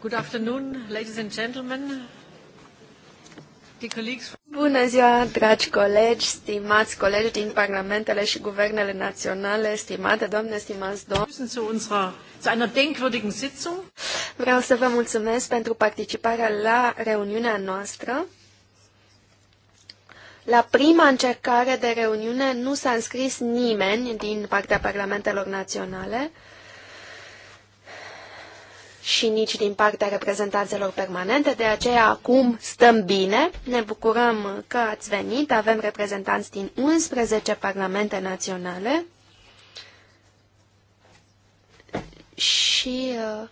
Good afternoon, ladies and gentlemen. Bună ziua, dragi colegi, stimați colegi din parlamentele și guvernele naționale, stimate doamne, stimați domni. Vreau să vă mulțumesc pentru participarea la reuniunea noastră. La prima încercare de reuniune nu s-a înscris nimeni din partea parlamentelor naționale și nici din partea reprezentanțelor permanente, de aceea acum stăm bine, ne bucurăm că ați venit, avem reprezentanți din 11 parlamente naționale și uh,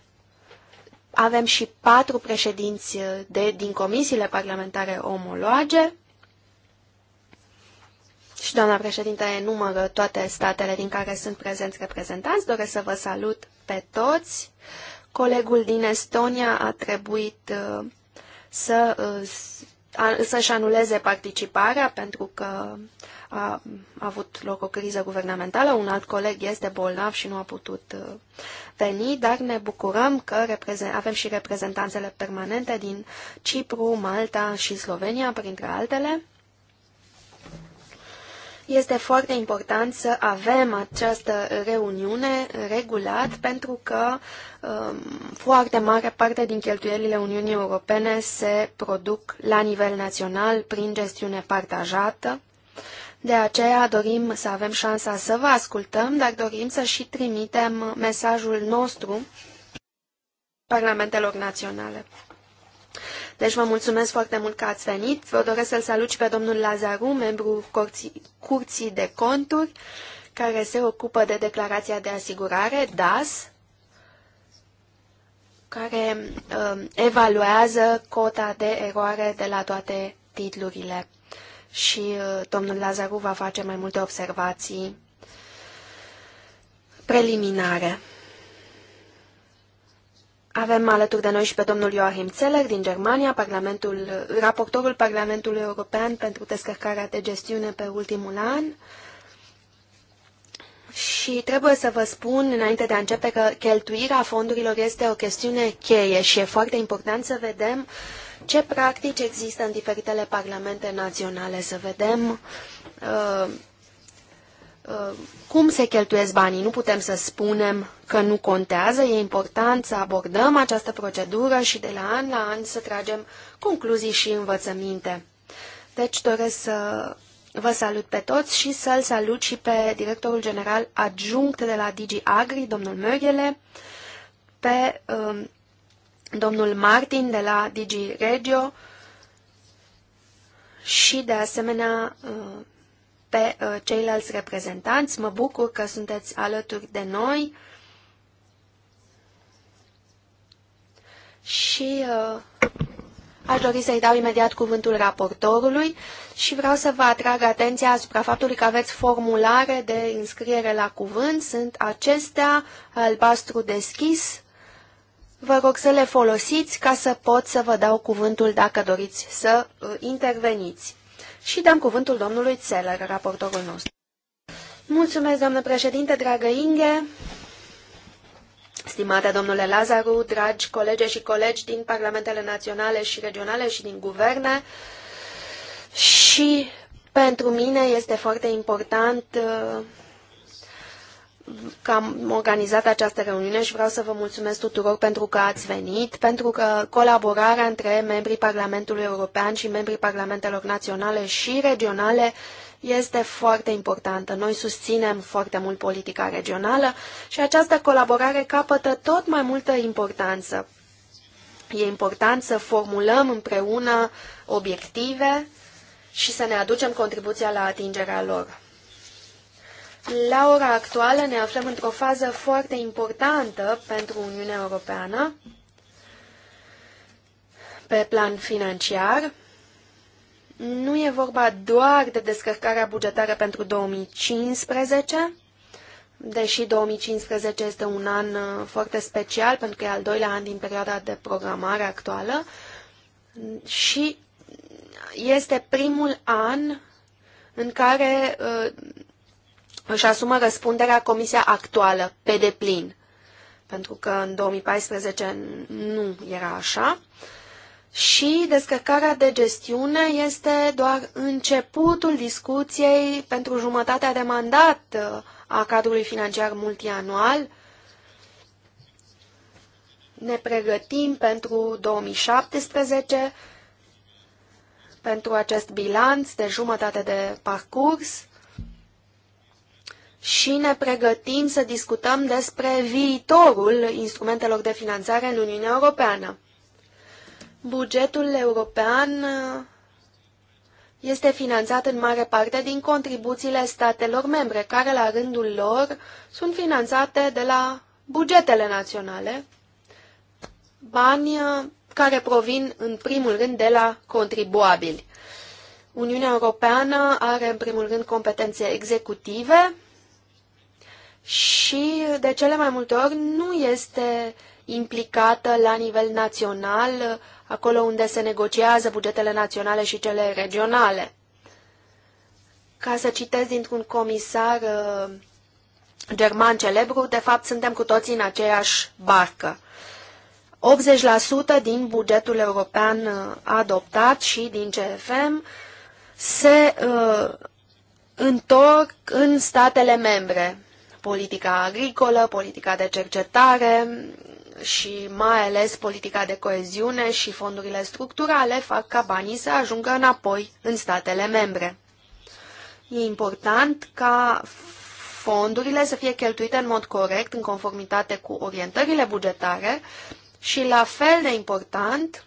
avem și patru președinți uh, de, din comisiile parlamentare omologe și doamna președinte enumără toate statele din care sunt prezenți reprezentanți. Doresc să vă salut pe toți. Colegul din Estonia a trebuit uh, să, uh, să-și anuleze participarea pentru că a avut loc o criză guvernamentală, un alt coleg este bolnav și nu a putut uh, veni, dar ne bucurăm că avem și reprezentanțele permanente din Cipru, Malta și Slovenia, printre altele. Este foarte important să avem această reuniune regulat pentru că um, foarte mare parte din cheltuielile Uniunii Europene se produc la nivel național prin gestiune partajată. De aceea dorim să avem șansa să vă ascultăm, dar dorim să și trimitem mesajul nostru parlamentelor naționale. Deci vă mulțumesc foarte mult că ați venit. Vă doresc să-l salut și pe domnul Lazaru, membru Curții, Curții de Conturi, care se ocupă de declarația de asigurare, DAS, care uh, evaluează cota de eroare de la toate titlurile. Și uh, domnul Lazaru va face mai multe observații preliminare. Avem alături de noi și pe domnul Joachim Zeller din Germania, Parlamentul, raportorul Parlamentului European pentru descărcarea de gestiune pe ultimul an. Și trebuie să vă spun, înainte de a începe, că cheltuirea fondurilor este o chestiune cheie și e foarte important să vedem ce practici există în diferitele parlamente naționale, să vedem uh, cum se cheltuiesc banii. Nu putem să spunem că nu contează, e important să abordăm această procedură și de la an la an să tragem concluzii și învățăminte. Deci doresc să vă salut pe toți și să-l salut și pe directorul general adjunct de la Digi Agri, domnul Möghele, pe um, domnul Martin de la Digi Regio și de asemenea uh, pe uh, ceilalți reprezentanți. Mă bucur că sunteți alături de noi și uh, Aș dori să-i dau imediat cuvântul raportorului și vreau să vă atrag atenția asupra faptului că aveți formulare de înscriere la cuvânt. Sunt acestea, albastru deschis. Vă rog să le folosiți ca să pot să vă dau cuvântul dacă doriți să uh, interveniți și dăm cuvântul domnului Țeler, raportorul nostru. Mulțumesc, doamnă președinte, dragă Inge, stimate domnule Lazaru, dragi colege și colegi din parlamentele naționale și regionale și din guverne. Și pentru mine este foarte important uh, că am organizat această reuniune și vreau să vă mulțumesc tuturor pentru că ați venit, pentru că colaborarea între membrii Parlamentului European și membrii Parlamentelor Naționale și regionale este foarte importantă. Noi susținem foarte mult politica regională și această colaborare capătă tot mai multă importanță. E important să formulăm împreună obiective și să ne aducem contribuția la atingerea lor. La ora actuală ne aflăm într-o fază foarte importantă pentru Uniunea Europeană pe plan financiar. Nu e vorba doar de descărcarea bugetară pentru 2015, deși 2015 este un an uh, foarte special pentru că e al doilea an din perioada de programare actuală și este primul an în care uh, își asumă răspunderea comisia actuală pe deplin, pentru că în 2014 nu era așa. Și descărcarea de gestiune este doar începutul discuției pentru jumătatea de mandat uh, a cadrului financiar multianual. Ne pregătim pentru 2017, pentru acest bilanț de jumătate de parcurs și ne pregătim să discutăm despre viitorul instrumentelor de finanțare în Uniunea Europeană. Bugetul european uh, este finanțat în mare parte din contribuțiile statelor membre, care la rândul lor sunt finanțate de la bugetele naționale, bani uh, care provin în primul rând de la contribuabili. Uniunea Europeană are în primul rând competențe executive, și de cele mai multe ori nu este implicată la nivel național, acolo unde se negociază bugetele naționale și cele regionale. Ca să citesc dintr-un comisar uh, german celebru, de fapt suntem cu toții în aceeași barcă. 80% din bugetul european uh, adoptat și din CFM se uh, întorc în statele membre politica agricolă, politica de cercetare și mai ales politica de coeziune și fondurile structurale fac ca banii să ajungă înapoi în statele membre. E important ca fondurile să fie cheltuite în mod corect, în conformitate cu orientările bugetare și la fel de important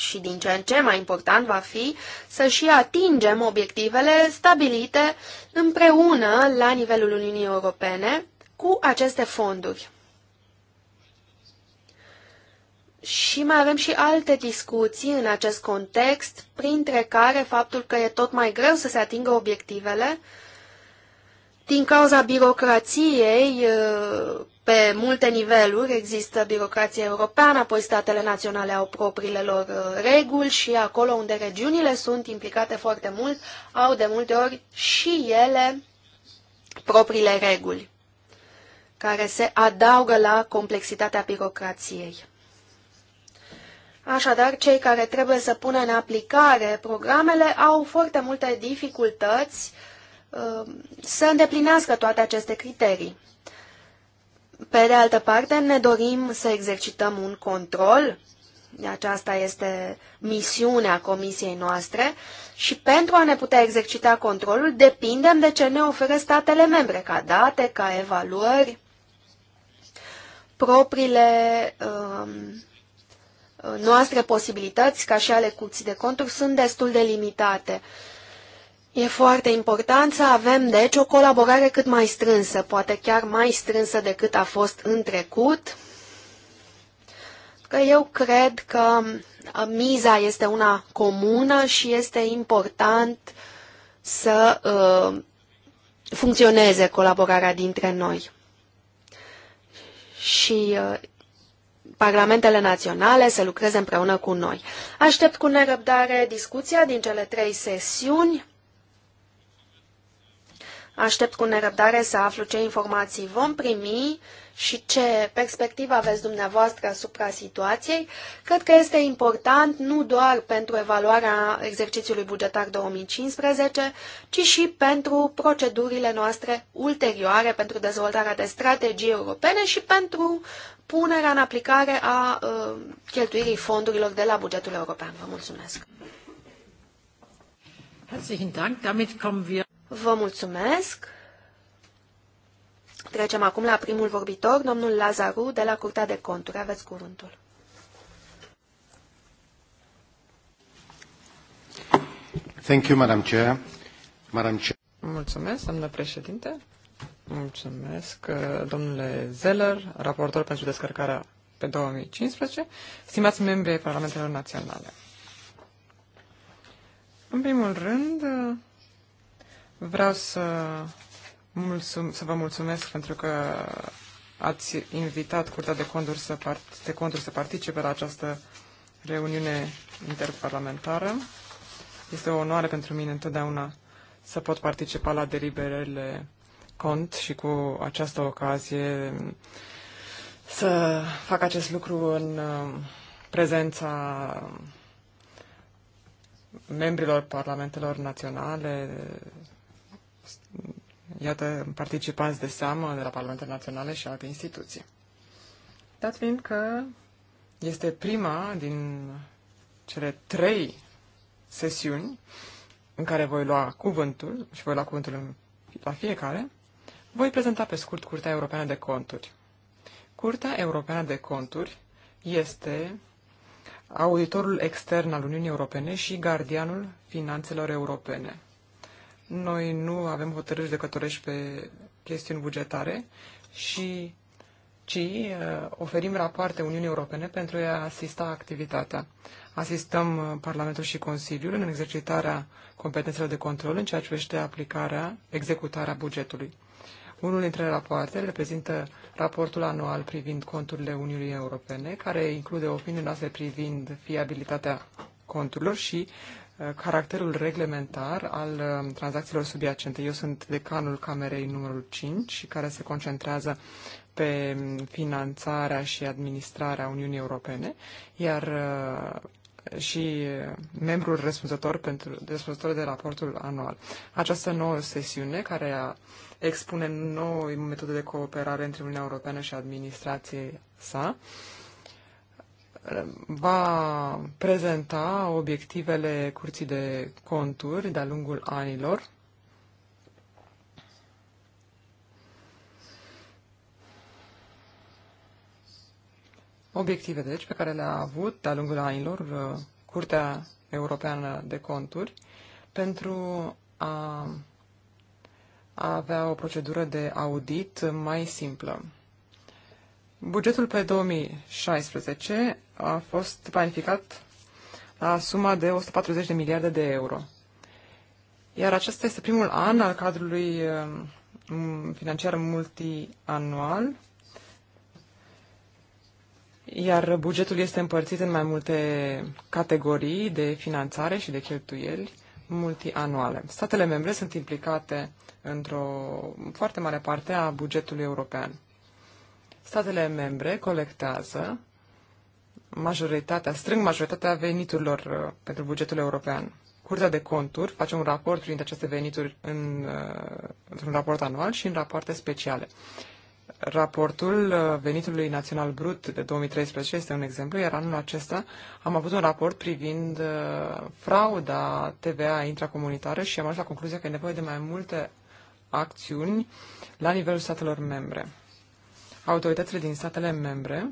și din ce în ce mai important va fi să și atingem obiectivele stabilite împreună la nivelul Uniunii Europene cu aceste fonduri. Și mai avem și alte discuții în acest context, printre care faptul că e tot mai greu să se atingă obiectivele din cauza birocrației, uh, pe multe niveluri există birocrație europeană, apoi statele naționale au propriile lor uh, reguli și acolo unde regiunile sunt implicate foarte mult, au de multe ori și ele propriile reguli care se adaugă la complexitatea birocrației. Așadar, cei care trebuie să pună în aplicare programele au foarte multe dificultăți uh, Uh, să îndeplinească toate aceste criterii. Pe de altă parte, ne dorim să exercităm un control, aceasta este misiunea comisiei noastre, și pentru a ne putea exercita controlul, depindem de ce ne oferă statele membre, ca date, ca evaluări, propriile um, noastre posibilități, ca și ale curții de conturi, sunt destul de limitate. E foarte important să avem, deci, o colaborare cât mai strânsă, poate chiar mai strânsă decât a fost în trecut, că eu cred că uh, miza este una comună și este important să uh, funcționeze colaborarea dintre noi. Și uh, parlamentele naționale să lucreze împreună cu noi. Aștept cu nerăbdare discuția din cele trei sesiuni Aștept cu nerăbdare să aflu ce informații vom primi și ce perspectivă aveți dumneavoastră asupra situației. Cred că este important nu doar pentru evaluarea exercițiului bugetar 2015, ci și pentru procedurile noastre ulterioare, pentru dezvoltarea de strategii europene și pentru punerea în aplicare a uh, cheltuirii fondurilor de la bugetul european. Vă mulțumesc! Herzlichen Dank. Damit kommen wir Vă mulțumesc. Trecem acum la primul vorbitor, domnul Lazaru, de la Curtea de Conturi. Aveți cuvântul. Thank you, Madam Chair. Madam Chair. Mulțumesc, doamnă președinte. Mulțumesc, uh, domnule Zeller, raportor pentru descărcarea pe 2015, stimați membrii Parlamentelor Naționale. În primul rând, uh, Vreau să, mulțum, să vă mulțumesc pentru că ați invitat Curtea de Conturi să, part, de conturi să participe la această reuniune interparlamentară. Este o onoare pentru mine întotdeauna să pot participa la deliberările cont și cu această ocazie să fac acest lucru în um, prezența membrilor parlamentelor naționale, iată, participanți de seamă de la Parlamentele Naționale și alte instituții. Dat fiind că este prima din cele trei sesiuni în care voi lua cuvântul și voi lua cuvântul la fiecare, voi prezenta pe scurt Curtea Europeană de Conturi. Curtea Europeană de Conturi este auditorul extern al Uniunii Europene și gardianul finanțelor europene. Noi nu avem hotărâri cătorești pe chestiuni bugetare, și, ci uh, oferim rapoarte Uniunii Europene pentru a asista activitatea. Asistăm uh, Parlamentul și Consiliul în exercitarea competențelor de control în ceea ce privește aplicarea, executarea bugetului. Unul dintre rapoarte reprezintă raportul anual privind conturile Uniunii Europene, care include opiniile noastre privind fiabilitatea conturilor și caracterul reglementar al um, tranzacțiilor subiacente. Eu sunt decanul Camerei numărul 5, care se concentrează pe um, finanțarea și administrarea Uniunii Europene, iar uh, și uh, membrul răspunzător, pentru, răspunzător de raportul anual. Această nouă sesiune, care a, expune noi metode de cooperare între Uniunea Europeană și administrație sa, uh, va prezenta obiectivele curții de conturi de-a lungul anilor. Obiective, deci, pe care le-a avut de-a lungul anilor uh, Curtea Europeană de Conturi pentru a avea o procedură de audit mai simplă. Bugetul pe 2016 a fost planificat la suma de 140 de miliarde de euro. Iar acesta este primul an al cadrului um, financiar multianual, iar bugetul este împărțit în mai multe categorii de finanțare și de cheltuieli multianuale. Statele membre sunt implicate într-o foarte mare parte a bugetului european. Statele membre colectează majoritatea, strâng majoritatea veniturilor uh, pentru bugetul european. Curtea de conturi face un raport printre aceste venituri în, uh, într-un raport anual și în rapoarte speciale. Raportul uh, venitului național brut de 2013 este un exemplu, iar anul acesta am avut un raport privind frauda TVA intracomunitară și am ajuns la concluzia că e nevoie de mai multe acțiuni la nivelul statelor membre autoritățile din statele membre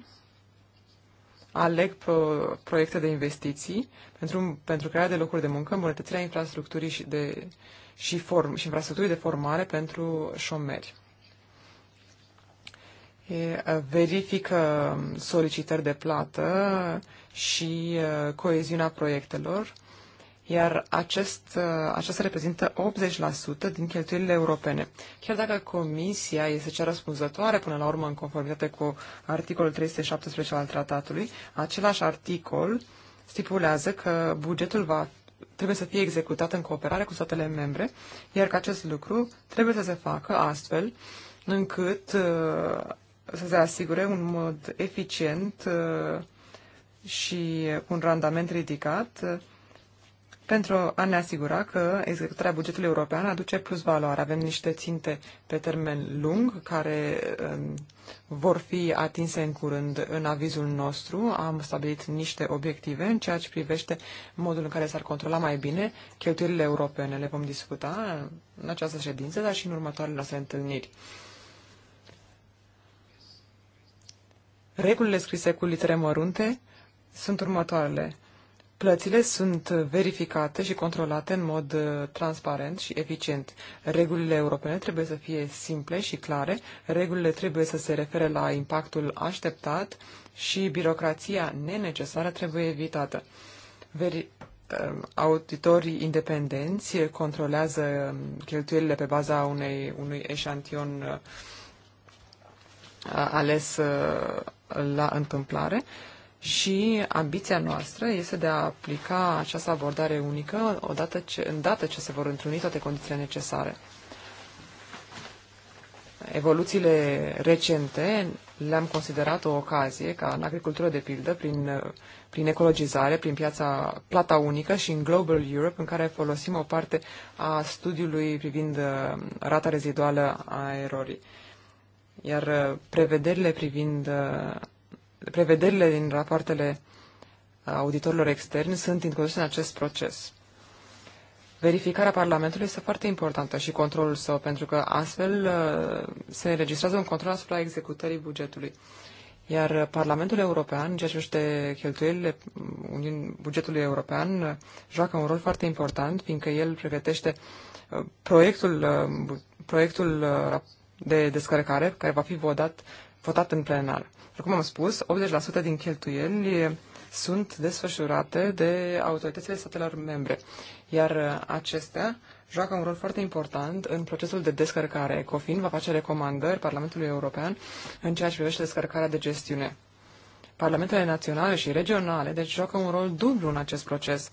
aleg pro, proiecte de investiții pentru, pentru crearea de locuri de muncă, îmbunătățirea infrastructurii și, de, și, form, și infrastructurii de formare pentru șomeri. verifică solicitări de plată și coeziunea proiectelor iar acest, uh, acesta reprezintă 80% din cheltuielile europene. Chiar dacă Comisia este cea răspunzătoare, până la urmă, în conformitate cu articolul 317 al tratatului, același articol stipulează că bugetul va trebuie să fie executat în cooperare cu statele membre, iar că acest lucru trebuie să se facă astfel încât uh, să se asigure un mod eficient uh, și cu un randament ridicat pentru a ne asigura că executarea bugetului european aduce plus valoare. Avem niște ținte pe termen lung care um, vor fi atinse în curând în avizul nostru. Am stabilit niște obiective în ceea ce privește modul în care s-ar controla mai bine cheltuielile europene. Le vom discuta în această ședință, dar și în următoarele noastre întâlniri. Regulile scrise cu litere mărunte sunt următoarele Plățile sunt verificate și controlate în mod uh, transparent și eficient. Regulile europene trebuie să fie simple și clare, regulile trebuie să se refere la impactul așteptat și birocrația nenecesară trebuie evitată. Veri... Uh, auditorii independenți controlează um, cheltuielile pe baza unei, unui eșantion uh, ales la întâmplare și ambiția noastră este de a aplica această abordare unică odată ce, dată ce se vor întruni toate condițiile necesare. Evoluțiile recente le-am considerat o ocazie ca în agricultură de pildă, prin, prin ecologizare, prin piața plata unică și în Global Europe, în care folosim o parte a studiului privind uh, rata reziduală a erorii. Iar uh, prevederile privind uh, prevederile din rapoartele auditorilor externi sunt introduse în acest proces. Verificarea Parlamentului este foarte importantă și controlul său, pentru că astfel uh, se înregistrează un control asupra executării bugetului. Iar Parlamentul European, în ceea ce privește cheltuielile mm, bugetului european, uh, joacă un rol foarte important, fiindcă el pregătește uh, proiectul, proiectul de descărcare care va fi votat, votat în plenar. După cum am spus, 80% din cheltuieli sunt desfășurate de autoritățile statelor membre, iar acestea joacă un rol foarte important în procesul de descărcare. COFIN va face recomandări Parlamentului European în ceea ce privește descărcarea de gestiune. Parlamentele naționale și regionale, deci, joacă un rol dublu în acest proces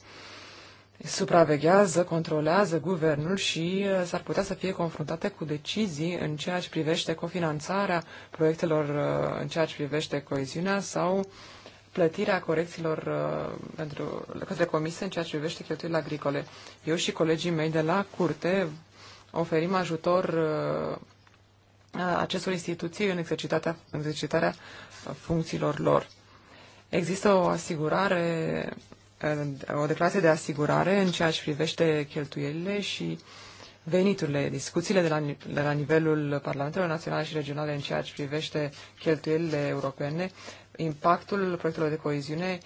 supraveghează, controlează guvernul și uh, s-ar putea să fie confruntate cu decizii în ceea ce privește cofinanțarea proiectelor, uh, în ceea ce privește coeziunea sau plătirea corecțiilor uh, pentru, către comisie în ceea ce privește cheltuielile agricole. Eu și colegii mei de la curte oferim ajutor acestor instituții în exercitarea, în exercitarea funcțiilor lor. Există o asigurare o declarație de asigurare în ceea ce privește cheltuielile și veniturile, discuțiile de la, de la nivelul Parlamentelor Naționale și Regionale în ceea ce privește cheltuielile europene, impactul proiectelor de coeziune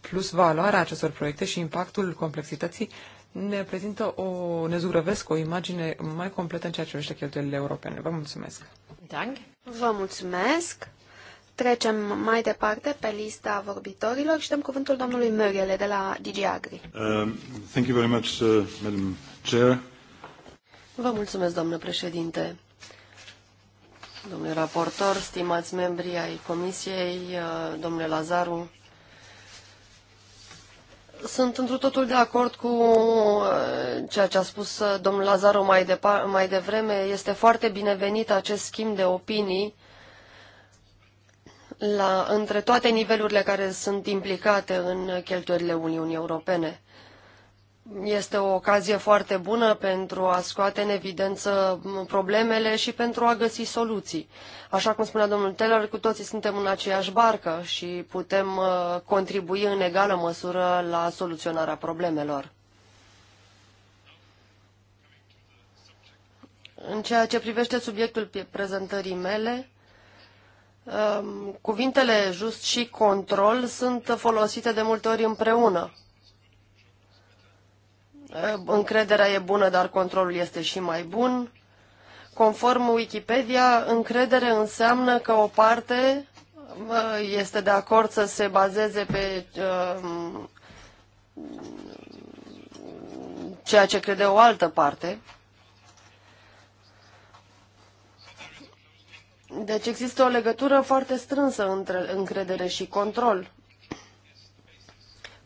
plus valoarea acestor proiecte și impactul complexității ne prezintă o, ne zugrăvesc o imagine mai completă în ceea ce privește cheltuielile europene. Vă mulțumesc! Dank. Vă mulțumesc! Trecem mai departe pe lista vorbitorilor și dăm cuvântul domnului Muriele de la DG Agri. Uh, thank you very much, uh, Madam Chair. Vă mulțumesc, domnule președinte. Domnule raportor, stimați membri ai Comisiei, uh, domnule Lazaru, sunt într totul de acord cu uh, ceea ce a spus uh, domnul Lazaru mai, de, mai devreme. Este foarte binevenit acest schimb de opinii la, între toate nivelurile care sunt implicate în cheltuielile Uniunii Europene. Este o ocazie foarte bună pentru a scoate în evidență problemele și pentru a găsi soluții. Așa cum spunea domnul Teller, cu toții suntem în aceeași barcă și putem uh, contribui în egală măsură la soluționarea problemelor. În ceea ce privește subiectul prezentării mele, Ehm, cuvintele just și control sunt folosite de multe ori împreună. Ehm, încrederea e bună, dar controlul este și mai bun. Conform Wikipedia, încredere înseamnă că o parte ehm, este de acord să se bazeze pe ceea ce crede o altă parte. Deci există o legătură foarte strânsă între încredere și control.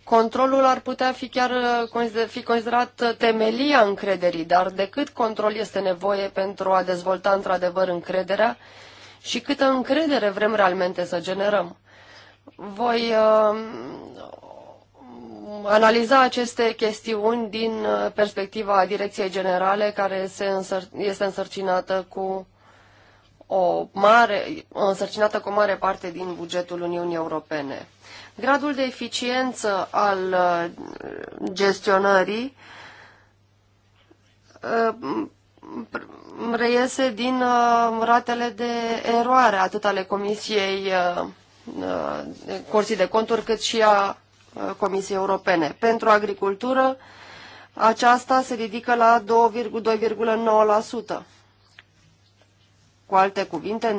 Controlul ar putea fi chiar uh, fi considerat uh, temelia încrederii, dar de cât control este nevoie pentru a dezvolta într-adevăr încrederea și câtă încredere vrem realmente să generăm. Voi uh, analiza aceste chestiuni din uh, perspectiva Direcției Generale, care se însăr este însărcinată cu o mare, însărcinată cu o mare parte din bugetul Uniunii Europene. Gradul de eficiență al uh, gestionării uh, reiese din uh, ratele de eroare, atât ale Comisiei Curții de Conturi, cât și a Comisiei Europene. Pentru agricultură, aceasta se ridică la 2,2,9%. Cu alte cuvinte,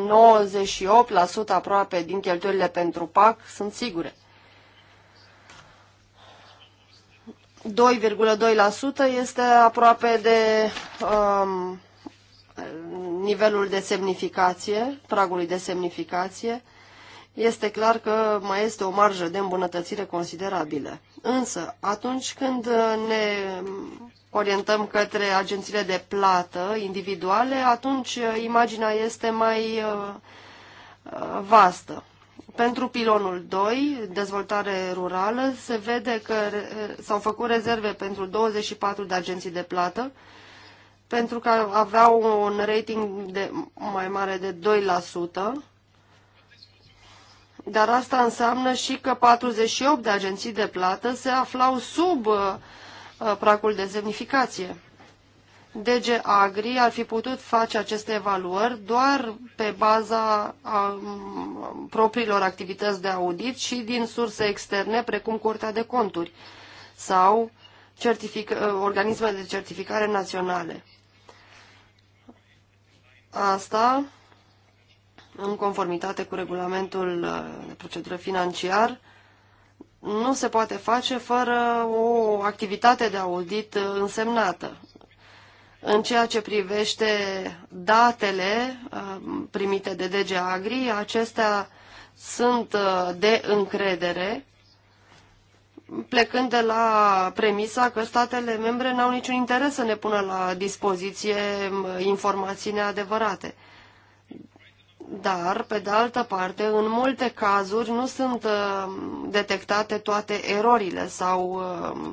98% aproape din cheltuielile pentru PAC sunt sigure. 2,2% este aproape de um, nivelul de semnificație, pragului de semnificație. Este clar că mai este o marjă de îmbunătățire considerabilă. Însă, atunci când ne orientăm către agențiile de plată individuale, atunci uh, imaginea este mai uh, uh, vastă. Pentru pilonul 2, dezvoltare rurală, se vede că s-au făcut rezerve pentru 24 de agenții de plată, pentru că aveau un rating de mai mare de 2%, dar asta înseamnă și că 48 de agenții de plată se aflau sub Uh, pragul de zemnificație. DG Agri ar fi putut face aceste evaluări doar pe baza a um, propriilor activități de audit și din surse externe, precum Curtea de Conturi sau uh, organismele de certificare naționale. Asta, în conformitate cu regulamentul uh, de procedură financiar, nu se poate face fără o activitate de audit însemnată. În ceea ce privește datele uh, primite de DG Agri, acestea sunt uh, de încredere, plecând de la premisa că statele membre n-au niciun interes să ne pună la dispoziție uh, informații neadevărate dar, pe de altă parte, în multe cazuri nu sunt uh, detectate toate erorile sau uh,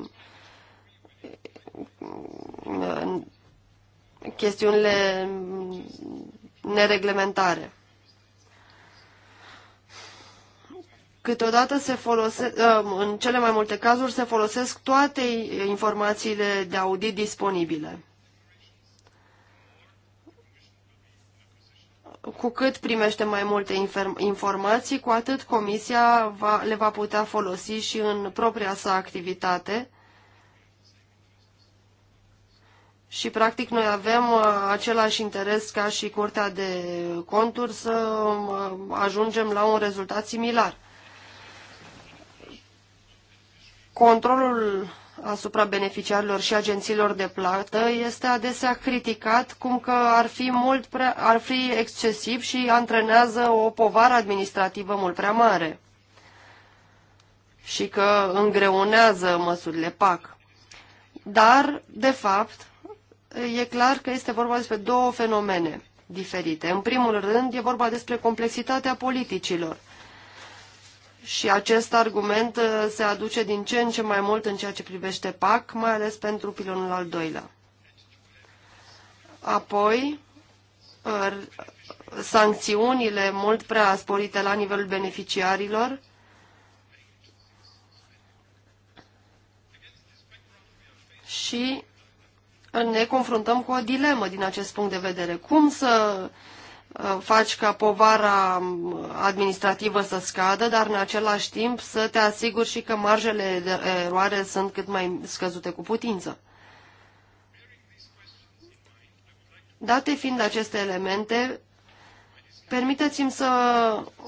chestiunile nereglementare. Câteodată se folosesc, uh, în cele mai multe cazuri se folosesc toate informațiile de audit disponibile. cu cât primește mai multe informații, cu atât comisia va, le va putea folosi și în propria sa activitate. Și, practic, noi avem uh, același interes ca și Curtea de Conturi să um, uh, ajungem la un rezultat similar. Controlul asupra beneficiarilor și agențiilor de plată este adesea criticat cum că ar fi, mult prea, ar fi excesiv și antrenează o povară administrativă mult prea mare și că îngreunează măsurile PAC. Dar, de fapt, e clar că este vorba despre două fenomene diferite. În primul rând, e vorba despre complexitatea politicilor și acest argument uh, se aduce din ce în ce mai mult în ceea ce privește PAC, mai ales pentru pilonul al doilea. Apoi, uh, sancțiunile mult prea sporite la nivelul beneficiarilor, și ne confruntăm cu o dilemă din acest punct de vedere. Cum să uh, Uh, faci ca povara um, administrativă să scadă, dar în același timp să te asiguri și că marjele de eroare sunt cât mai scăzute cu putință. Date fiind aceste elemente, permiteți-mi să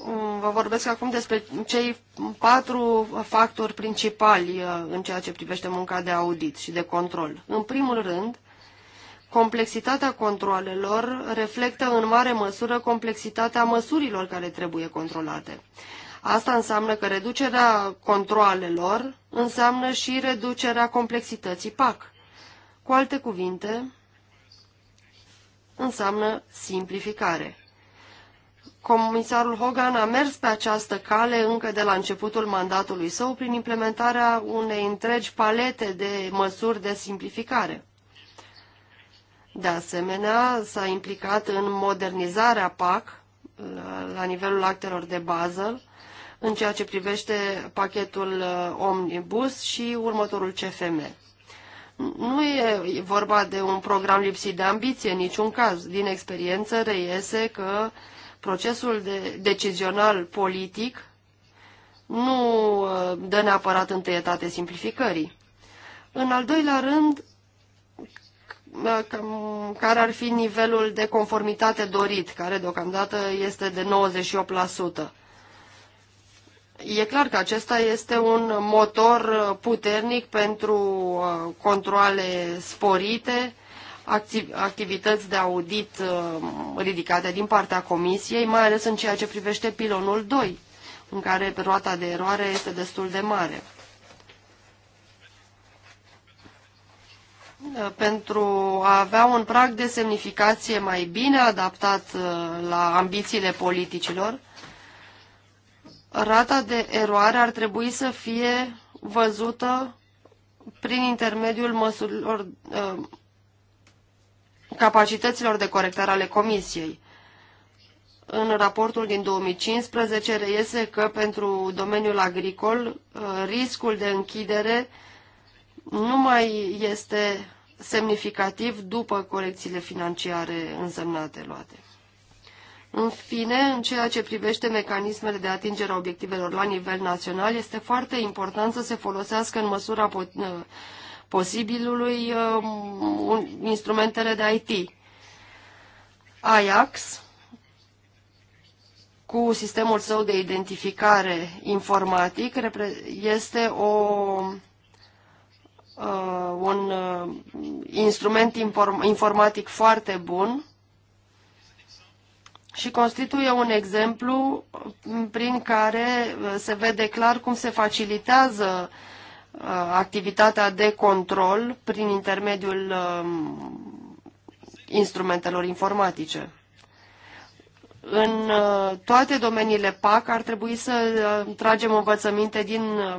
um, vă vorbesc acum despre cei patru factori principali uh, în ceea ce privește munca de audit și de control. În primul rând, Complexitatea controalelor reflectă în mare măsură complexitatea măsurilor care trebuie controlate. Asta înseamnă că reducerea controalelor înseamnă și reducerea complexității PAC. Cu alte cuvinte, înseamnă simplificare. Comisarul Hogan a mers pe această cale încă de la începutul mandatului său prin implementarea unei întregi palete de măsuri de simplificare. De asemenea, s-a implicat în modernizarea PAC la nivelul actelor de bază în ceea ce privește pachetul uh, Omnibus și următorul CFM. Nu e vorba de un program lipsit de ambiție, niciun caz. Din experiență reiese că procesul de decizional politic nu uh, dă neapărat întâietate simplificării. În al doilea rând, care ar fi nivelul de conformitate dorit, care deocamdată este de 98%. E clar că acesta este un motor puternic pentru uh, controle sporite, activități de audit uh, ridicate din partea Comisiei, mai ales în ceea ce privește pilonul 2, în care roata de eroare este destul de mare. pentru a avea un prag de semnificație mai bine adaptat uh, la ambițiile politicilor, rata de eroare ar trebui să fie văzută prin intermediul măsurilor, uh, capacităților de corectare ale Comisiei. În raportul din 2015 reiese că pentru domeniul agricol uh, riscul de închidere nu mai este semnificativ după corecțiile financiare însemnate luate. În fine, în ceea ce privește mecanismele de atingere a obiectivelor la nivel național, este foarte important să se folosească în măsura uh, posibilului um, instrumentele de IT. Ajax, cu sistemul său de identificare informatic, este o uh, un uh, instrument inform informatic foarte bun și constituie un exemplu prin care uh, se vede clar cum se facilitează uh, activitatea de control prin intermediul uh, instrumentelor informatice. În uh, toate domeniile PAC ar trebui să uh, tragem învățăminte din uh,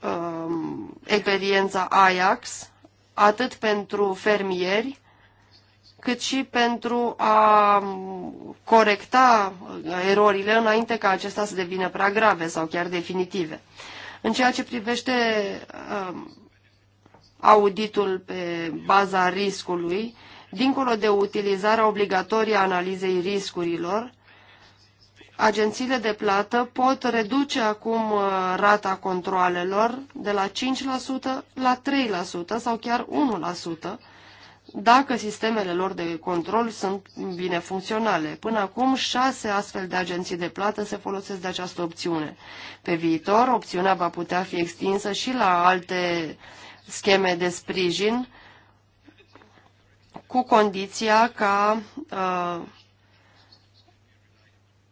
um, experiența Ajax, atât pentru fermieri, cât și pentru a um, corecta erorile înainte ca acestea să devină prea grave sau chiar definitive. În ceea ce privește um, auditul pe baza riscului, dincolo de utilizarea obligatorie a analizei riscurilor, agențiile de plată pot reduce acum uh, rata controalelor de la 5% la 3% sau chiar 1% dacă sistemele lor de control sunt bine funcționale. Până acum, șase astfel de agenții de plată se folosesc de această opțiune. Pe viitor, opțiunea va putea fi extinsă și la alte scheme de sprijin, cu condiția ca uh,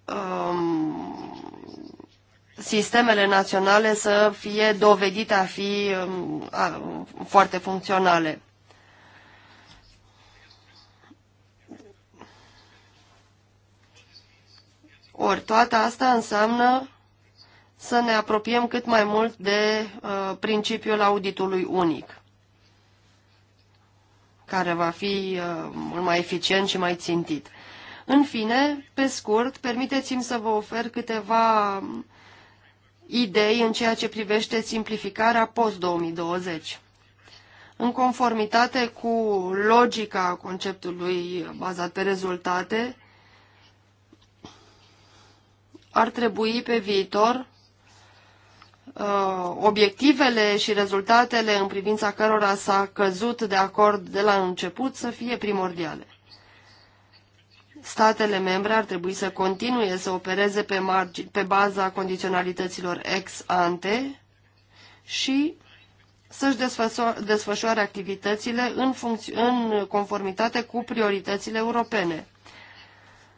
um, sistemele naționale să fie dovedite a fi um, a, foarte funcționale. Ori toată asta înseamnă să ne apropiem cât mai mult de uh, principiul auditului unic, care va fi uh, mult mai eficient și mai țintit. În fine, pe scurt, permiteți-mi să vă ofer câteva idei în ceea ce privește simplificarea post-2020. În conformitate cu logica conceptului bazat pe rezultate, ar trebui pe viitor uh, obiectivele și rezultatele în privința cărora s-a căzut de acord de la început să fie primordiale statele membre ar trebui să continue să opereze pe, margi, pe baza condiționalităților ex ante și să-și desfășoare activitățile în, în conformitate cu prioritățile europene.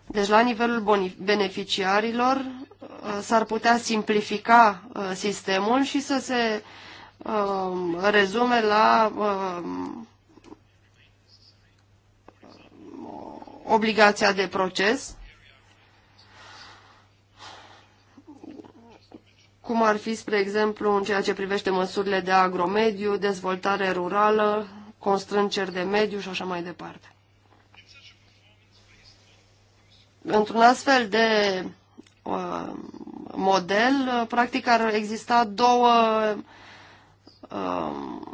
Deci, la nivelul beneficiarilor, uh, s-ar putea simplifica uh, sistemul și să se um, rezume la um, obligația de proces, cum ar fi, spre exemplu, în ceea ce privește măsurile de agromediu, dezvoltare rurală, constrângeri de mediu și așa mai departe. Într-un astfel de uh, model, uh, practic ar exista două uh,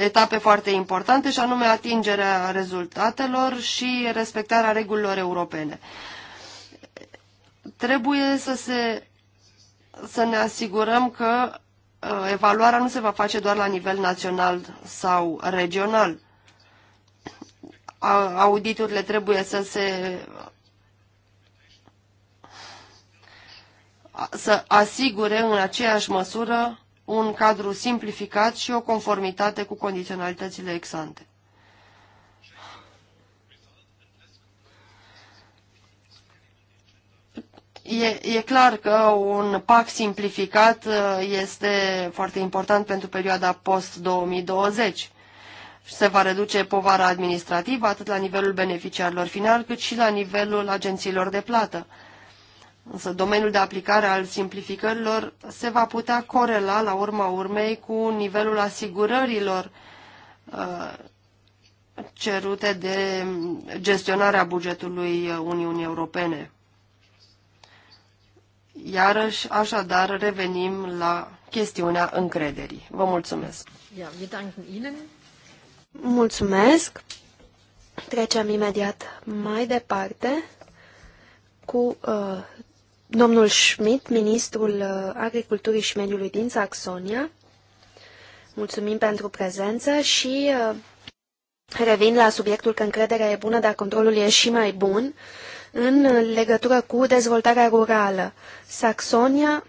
etape foarte importante, și anume atingerea rezultatelor și respectarea regulilor europene. Trebuie să, se, să ne asigurăm că uh, evaluarea nu se va face doar la nivel național sau regional. Auditurile trebuie să se să asigure în aceeași măsură un cadru simplificat și o conformitate cu condiționalitățile exante. E, e clar că un pact simplificat uh, este foarte important pentru perioada post-2020. Se va reduce povara administrativă atât la nivelul beneficiarilor final cât și la nivelul agențiilor de plată. Însă domeniul de aplicare al simplificărilor se va putea corela la urma urmei cu nivelul asigurărilor uh, cerute de gestionarea bugetului Uniunii Europene. Iarăși, așadar, revenim la chestiunea încrederii. Vă mulțumesc! Mulțumesc! Trecem imediat mai departe cu uh, domnul Schmidt, ministrul uh, Agriculturii și Mediului din Saxonia. Mulțumim pentru prezență și uh, revin la subiectul că încrederea e bună, dar controlul e și mai bun în legătură cu dezvoltarea rurală. Saxonia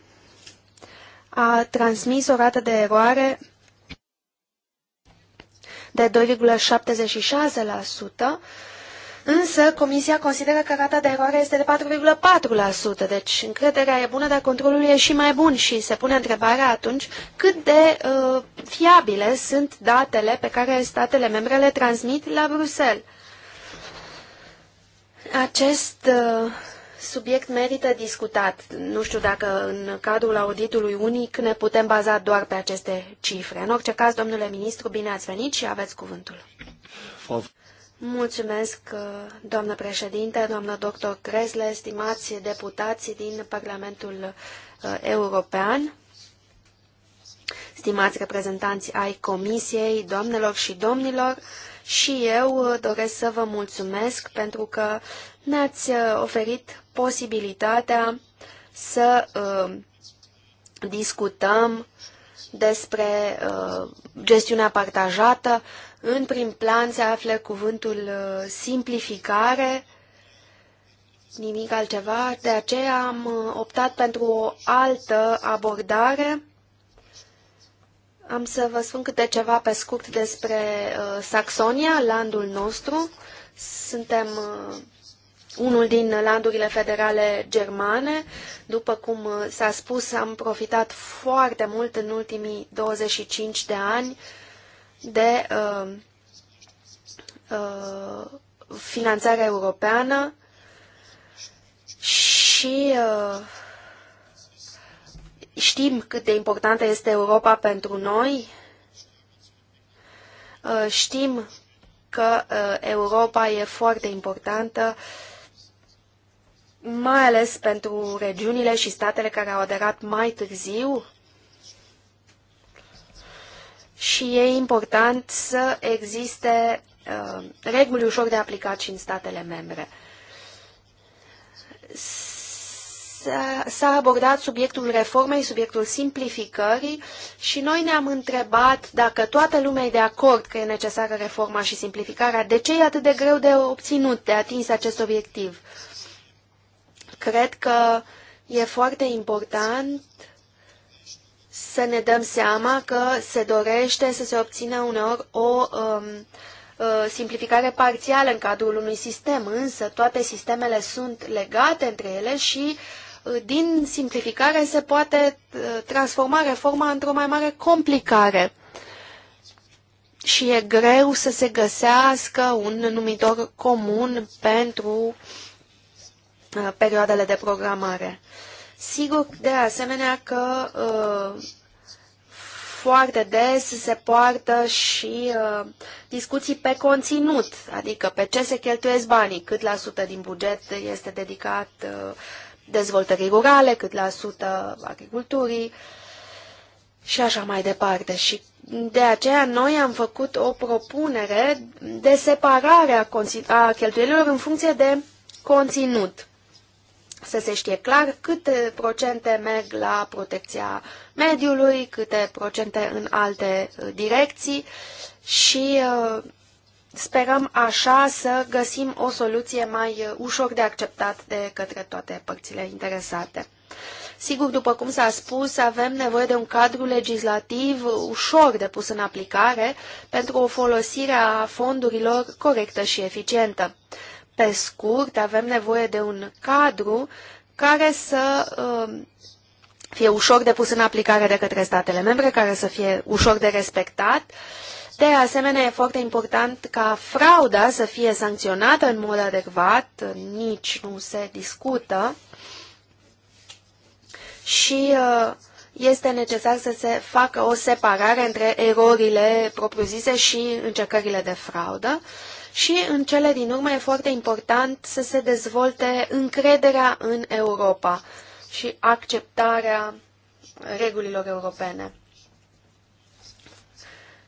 a transmis o rată de eroare de 2,76%, Însă, Comisia consideră că rata de eroare este de 4,4%, deci încrederea e bună, dar controlul e și mai bun și se pune întrebarea atunci cât de uh, fiabile sunt datele pe care statele membre le transmit la Bruxelles. Acest uh, subiect merită discutat. Nu știu dacă în cadrul auditului unic ne putem baza doar pe aceste cifre. În orice caz, domnule ministru, bine ați venit și aveți cuvântul. Mulțumesc, uh, doamnă președinte, doamnă doctor Cresle, stimați deputați din Parlamentul uh, European, stimați reprezentanți ai Comisiei, doamnelor și domnilor, și eu uh, doresc să vă mulțumesc pentru că ne-ați oferit posibilitatea să discutăm despre gestiunea partajată, în prim plan se află cuvântul uh, simplificare, nimic altceva, de aceea am uh, optat pentru o altă abordare. Am să vă spun câte ceva pe scurt despre uh, Saxonia, landul nostru. Suntem unul din landurile federale germane. După cum s-a spus, am profitat foarte mult în ultimii 25 de ani uh, de uh, uh, finanțare europeană și uh, știm cât de importantă este Europa pentru noi, uh, știm că uh, Europa e foarte importantă mai ales pentru regiunile și statele care au aderat mai târziu și e important să existe uh, reguli ușor de aplicat și în statele membre. S-a abordat subiectul reformei, subiectul simplificării și noi ne-am întrebat dacă toată lumea e de acord că e necesară reforma și simplificarea, de ce e atât de greu de obținut, de atins acest obiectiv? Cred că e foarte important uh, să ne dăm seama că se dorește să se obțină uneori o um, uh, simplificare parțială în cadrul unui sistem, însă toate sistemele sunt legate între ele și uh, din simplificare se poate uh, transforma reforma într-o mai mare complicare și e greu să se găsească un numitor comun pentru perioadele de programare. Sigur, de asemenea, că uh, foarte des se poartă și uh, discuții pe conținut, adică pe ce se cheltuiesc banii, cât la sută din buget este dedicat uh, dezvoltării rurale, cât la sută agriculturii și așa mai departe. Și de aceea noi am făcut o propunere de separare a, a cheltuielilor în funcție de conținut să se știe clar câte procente merg la protecția mediului, câte procente în alte uh, direcții și uh, sperăm așa să găsim o soluție mai uh, ușor de acceptat de către toate părțile interesate. Sigur, după cum s-a spus, avem nevoie de un cadru legislativ ușor de pus în aplicare pentru o folosire a fondurilor corectă și eficientă pe scurt, avem nevoie de un cadru care să um, fie ușor de pus în aplicare de către statele membre, care să fie ușor de respectat. De asemenea, e foarte important ca frauda să fie sancționată în mod adecvat, nici nu se discută. Și uh, este necesar să se facă o separare între erorile propriu-zise și încercările de fraudă și, în cele din urmă, e foarte important să se dezvolte încrederea în Europa și acceptarea regulilor europene.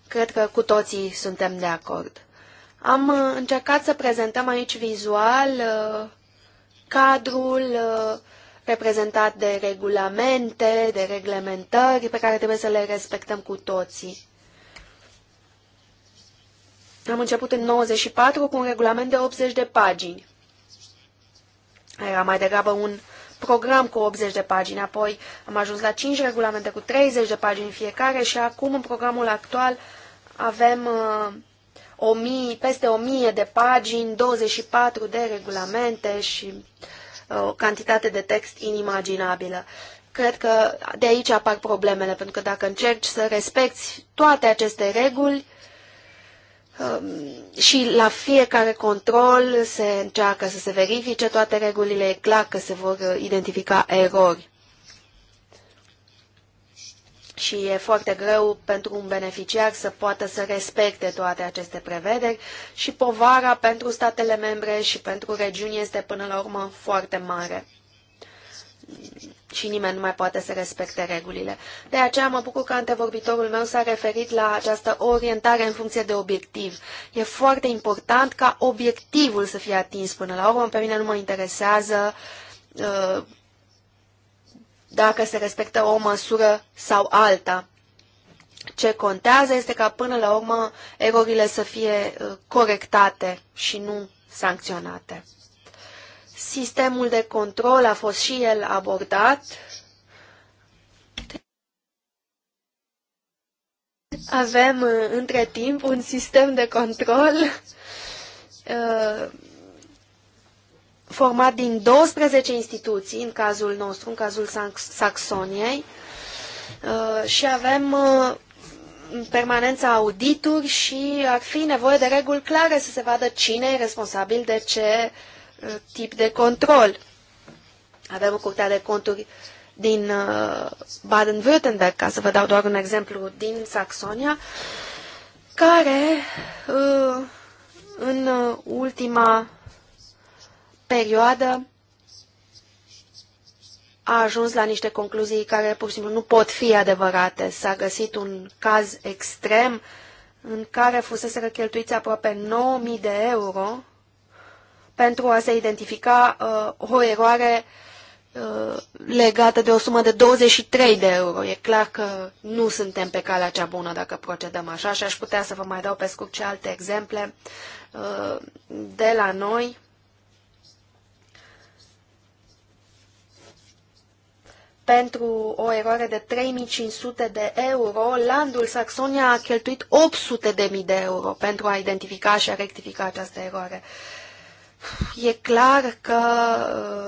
Cred că cu toții suntem de acord. Am uh, încercat să prezentăm aici vizual uh, cadrul uh, reprezentat de regulamente, de reglementări pe care trebuie să le respectăm cu toții. Am început în 94 cu un regulament de 80 de pagini. Era mai degrabă un program cu 80 de pagini, apoi am ajuns la 5 regulamente cu 30 de pagini fiecare și acum în programul actual avem uh, 1000, peste 1000 de pagini, 24 de regulamente și uh, o cantitate de text inimaginabilă. Cred că de aici apar problemele, pentru că dacă încerci să respecti toate aceste reguli, uh, Um, și la fiecare control se încearcă să se verifice toate regulile, e clar că se vor uh, identifica erori. Și e foarte greu pentru un beneficiar să poată să respecte toate aceste prevederi și povara pentru statele membre și pentru regiuni este până la urmă foarte mare și nimeni nu mai poate să respecte regulile. De aceea mă bucur că antevorbitorul meu s-a referit la această orientare în funcție de obiectiv. E foarte important ca obiectivul să fie atins până la urmă. Pe mine nu mă interesează uh, dacă se respectă o măsură sau alta. Ce contează este ca până la urmă erorile să fie uh, corectate și nu sancționate. Sistemul de control a fost și el abordat. Avem uh, între timp un sistem de control uh, format din 12 instituții, în cazul nostru, în cazul Saxoniei, uh, și avem în permanență audituri și ar fi nevoie de reguli clare să se vadă cine e responsabil de ce Uh, tip de control. Avem o curtea de conturi din uh, Baden-Württemberg, ca să vă dau doar un exemplu, din Saxonia, care uh, în ultima perioadă a ajuns la niște concluzii care pur și simplu nu pot fi adevărate. S-a găsit un caz extrem în care fusese cheltuiți aproape 9.000 de euro pentru a se identifica uh, o eroare uh, legată de o sumă de 23 de euro. E clar că nu suntem pe calea cea bună dacă procedăm așa și aș putea să vă mai dau pe scurt și alte exemple uh, de la noi. pentru o eroare de 3500 de euro, landul Saxonia a cheltuit 800.000 de mii de euro pentru a identifica și a rectifica această eroare e clar că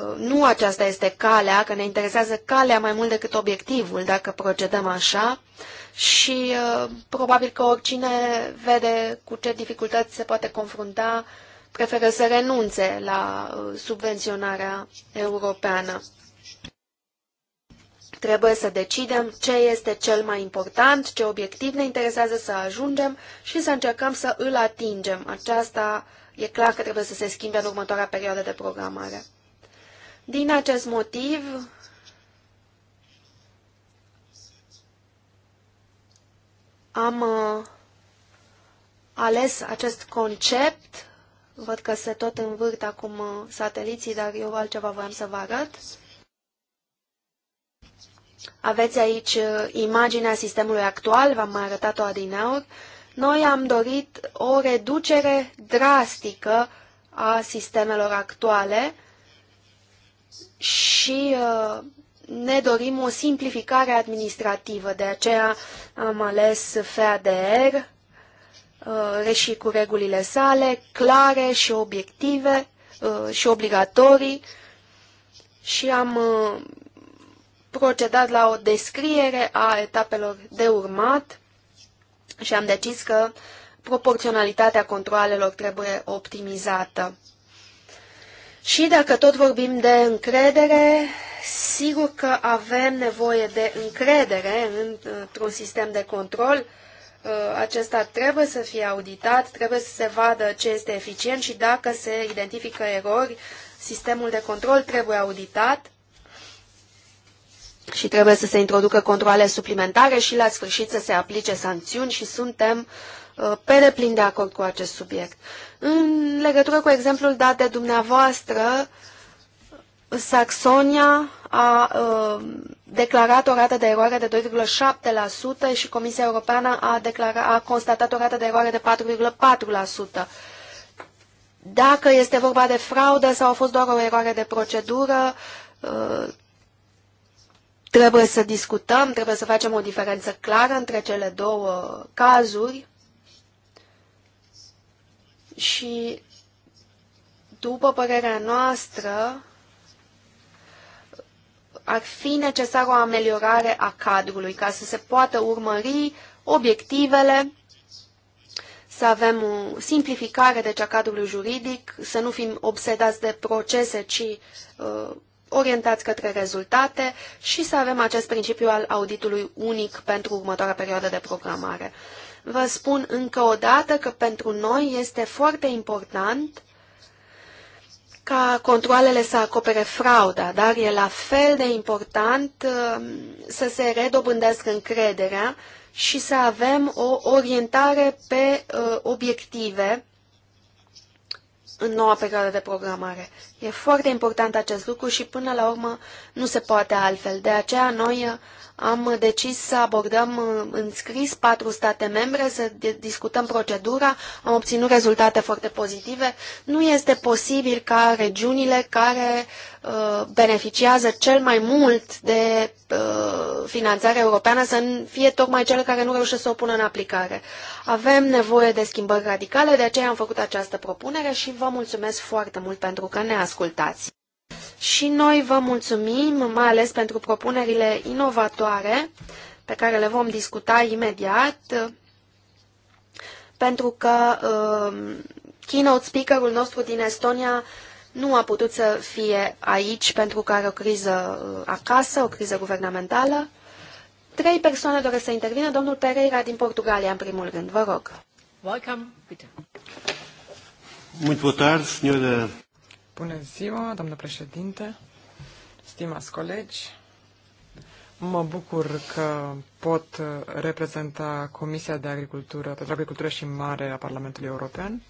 uh, nu aceasta este calea, că ne interesează calea mai mult decât obiectivul, dacă procedăm așa și uh, probabil că oricine vede cu ce dificultăți se poate confrunta preferă să renunțe la uh, subvenționarea europeană. Trebuie să decidem ce este cel mai important, ce obiectiv ne interesează să ajungem și să încercăm să îl atingem. Aceasta e clar că trebuie să se schimbe în următoarea perioadă de programare. Din acest motiv, am uh, ales acest concept. Văd că se tot învârt acum uh, sateliții, dar eu altceva voiam să vă arăt. Aveți aici uh, imaginea sistemului actual, v-am mai arătat-o adineori. Noi am dorit o reducere drastică a sistemelor actuale și uh, ne dorim o simplificare administrativă. De aceea am ales FADR uh, și cu regulile sale, clare și obiective uh, și obligatorii și am procedat la o descriere a etapelor de urmat și am decis că proporționalitatea controalelor trebuie optimizată. Și dacă tot vorbim de încredere, sigur că avem nevoie de încredere într-un sistem de control. Uh, acesta trebuie să fie auditat, trebuie să se vadă ce este eficient și dacă se identifică erori, sistemul de control trebuie auditat și trebuie să se introducă controle suplimentare și la sfârșit să se aplice sancțiuni și suntem uh, pe deplin de acord cu acest subiect. În legătură cu exemplul dat de dumneavoastră, Saxonia a uh, declarat o rată de eroare de 2,7% și Comisia Europeană a, declarat, a constatat o rată de eroare de 4,4%. Dacă este vorba de fraudă sau a fost doar o eroare de procedură, uh, Trebuie să discutăm, trebuie să facem o diferență clară între cele două cazuri și, după părerea noastră, ar fi necesar o ameliorare a cadrului ca să se poată urmări obiectivele, să avem o simplificare deci a cadrului juridic, să nu fim obsedați de procese, ci uh, orientați către rezultate și să avem acest principiu al auditului unic pentru următoarea perioadă de programare. Vă spun încă o dată că pentru noi este foarte important ca controlele să acopere frauda, dar e la fel de important uh, să se redobândească încrederea și să avem o orientare pe uh, obiective în noua perioadă de programare. E foarte important acest lucru și până la urmă nu se poate altfel. De aceea noi uh, am decis să abordăm uh, în scris patru state membre, să discutăm procedura, am obținut rezultate foarte pozitive. Nu este posibil ca regiunile care uh, beneficiază cel mai mult de uh, finanțare europeană să fie tocmai cele care nu reușesc să o pună în aplicare. Avem nevoie de schimbări radicale, de aceea am făcut această propunere și vă mulțumesc foarte mult pentru că ne-ați ascultați. Și noi vă mulțumim, mai ales pentru propunerile inovatoare pe care le vom discuta imediat, pentru că uh, keynote speakerul nostru din Estonia nu a putut să fie aici pentru că are o criză uh, acasă, o criză guvernamentală. Trei persoane doresc să intervină. Domnul Pereira din Portugalia, în primul rând. Vă rog. Welcome, Peter. Muito boa tarde, senhora Bună ziua, doamnă președinte, stimați colegi. Mă bucur că pot reprezenta Comisia de Agricultură, pentru Agricultură și Mare a Parlamentului European.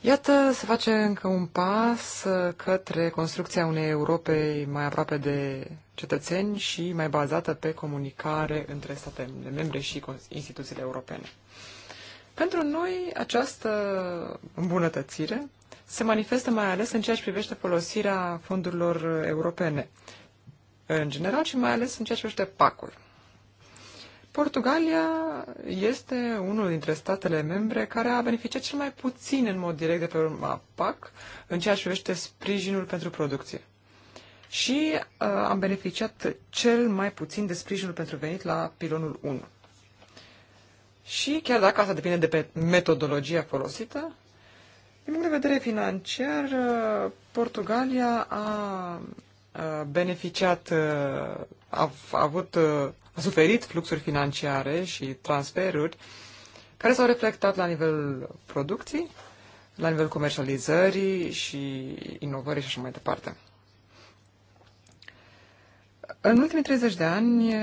Iată, se face încă un pas către construcția unei Europe mai aproape de cetățeni și mai bazată pe comunicare între statele membre și instituțiile europene. Pentru noi, această îmbunătățire se manifestă mai ales în ceea ce privește folosirea fondurilor europene în general și mai ales în ceea ce privește PAC-ul. Portugalia este unul dintre statele membre care a beneficiat cel mai puțin în mod direct de pe urma PAC în ceea ce privește sprijinul pentru producție. Și uh, am beneficiat cel mai puțin de sprijinul pentru venit la pilonul 1. Și chiar dacă asta depinde de pe metodologia folosită, din punct de vedere financiar, uh, Portugalia a uh, beneficiat, uh, a, avut, a suferit fluxuri financiare și transferuri care s-au reflectat la nivel producției, la nivel comercializării și inovării și așa mai departe. În ultimii 30 de ani,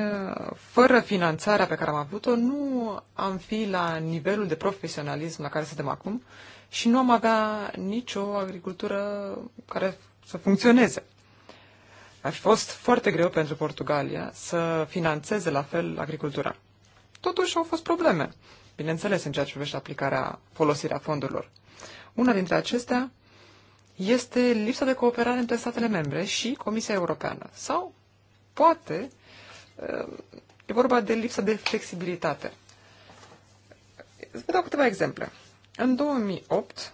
fără finanțarea pe care am avut-o, nu am fi la nivelul de profesionalism la care suntem acum și nu am avea nicio agricultură care să funcționeze. Ar fi fost foarte greu pentru Portugalia să financeze la fel agricultura. Totuși au fost probleme, bineînțeles, în ceea ce privește aplicarea, folosirea fondurilor. Una dintre acestea este lipsa de cooperare între statele membre și Comisia Europeană. Sau, poate, uh, e vorba de lipsa de flexibilitate. Îți vă dau câteva exemple. În 2008,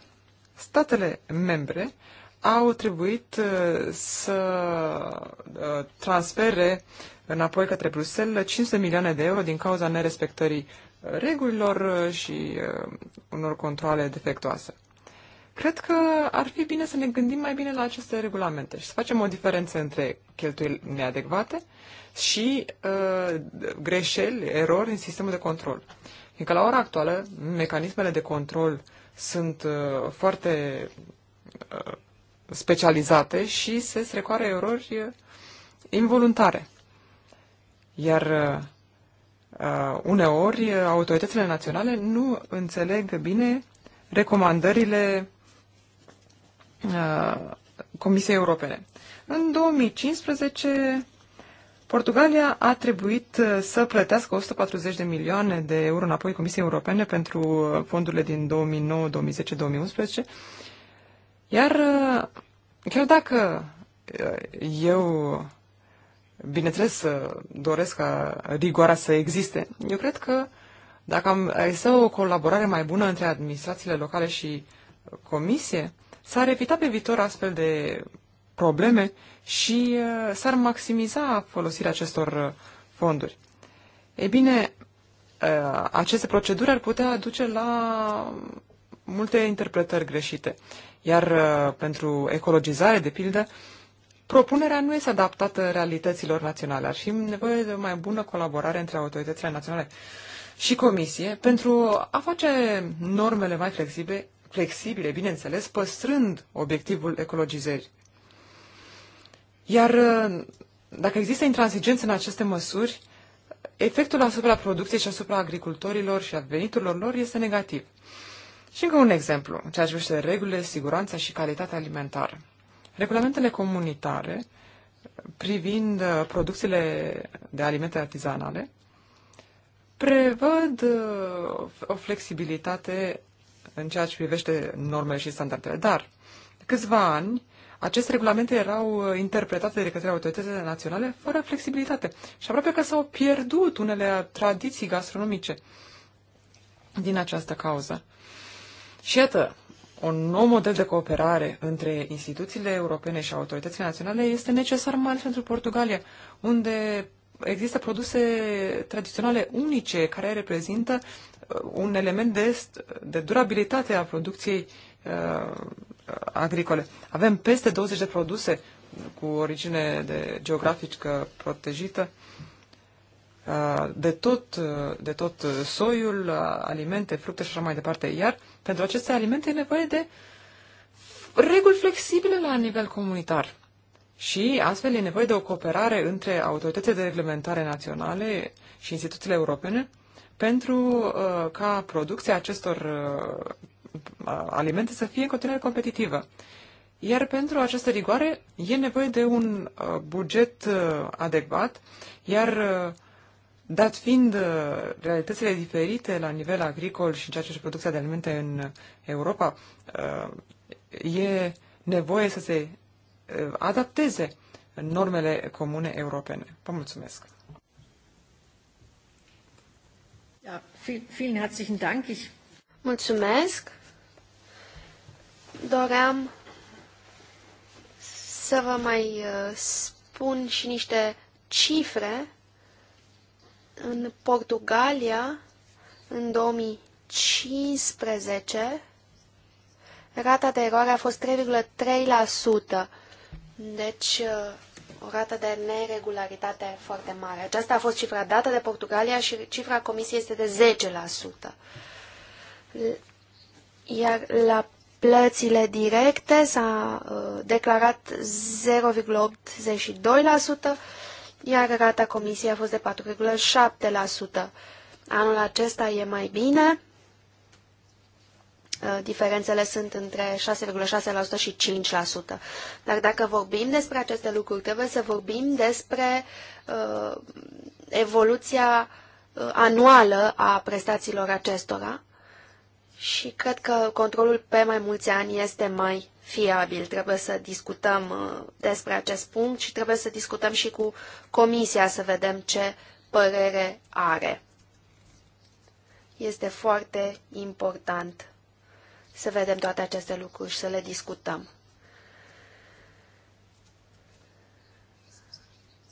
statele membre au trebuit uh, să uh, transfere înapoi către Bruxelles 500 milioane de euro din cauza nerespectării uh, regulilor și unor controle defectuoase. Cred că ar fi bine să ne gândim mai bine la aceste regulamente și să facem o diferență între cheltuieli neadecvate și uh, greșeli, erori în sistemul de control. Fiindcă la ora actuală, mecanismele de control sunt uh, foarte uh, specializate și se strecoară erori uh, involuntare. Iar uh, uh uneori uh, autoritățile naționale nu înțeleg bine recomandările uh, Comisiei Europene. În 2015 Portugalia a trebuit uh, să plătească 140 de milioane de euro înapoi Comisiei Europene pentru uh, fondurile din 2009, 2010, 2011. Iar uh, chiar dacă eu, bineînțeles, doresc ca rigoarea să existe, eu cred că dacă am să o colaborare mai bună între administrațiile locale și comisie, s-ar evita pe viitor astfel de probleme și uh, s-ar maximiza folosirea acestor uh, fonduri. E bine, uh, aceste proceduri ar putea duce la multe interpretări greșite. Iar pentru ecologizare, de pildă, propunerea nu este adaptată realităților naționale. Ar fi nevoie de o mai bună colaborare între autoritățile naționale și comisie pentru a face normele mai flexibile, flexibile, bineînțeles, păstrând obiectivul ecologizării. Iar uh, dacă există intransigență în aceste măsuri, efectul asupra producției și asupra agricultorilor și a veniturilor lor este negativ. Și încă un exemplu, ceea ce privește regulile, siguranța și calitatea alimentară. Regulamentele comunitare privind uh, producțiile de alimente artizanale prevăd uh, o flexibilitate în ceea ce privește normele și standardele, dar câțiva ani aceste regulamente erau uh, interpretate de către autoritățile naționale fără flexibilitate și aproape că s-au pierdut unele tradiții gastronomice din această cauză. Și iată, un nou model de cooperare între instituțiile europene și autoritățile naționale este necesar mai ales pentru Portugalia, unde există produse tradiționale unice care reprezintă uh, un element de, de durabilitate a producției uh, Uh, agricole. Avem peste 20 de produse cu origine de geografică protejită, uh, de tot, uh, de tot soiul, alimente, fructe și așa mai departe. Iar pentru aceste alimente e nevoie de reguli flexibile la nivel comunitar. Și astfel e nevoie de o cooperare între autoritățile de reglementare naționale și instituțiile europene pentru uh, ca producția acestor uh, alimente să fie în continuare competitivă. Iar pentru această rigoare e nevoie de un buget adecvat, iar dat fiind realitățile diferite la nivel agricol și în ceea ce și producția de alimente în Europa, e nevoie să se adapteze normele comune europene. Vă mulțumesc! Mulțumesc! Doream să vă mai uh, spun și niște cifre. În Portugalia, în 2015, rata de eroare a fost 3,3%. Deci, uh, o rată de neregularitate foarte mare. Aceasta a fost cifra dată de Portugalia și cifra comisiei este de 10%. Iar la Plățile directe s-a uh, declarat 0,82%, iar rata comisiei a fost de 4,7%. Anul acesta e mai bine. Uh, diferențele sunt între 6,6% și 5%. Dar dacă vorbim despre aceste lucruri, trebuie să vorbim despre uh, evoluția uh, anuală a prestațiilor acestora și cred că controlul pe mai mulți ani este mai fiabil. Trebuie să discutăm uh, despre acest punct și trebuie să discutăm și cu comisia să vedem ce părere are. Este foarte important să vedem toate aceste lucruri și să le discutăm.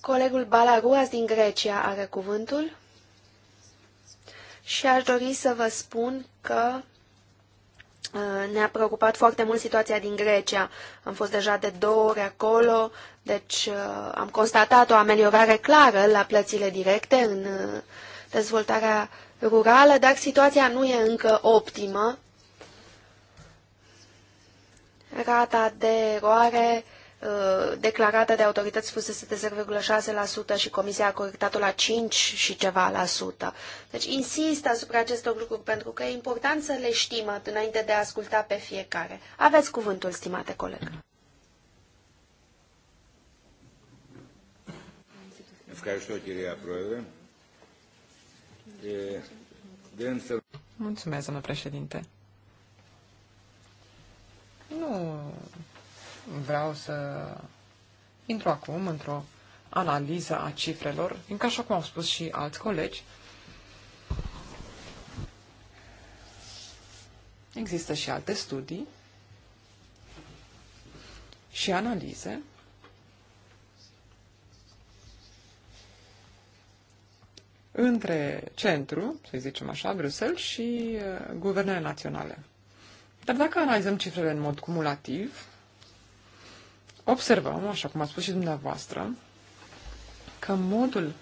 Colegul Balaruas din Grecia are cuvântul și aș dori să vă spun că Uh, ne-a preocupat foarte mult situația din Grecia. Am fost deja de două ori acolo, deci uh, am constatat o ameliorare clară la plățile directe în uh, dezvoltarea rurală, dar situația nu e încă optimă. Rata de eroare Uh, declarată de autorități fusese de 0,6% și Comisia a corectat-o la 5 și ceva la sută. Deci insist asupra acestor lucruri pentru că e important să le știm înainte de a asculta pe fiecare. Aveți cuvântul, stimate coleg. Mulțumesc, domnule președinte. Nu vreau să intru acum într-o analiză a cifrelor, fiindcă așa cum au spus și alți colegi, există și alte studii și analize între centru, să zicem așa, Bruxelles și uh, guvernele naționale. Dar dacă analizăm cifrele în mod cumulativ, observăm, așa cum a spus și dumneavoastră, că modul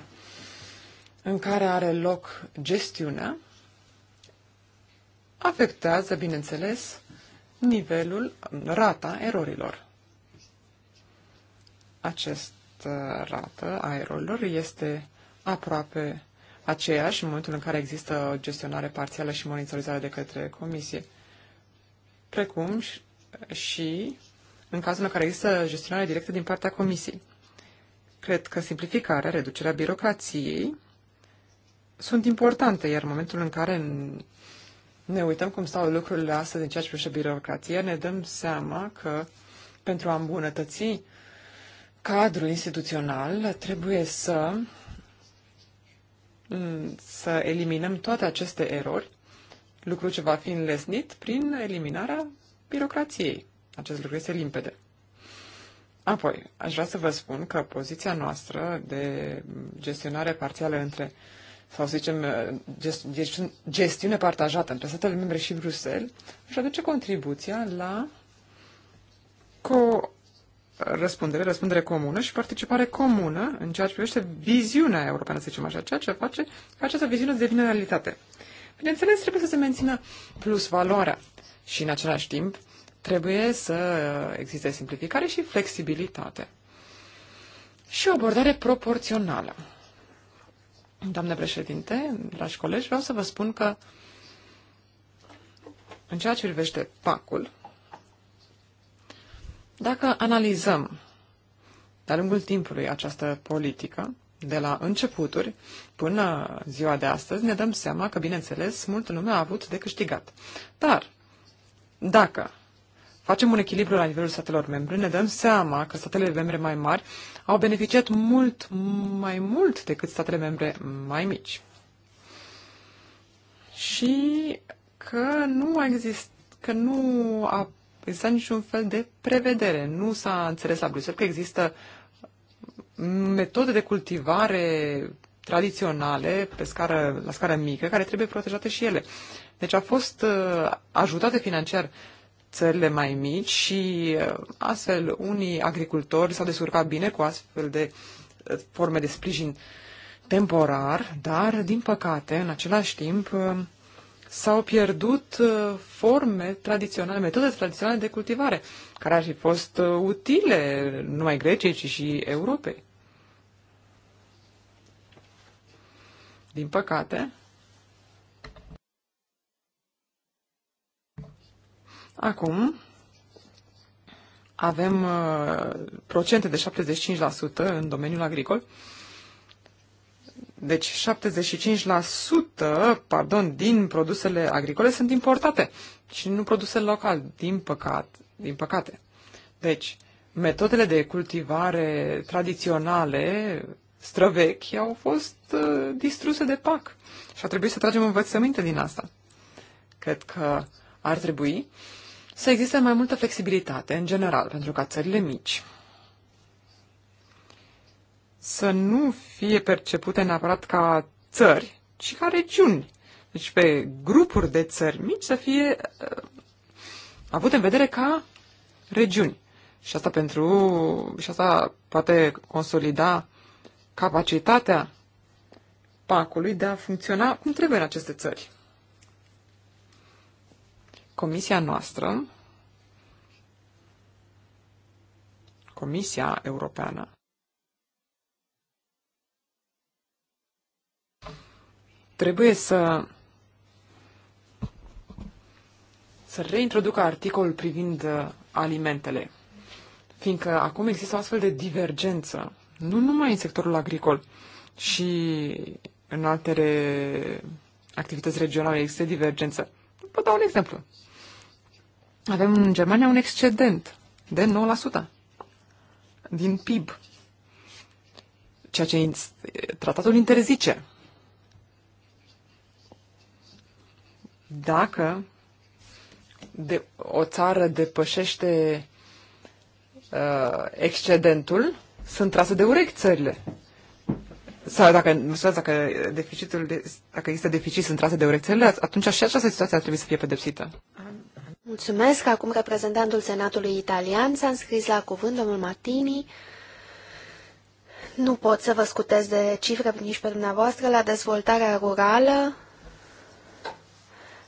în care are loc gestiunea afectează, bineînțeles, nivelul, rata erorilor. Această rată a erorilor este aproape aceeași în momentul în care există o gestionare parțială și monitorizare de către comisie, precum și în cazul în care există gestionare directă din partea Comisiei. Cred că simplificarea, reducerea birocrației sunt importante, iar în momentul în care ne uităm cum stau lucrurile astăzi în ceea ce privește birocrația, ne dăm seama că pentru a îmbunătăți cadrul instituțional trebuie să, să eliminăm toate aceste erori, lucru ce va fi înlesnit prin eliminarea birocrației. Acest lucru este limpede. Apoi, aș vrea să vă spun că poziția noastră de gestionare parțială între, sau să zicem, gest, gestiune partajată între statele membre și Bruxelles, își aduce contribuția la co răspundere, răspundere comună și participare comună în ceea ce privește viziunea europeană, să zicem așa, ceea ce face ca această viziune să devină realitate. Bineînțeles, trebuie să se mențină plus valoarea și în același timp Trebuie să existe simplificare și flexibilitate. Și o abordare proporțională. Doamne președinte, dragi colegi, vreau să vă spun că în ceea ce privește pacul, dacă analizăm de-a lungul timpului această politică, de la începuturi până ziua de astăzi, ne dăm seama că, bineînțeles, multă lume a avut de câștigat. Dar, dacă facem un echilibru la nivelul statelor membre, ne dăm seama că statele membre mai mari au beneficiat mult mai mult decât statele membre mai mici. Și că nu a exist, că nu a existat niciun fel de prevedere. Nu s-a înțeles la Bruxelles că există metode de cultivare tradiționale pe scară, la scară mică, care trebuie protejate și ele. Deci a fost uh, ajutate financiar țările mai mici și uh, astfel unii agricultori s-au descurcat bine cu astfel de uh, forme de sprijin temporar, dar, din păcate, în același timp, uh, s-au pierdut forme tradiționale, metode tradiționale de cultivare, care ar fi fost utile numai Greciei, ci și Europei. Din păcate, Acum avem uh, procente de 75% în domeniul agricol. Deci 75% pardon, din produsele agricole sunt importate și nu produsele locale, din, păcat, din păcate. Deci, metodele de cultivare tradiționale, străvechi, au fost uh, distruse de PAC. Și a trebuit să tragem învățăminte din asta. Cred că ar trebui să existe mai multă flexibilitate în general pentru ca țările mici să nu fie percepute neapărat ca țări, ci ca regiuni. Deci pe grupuri de țări mici să fie uh, avut în vedere ca regiuni. Și asta pentru și asta poate consolida capacitatea pacului de a funcționa cum trebuie în aceste țări. Comisia noastră, Comisia Europeană, trebuie să să reintroducă articolul privind uh, alimentele, fiindcă acum există o astfel de divergență, nu numai în sectorul agricol, și în alte activități regionale există divergență. Vă dau un exemplu. Avem în Germania un excedent de 9% din PIB, ceea ce tratatul interzice. Dacă de, o țară depășește uh, excedentul, sunt trase de urechi țările sau dacă, știu, dacă, deficitul de, dacă există deficit sunt trase de urețele, atunci și această situație ar trebui să fie pedepsită. Mulțumesc. Acum reprezentantul Senatului Italian s-a înscris la cuvânt, domnul Martini. Nu pot să vă scutez de cifre nici pe dumneavoastră la dezvoltarea rurală.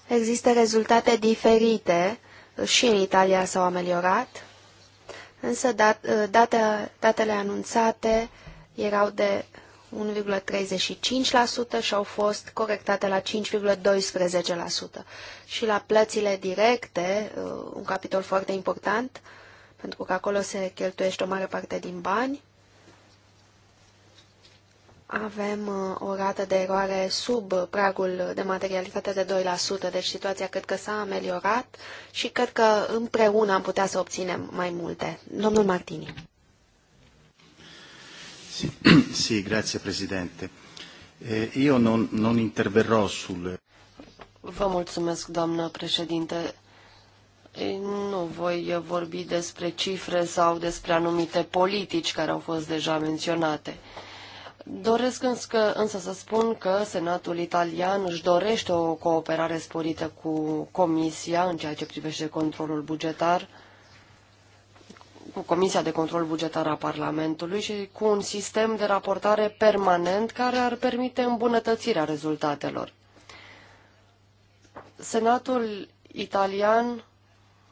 Există rezultate diferite și în Italia s-au ameliorat, însă dat, date, datele anunțate erau de 1,35% și au fost corectate la 5,12%. Și la plățile directe, uh, un capitol foarte important, pentru că acolo se cheltuiește o mare parte din bani, avem uh, o rată de eroare sub pragul de materialitate de 2%, deci situația cred că s-a ameliorat și cred că împreună am putea să obținem mai multe. Domnul Martini. Sì, sì grazie Presidente. Eh, io non, non interverrò sul... Vă mulțumesc, doamnă președinte. Nu voi vorbi despre cifre sau despre anumite politici care au fost deja menționate. Doresc însă, însă să spun că Senatul italian își dorește o cooperare sporită cu Comisia în ceea ce privește controlul bugetar cu Comisia de Control Bugetar a Parlamentului și cu un sistem de raportare permanent care ar permite îmbunătățirea rezultatelor. Senatul italian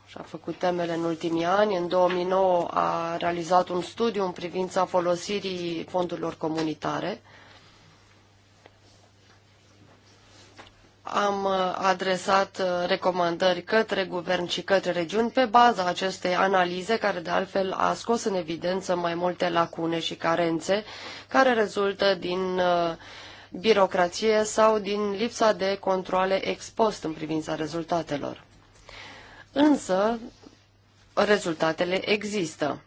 și-a făcut temele în ultimii ani. În 2009 a realizat un studiu în privința folosirii fondurilor comunitare am uh, adresat uh, recomandări către guvern și către regiuni pe baza acestei analize, care de altfel a scos în evidență mai multe lacune și carențe care rezultă din uh, birocrație sau din lipsa de controle ex post în privința rezultatelor. Însă, rezultatele există.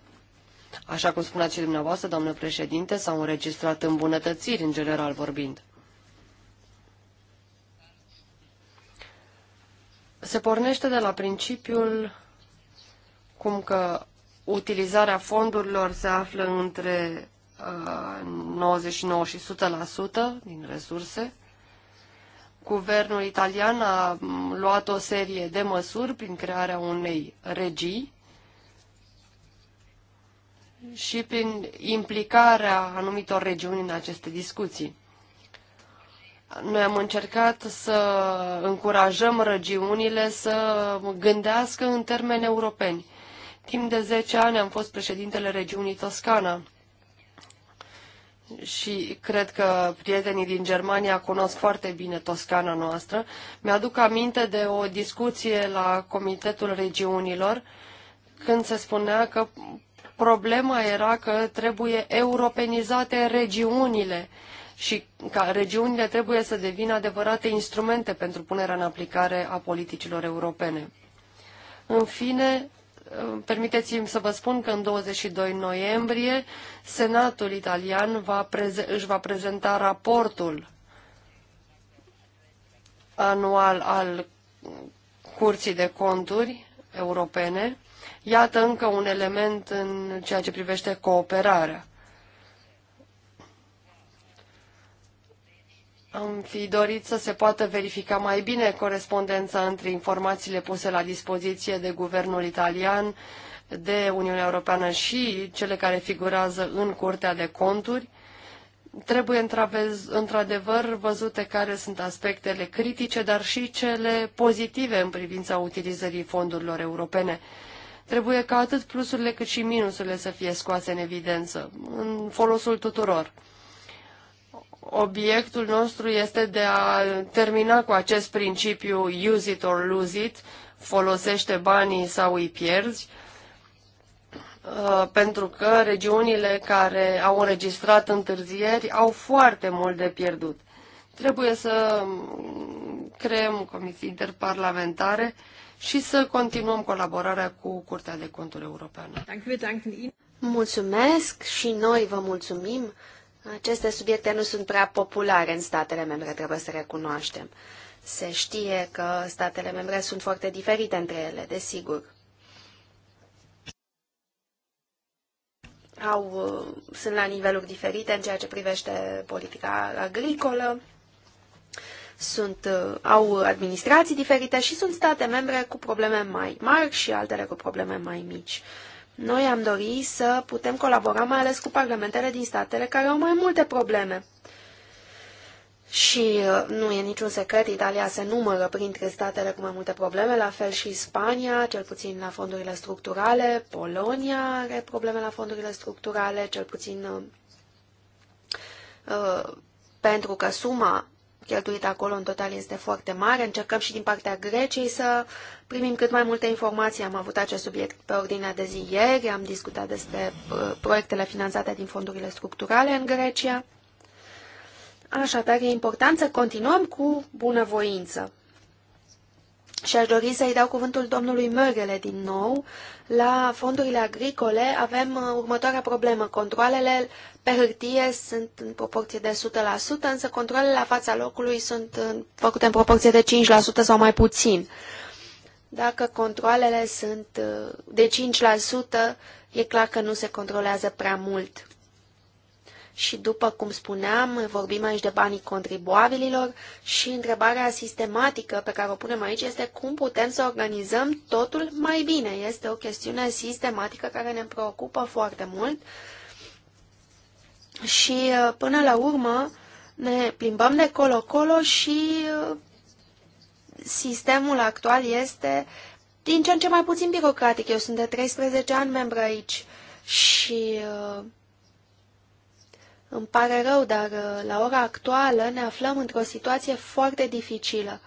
Așa cum spuneați și dumneavoastră, doamnă președinte, s-au înregistrat îmbunătățiri în general vorbind. se pornește de la principiul cum că utilizarea fondurilor se află între 99 uh, și 100% din resurse. Guvernul italian a mm, luat o serie de măsuri prin crearea unei regii și prin implicarea anumitor regiuni în aceste discuții. Noi am încercat să încurajăm regiunile să gândească în termeni europeni. Timp de 10 ani am fost președintele regiunii Toscana și cred că prietenii din Germania cunosc foarte bine Toscana noastră. Mi-aduc aminte de o discuție la Comitetul Regiunilor când se spunea că problema era că trebuie europenizate regiunile și ca regiunile trebuie să devină adevărate instrumente pentru punerea în aplicare a politicilor europene. În fine, uh, permiteți-mi să vă spun că în 22 noiembrie Senatul italian va preze- își va prezenta raportul anual al Curții de Conturi Europene. Iată încă un element în ceea ce privește cooperarea. Am fi dorit să se poată verifica mai bine corespondența între informațiile puse la dispoziție de guvernul italian, de Uniunea Europeană și cele care figurează în Curtea de Conturi. Trebuie într-adevăr văzute care sunt aspectele critice, dar și cele pozitive în privința utilizării fondurilor europene. Trebuie ca atât plusurile cât și minusurile să fie scoase în evidență, în folosul tuturor obiectul nostru este de a termina cu acest principiu use it or lose it, folosește banii sau îi pierzi, uh, pentru că regiunile care au înregistrat întârzieri au foarte mult de pierdut. Trebuie să mm, creăm comisii interparlamentare și să continuăm colaborarea cu Curtea de Conturi Europeană. Mulțumesc și noi vă mulțumim. Aceste subiecte nu sunt prea populare în statele membre, trebuie să recunoaștem. Se știe că statele membre sunt foarte diferite între ele, desigur. Au, uh, sunt la niveluri diferite în ceea ce privește politica agricolă, sunt, uh, au administrații diferite și sunt state membre cu probleme mai mari și altele cu probleme mai mici. Uh, noi am dorit să putem colabora mai ales cu parlamentele din statele care au mai multe probleme. Și uh, nu e niciun secret, Italia se numără printre statele cu mai multe probleme, la fel și Spania, cel puțin la fondurile structurale, Polonia are probleme la fondurile structurale, cel puțin uh, uh pentru că suma cheltuit acolo în total este foarte mare. Încercăm și din partea Greciei să primim cât mai multe informații. Am avut acest subiect pe ordinea de zi ieri, am discutat despre uh, proiectele finanțate din fondurile structurale în Grecia. Așadar, e important să continuăm cu bunăvoință. Și aș dori să-i dau cuvântul domnului Mărgele din nou, la fondurile agricole avem uh, următoarea problemă. Controlele pe hârtie sunt în proporție de 100%, însă controlele la fața locului sunt uh, făcute în proporție de 5% sau mai puțin. Dacă controlele sunt uh, de 5%, e clar că nu se controlează prea mult și, după cum spuneam, vorbim aici de banii contribuabililor și întrebarea sistematică pe care o punem aici este cum putem să organizăm totul mai bine. Este o chestiune sistematică care ne preocupă foarte mult și, uh, până la urmă, ne plimbăm de colo-colo și uh, sistemul actual este din ce în ce mai puțin birocratic. Eu sunt de 13 ani membru aici și uh, îmi pare rău, dar uh, la ora actuală ne aflăm într-o situație foarte dificilă,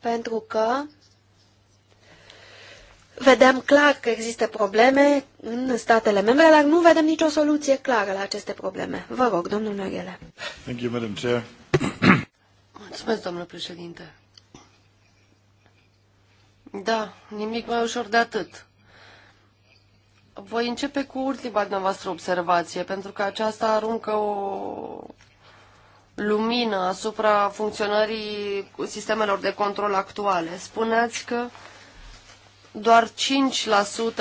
pentru că vedem clar că există probleme în statele membre, dar nu vedem nicio soluție clară la aceste probleme. Vă rog, domnul Năghele. Thank you, Madam Chair. Mulțumesc, domnule președinte. Da, nimic mai ușor de atât. Voi începe cu ultima dumneavoastră observație, pentru că aceasta aruncă o lumină asupra funcționării sistemelor de control actuale. Spuneați că doar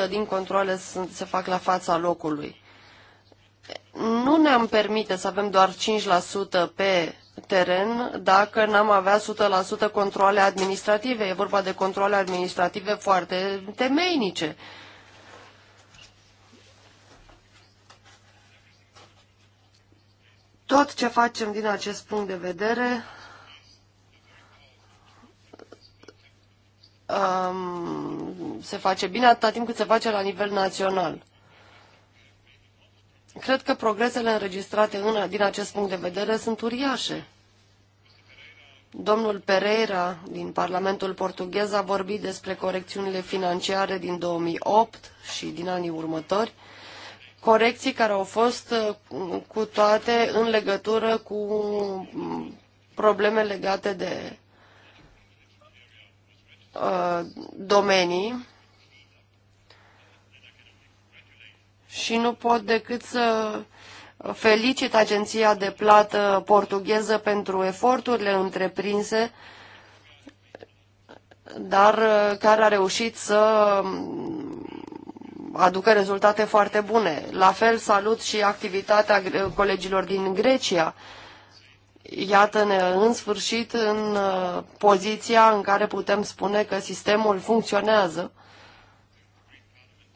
5% din controle sunt, se fac la fața locului. Nu ne-am permite să avem doar 5% pe teren dacă n-am avea 100% controle administrative. E vorba de controle administrative foarte temeinice. Tot ce facem din acest punct de vedere um, se face bine atâta timp cât se face la nivel național. Cred că progresele înregistrate în, din acest punct de vedere sunt uriașe. Domnul Pereira din Parlamentul portughez a vorbit despre corecțiunile financiare din 2008 și din anii următori corecții care au fost uh, cu toate în legătură cu mm, probleme legate de uh, domenii și nu pot decât să felicit agenția de plată portugheză pentru eforturile întreprinse, dar uh, care a reușit să mm, aducă rezultate foarte bune. La fel salut și activitatea colegilor din Grecia. Iată-ne în sfârșit în uh, poziția în care putem spune că sistemul funcționează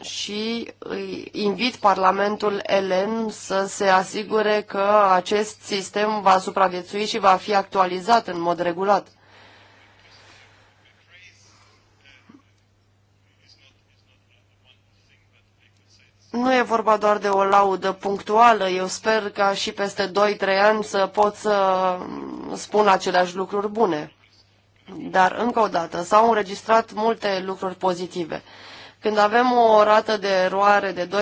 și îi invit Parlamentul Elen să se asigure că acest sistem va supraviețui și va fi actualizat în mod regulat. nu e vorba doar de o laudă punctuală. Eu sper ca și peste 2-3 ani să pot să spun aceleași lucruri bune. Dar, încă o dată, s-au înregistrat multe lucruri pozitive. Când avem o rată de eroare de 2,9%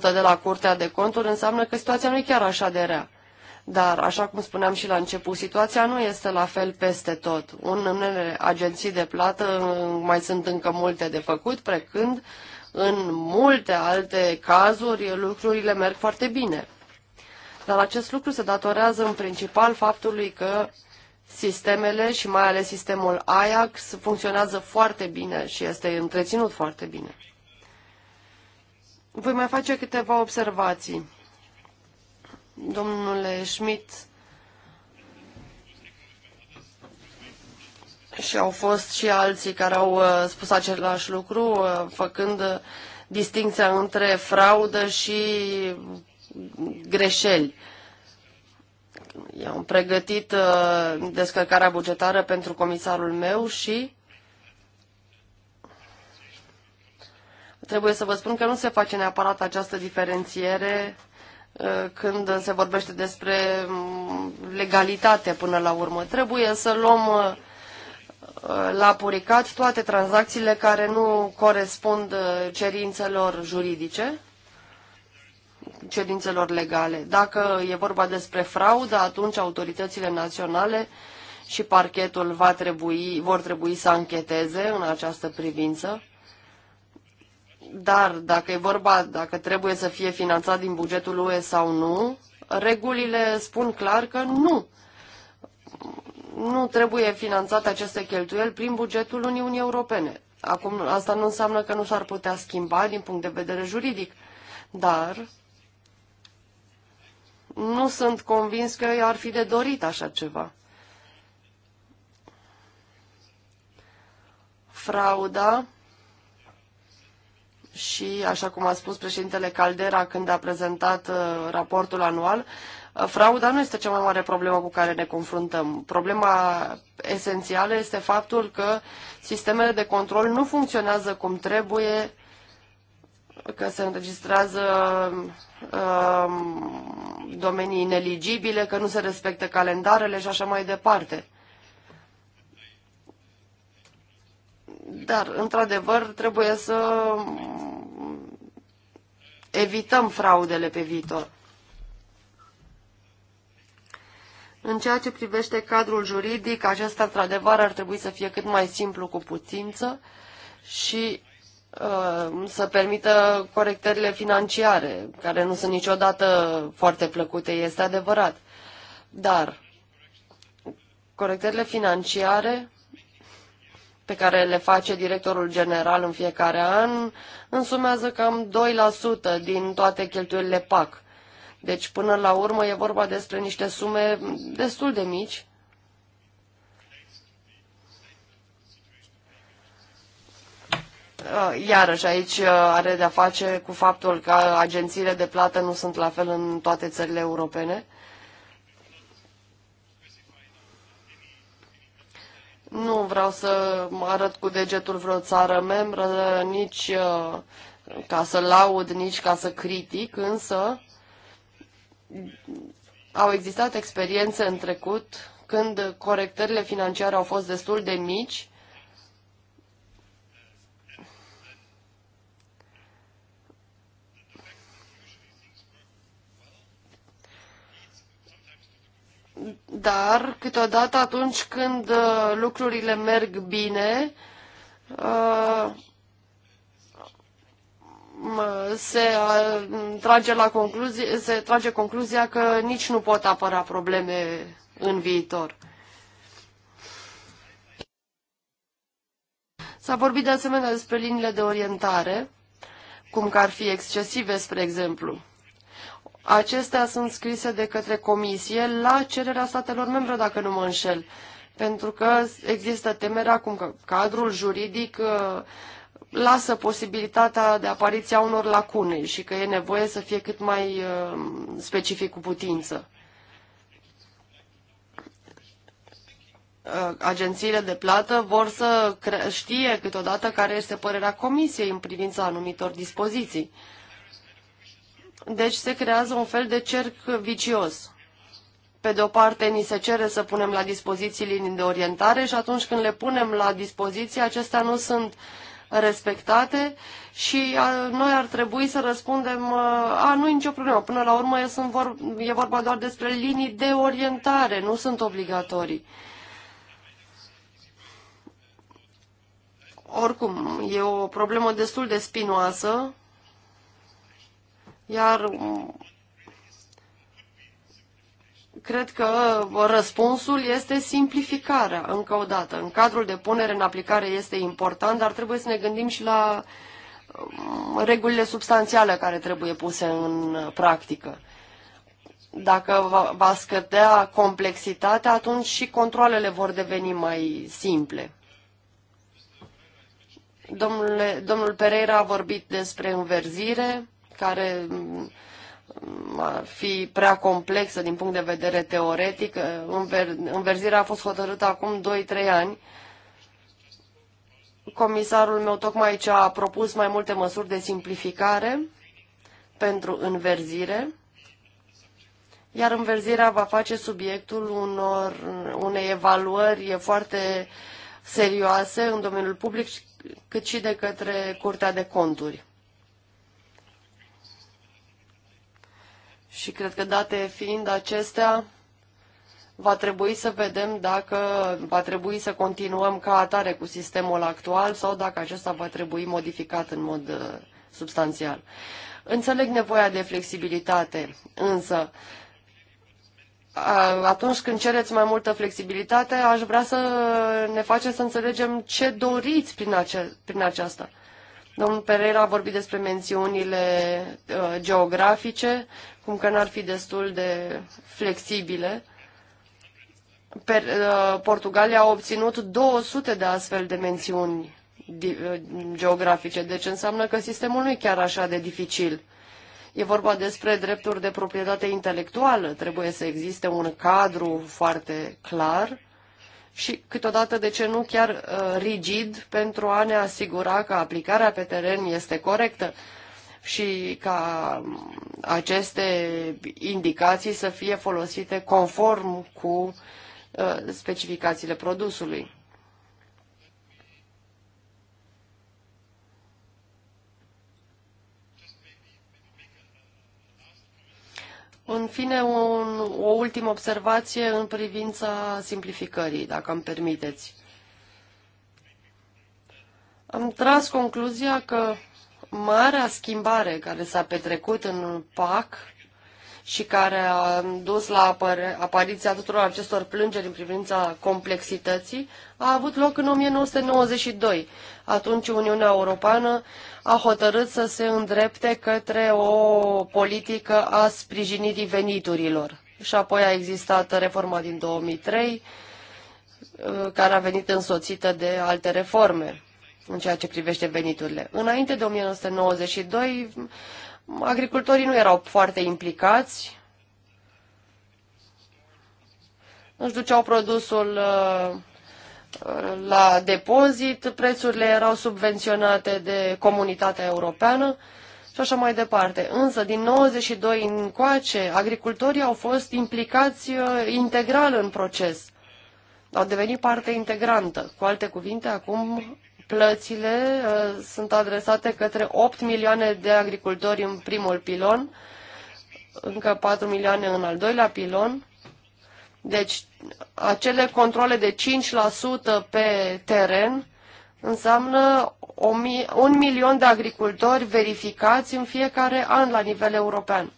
de la Curtea de Conturi, înseamnă că situația nu e chiar așa de rea. Dar, așa cum spuneam și la început, situația nu este la fel peste tot. În unele agenții de plată mai sunt încă multe de făcut, precând uh, în multe alte cazuri lucrurile merg foarte bine. Dar acest lucru se datorează în principal faptului că sistemele și mai ales sistemul Ajax funcționează foarte bine și este întreținut foarte bine. Voi mai face câteva observații. Domnule Schmidt, și au fost și alții care au uh, spus același lucru, uh, făcând uh, distinția între fraudă și greșeli. I-am pregătit descărcarea bugetară pentru comisarul meu și trebuie să vă spun că nu se face neapărat această diferențiere când se vorbește despre mm, legalitate până la urmă. Trebuie să luăm Uh, la puricat toate tranzacțiile care nu corespund uh, cerințelor juridice, cerințelor legale. Dacă e vorba despre fraudă, atunci autoritățile naționale și parchetul va trebui, vor trebui să ancheteze în această privință. Dar dacă e vorba, dacă trebuie să fie finanțat din bugetul UE sau nu, regulile spun clar că nu nu trebuie finanțate aceste cheltuieli prin bugetul Uniunii Europene. Acum, asta nu înseamnă că nu s-ar putea schimba din punct de vedere juridic, dar nu sunt convins că ar fi de dorit așa ceva. Frauda și, așa cum a spus președintele Caldera când a prezentat uh, raportul anual, Frauda nu este cea mai mare problemă cu care ne confruntăm. Problema esențială este faptul că sistemele de control nu funcționează cum trebuie, că se înregistrează um, domenii ineligibile, că nu se respectă calendarele și așa mai departe. Dar, într-adevăr, trebuie să evităm fraudele pe viitor. În ceea ce privește cadrul juridic, acesta într-adevăr ar trebui să fie cât mai simplu cu putință și uh, să permită corectările financiare, care nu sunt niciodată foarte plăcute, este adevărat. Dar corectările financiare pe care le face directorul general în fiecare an însumează cam 2% din toate cheltuielile PAC. Deci, până la urmă, e vorba despre niște sume destul de mici. Uh, iarăși, aici uh, are de-a face cu faptul că agențiile de plată nu sunt la fel în toate țările europene. Nu vreau să arăt cu degetul vreo țară membră, nici uh, ca să laud, nici ca să critic, însă au existat experiențe în trecut când corectările financiare au fost destul de mici dar câteodată atunci când uh, lucrurile merg bine, uh, se trage, la concluzie, se trage concluzia că nici nu pot apăra probleme în viitor. S-a vorbit de asemenea despre liniile de orientare, cum că ar fi excesive, spre exemplu. Acestea sunt scrise de către comisie la cererea statelor membre, dacă nu mă înșel, pentru că există temerea cum că cadrul juridic uh, lasă posibilitatea de apariția unor lacune și că e nevoie să fie cât mai uh, specific cu putință. Uh, agențiile de plată vor să știe câteodată care este părerea Comisiei în privința anumitor dispoziții. Deci se creează un fel de cerc vicios. Pe de o parte, ni se cere să punem la dispoziție linii de orientare și atunci când le punem la dispoziție, acestea nu sunt uh, respectate și noi ar trebui să răspundem, a, nu e nicio problemă, până la urmă e, sunt vor, e vorba doar despre linii de orientare, nu sunt obligatorii. Oricum, e o problemă destul de spinoasă, iar cred că răspunsul este simplificarea, încă o dată. În cadrul de punere în aplicare este important, dar trebuie să ne gândim și la um, regulile substanțiale care trebuie puse în practică. Dacă va scădea complexitatea, atunci și controlele vor deveni mai simple. Domnule, domnul Pereira a vorbit despre înverzire, care fi prea complexă din punct de vedere teoretic. Înver înverzirea a fost hotărâtă acum 2-3 ani. Comisarul meu tocmai ce a propus mai multe măsuri de simplificare pentru înverzire, iar înverzirea va face subiectul unor, unei evaluări foarte serioase în domeniul public, cât și de către Curtea de Conturi. Și cred că date fiind acestea, va trebui să vedem dacă va trebui să continuăm ca atare cu sistemul actual sau dacă acesta va trebui modificat în mod uh, substanțial. Înțeleg nevoia de flexibilitate, însă uh, atunci când cereți mai multă flexibilitate, aș vrea să ne faceți să înțelegem ce doriți prin, ace- prin aceasta. Domnul Pereira a vorbit despre mențiunile uh, geografice, cum că n-ar fi destul de flexibile. Per, uh, Portugalia a obținut 200 de astfel de mențiuni uh, geografice, deci înseamnă că sistemul nu e chiar așa de dificil. E vorba despre drepturi de proprietate intelectuală, trebuie să existe un cadru foarte clar și câteodată, de ce nu chiar uh, rigid, pentru a ne asigura că aplicarea pe teren este corectă și ca um, aceste indicații să fie folosite conform cu uh, specificațiile produsului. În fine, un, o ultimă observație în privința simplificării, dacă îmi permiteți. Am tras concluzia că marea schimbare care s-a petrecut în PAC și care a dus la apariția tuturor acestor plângeri în privința complexității, a avut loc în 1992. Atunci Uniunea Europeană a hotărât să se îndrepte către o politică a sprijinirii veniturilor. Și apoi a existat reforma din 2003, uh, care a venit însoțită de alte reforme în ceea ce privește veniturile. Înainte de 1992, Agricultorii nu erau foarte implicați, își duceau produsul uh, la depozit, prețurile erau subvenționate de comunitatea europeană și așa mai departe. Însă, din 92 încoace, agricultorii au fost implicați uh, integral în proces. Au devenit parte integrantă. Cu alte cuvinte, acum Plățile uh, sunt adresate către 8 milioane de agricultori în primul pilon, încă 4 milioane în al doilea pilon. Deci, acele controle de 5% pe teren înseamnă un milion de agricultori verificați în fiecare an la nivel european.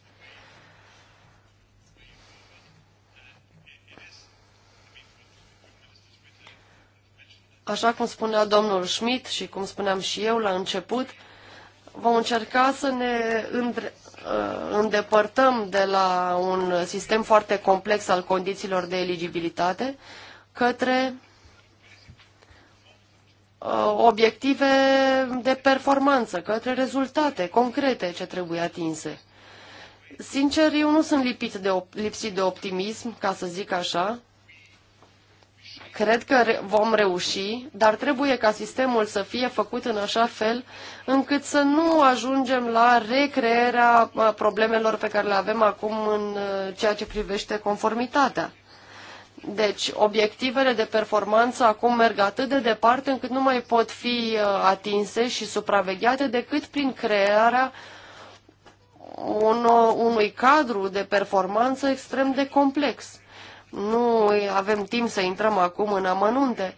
Așa cum spunea domnul Schmidt și cum spuneam și eu la început, vom încerca să ne uh, îndepărtăm de la un sistem foarte complex al condițiilor de eligibilitate către uh, obiective de performanță, către rezultate concrete ce trebuie atinse. Sincer, eu nu sunt lipit de, lipsit de optimism, ca să zic așa, Cred că vom reuși, dar trebuie ca sistemul să fie făcut în așa fel încât să nu ajungem la recrearea problemelor pe care le avem acum în uh, ceea ce privește conformitatea. Deci, obiectivele de performanță acum merg atât de departe încât nu mai pot fi uh, atinse și supravegheate decât prin crearea unui cadru de performanță extrem de complex. Nu avem timp să intrăm acum în amănunte,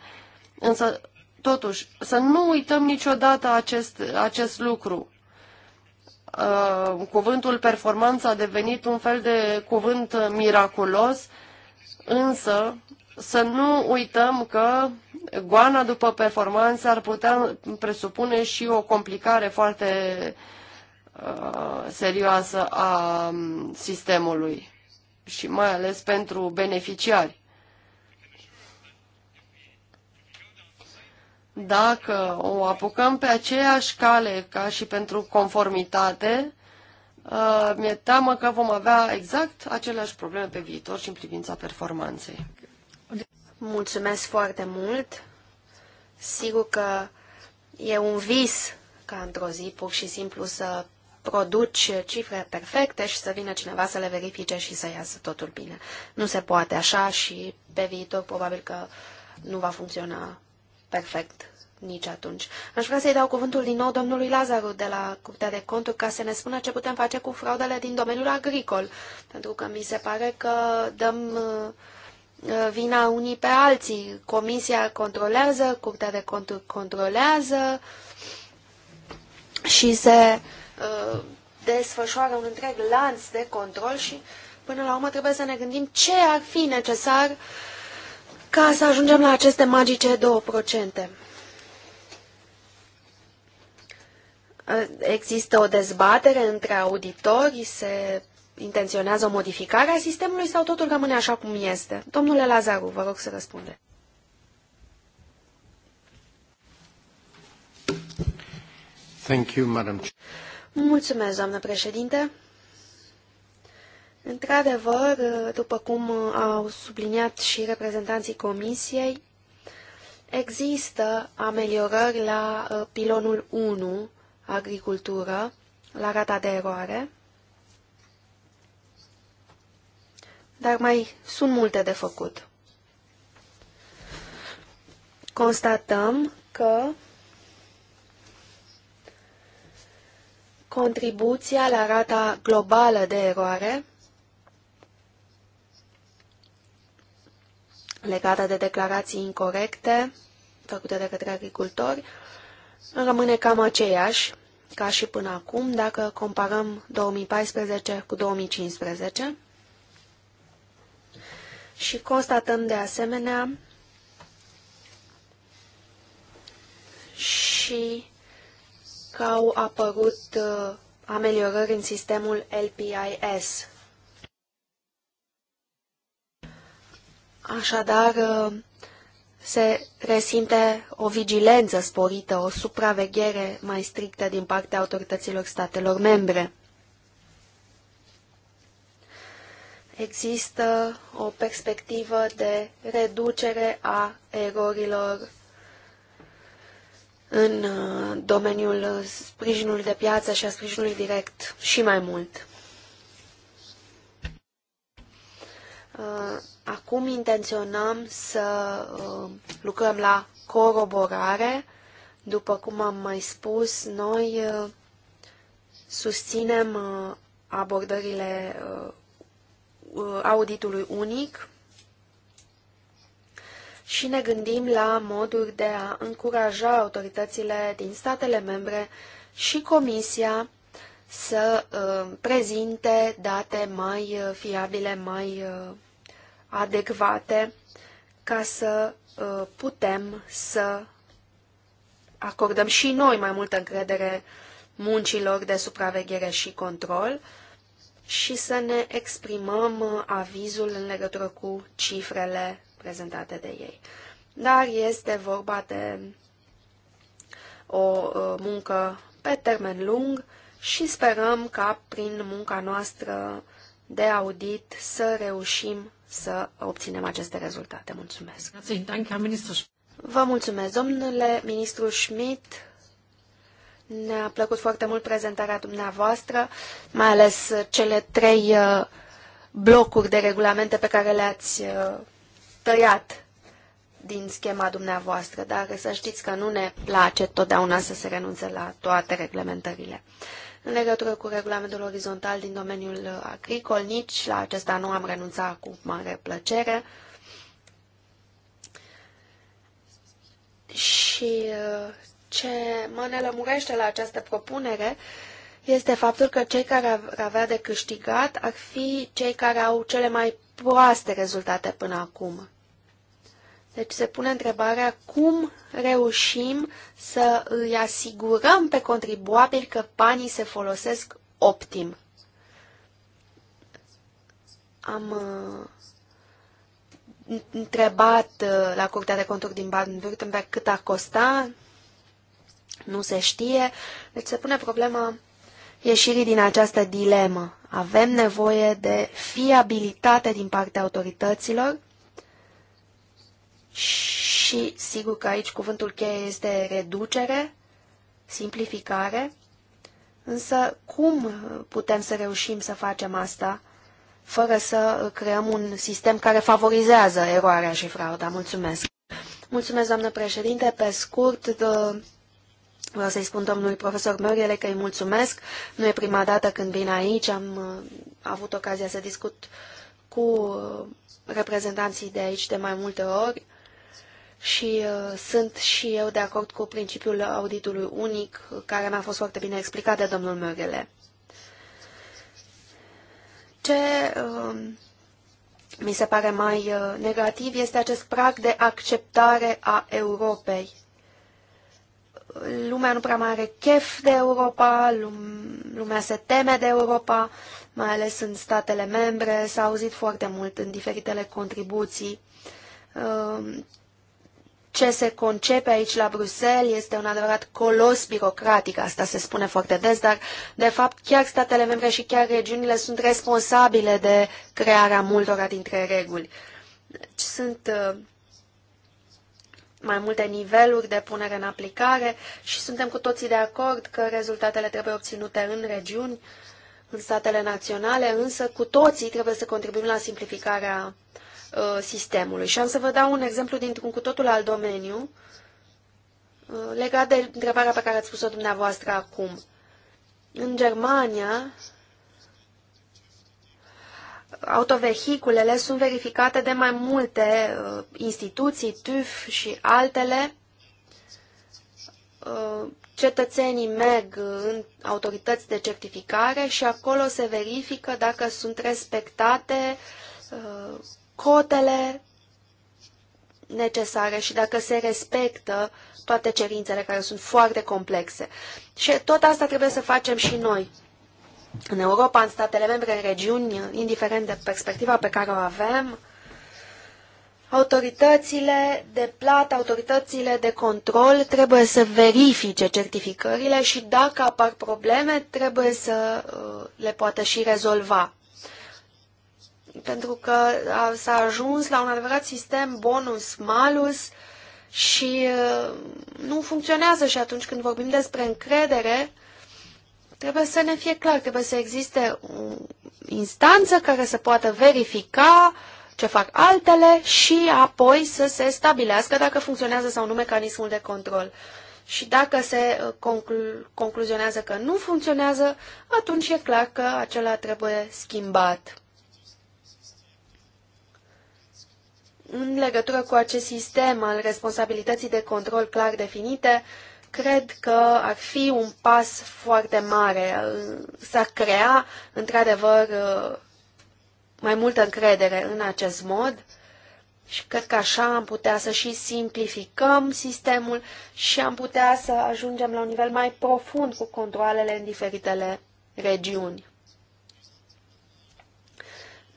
însă, totuși, să nu uităm niciodată acest, acest lucru. Uh, cuvântul performanță a devenit un fel de cuvânt miraculos, însă să nu uităm că goana după performanță ar putea presupune și o complicare foarte uh, serioasă a um, sistemului și mai ales pentru beneficiari. Dacă o apucăm pe aceeași cale ca și pentru conformitate, uh, mi-e teamă că vom avea exact aceleași probleme pe viitor și în privința performanței. Mulțumesc foarte mult. Sigur că e un vis ca într-o zi pur și simplu să produci cifre perfecte și să vină cineva să le verifice și să iasă totul bine. Nu se poate așa și pe viitor probabil că nu va funcționa perfect nici atunci. Aș vrea să-i dau cuvântul din nou domnului Lazaru de la Curtea de Conturi ca să ne spună ce putem face cu fraudele din domeniul agricol, pentru că mi se pare că dăm uh, vina unii pe alții. Comisia controlează, Curtea de Conturi controlează și se Uh, desfășoară un întreg lanț de control și până la urmă trebuie să ne gândim ce ar fi necesar ca să ajungem la aceste magice 2%. Uh, există o dezbatere între auditori, se intenționează o modificare a sistemului sau totul rămâne așa cum este? Domnule Lazaru, vă rog să răspundeți. Thank you, Madam Mulțumesc, doamnă președinte. Într-adevăr, după cum au subliniat și reprezentanții Comisiei, există ameliorări la uh, pilonul 1, agricultură, la rata de eroare, dar mai sunt multe de făcut. Constatăm că contribuția la rata globală de eroare legată de declarații incorrecte făcute de către agricultori rămâne cam aceeași ca și până acum, dacă comparăm 2014 cu 2015. Și constatăm de asemenea și că au apărut uh, ameliorări în sistemul LPIS. Așadar, uh, se resimte o vigilență sporită, o supraveghere mai strictă din partea autorităților statelor membre. Există o perspectivă de reducere a erorilor în uh, domeniul sprijinului de piață și a sprijinului direct și mai mult. Uh, acum intenționăm să uh, lucrăm la coroborare. După cum am mai spus, noi susținem abordările auditului unic și ne gândim la moduri de a încuraja autoritățile din statele membre și Comisia să uh, prezinte date mai uh, fiabile, mai uh, adecvate, ca să uh, putem să acordăm și noi mai multă încredere muncilor de supraveghere și control și să ne exprimăm uh, avizul în legătură cu cifrele prezentate de ei. Dar este vorba de o uh, muncă pe termen lung și sperăm ca prin munca noastră de audit să reușim să obținem aceste rezultate. Mulțumesc! Vă mulțumesc, domnule ministru Schmidt. Ne-a plăcut foarte mult prezentarea dumneavoastră, mai ales cele trei uh, blocuri de regulamente pe care le-ați uh, tăiat din schema dumneavoastră, dar să știți că nu ne place totdeauna să se renunțe la toate reglementările. În legătură cu regulamentul orizontal din domeniul agricol, nici la acesta nu am renunțat cu mare plăcere. Și uh, ce mă nelămurește la această propunere este faptul că cei care ar avea de câștigat ar fi cei care au cele mai proaste rezultate până acum. Deci se pune întrebarea cum reușim să îi asigurăm pe contribuabil că banii se folosesc optim. Am uh, întrebat uh, la Curtea de Conturi din Baden-Württemberg cât a costa, nu se știe, deci se pune problema ieșirii din această dilemă. Avem nevoie de fiabilitate din partea autorităților, și sigur că aici cuvântul cheie este reducere, simplificare, însă cum putem să reușim să facem asta fără să creăm un sistem care favorizează eroarea și frauda? Mulțumesc! Mulțumesc, doamnă președinte, pe scurt... De... Vreau să-i spun domnului profesor Măriele că îi mulțumesc. Nu e prima dată când vin aici. Am uh, avut ocazia să discut cu uh, reprezentanții de aici de mai multe ori și uh, sunt și eu de acord cu principiul auditului unic, care mi-a fost foarte bine explicat de domnul Mărghele. Ce uh, mi se pare mai uh, negativ este acest prag de acceptare a Europei. Lumea nu prea mai are chef de Europa, lumea se teme de Europa, mai ales în statele membre. S-a auzit foarte mult în diferitele contribuții um, ce se concepe aici la Bruxelles este un adevărat colos birocratic, asta se spune foarte des, dar de fapt chiar statele membre și chiar regiunile sunt responsabile de crearea multora dintre reguli. Deci sunt uh, mai multe niveluri de punere în aplicare și suntem cu toții de acord că rezultatele trebuie obținute în regiuni, în statele naționale, însă cu toții trebuie să contribuim la simplificarea uh, Uh, sistemului. Și am să vă dau un exemplu dintr-un cu totul alt domeniu uh, legat de întrebarea pe care ați spus-o dumneavoastră acum. În Germania, autovehiculele sunt verificate de mai multe uh, instituții, TÜV și altele. Cetățenii merg în autorități de certificare și acolo se verifică dacă sunt respectate cotele necesare și dacă se respectă toate cerințele care sunt foarte complexe. Și tot asta trebuie să facem și noi. În Europa, în statele membre, în regiuni, indiferent de perspectiva pe care o avem, autoritățile de plată, autoritățile de control trebuie să verifice certificările și dacă apar probleme, trebuie să uh, le poată și rezolva pentru că s-a ajuns la un adevărat sistem bonus-malus și nu funcționează și atunci când vorbim despre încredere, trebuie să ne fie clar, trebuie să existe o instanță care să poată verifica ce fac altele și apoi să se stabilească dacă funcționează sau nu mecanismul de control. Și dacă se conclu- concluzionează că nu funcționează, atunci e clar că acela trebuie schimbat. În legătură cu acest sistem al responsabilității de control clar definite, cred că ar fi un pas foarte mare. S-ar crea, într-adevăr, mai multă încredere în acest mod și cred că așa am putea să și simplificăm sistemul și am putea să ajungem la un nivel mai profund cu controlele în diferitele regiuni.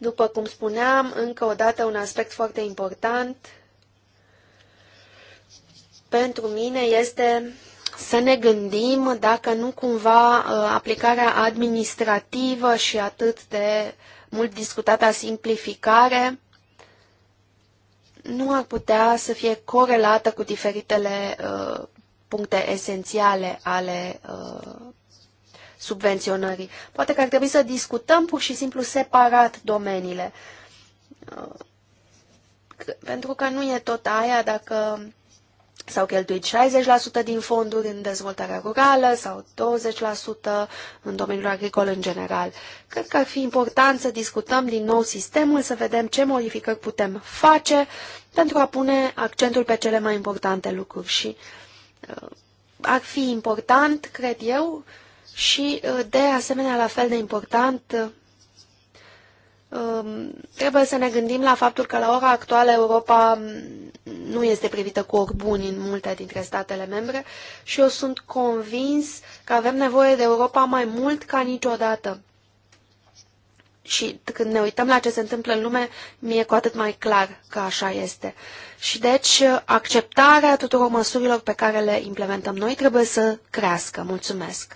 După cum spuneam, încă o dată un aspect foarte important pentru mine este să ne gândim dacă nu cumva uh, aplicarea administrativă și atât de mult discutată simplificare nu ar putea să fie corelată cu diferitele uh, puncte esențiale ale uh, subvenționării. Poate că ar trebui să discutăm pur și simplu separat domeniile. Uh, pentru că nu e tot aia dacă s-au cheltuit 60% din fonduri în dezvoltarea rurală sau 20% în domeniul agricol în general. Cred că ar fi important să discutăm din nou sistemul, să vedem ce modificări putem face pentru a pune accentul pe cele mai importante lucruri și uh, ar fi important, cred eu, și, uh, de asemenea, la fel de important, um, trebuie să ne gândim la faptul că la ora actuală Europa um, nu este privită cu ori buni în multe dintre statele membre și eu sunt convins că avem nevoie de Europa mai mult ca niciodată. Și când ne uităm la ce se întâmplă în lume, mi-e cu atât mai clar că așa este. Și deci acceptarea tuturor măsurilor pe care le implementăm noi trebuie să crească. Mulțumesc!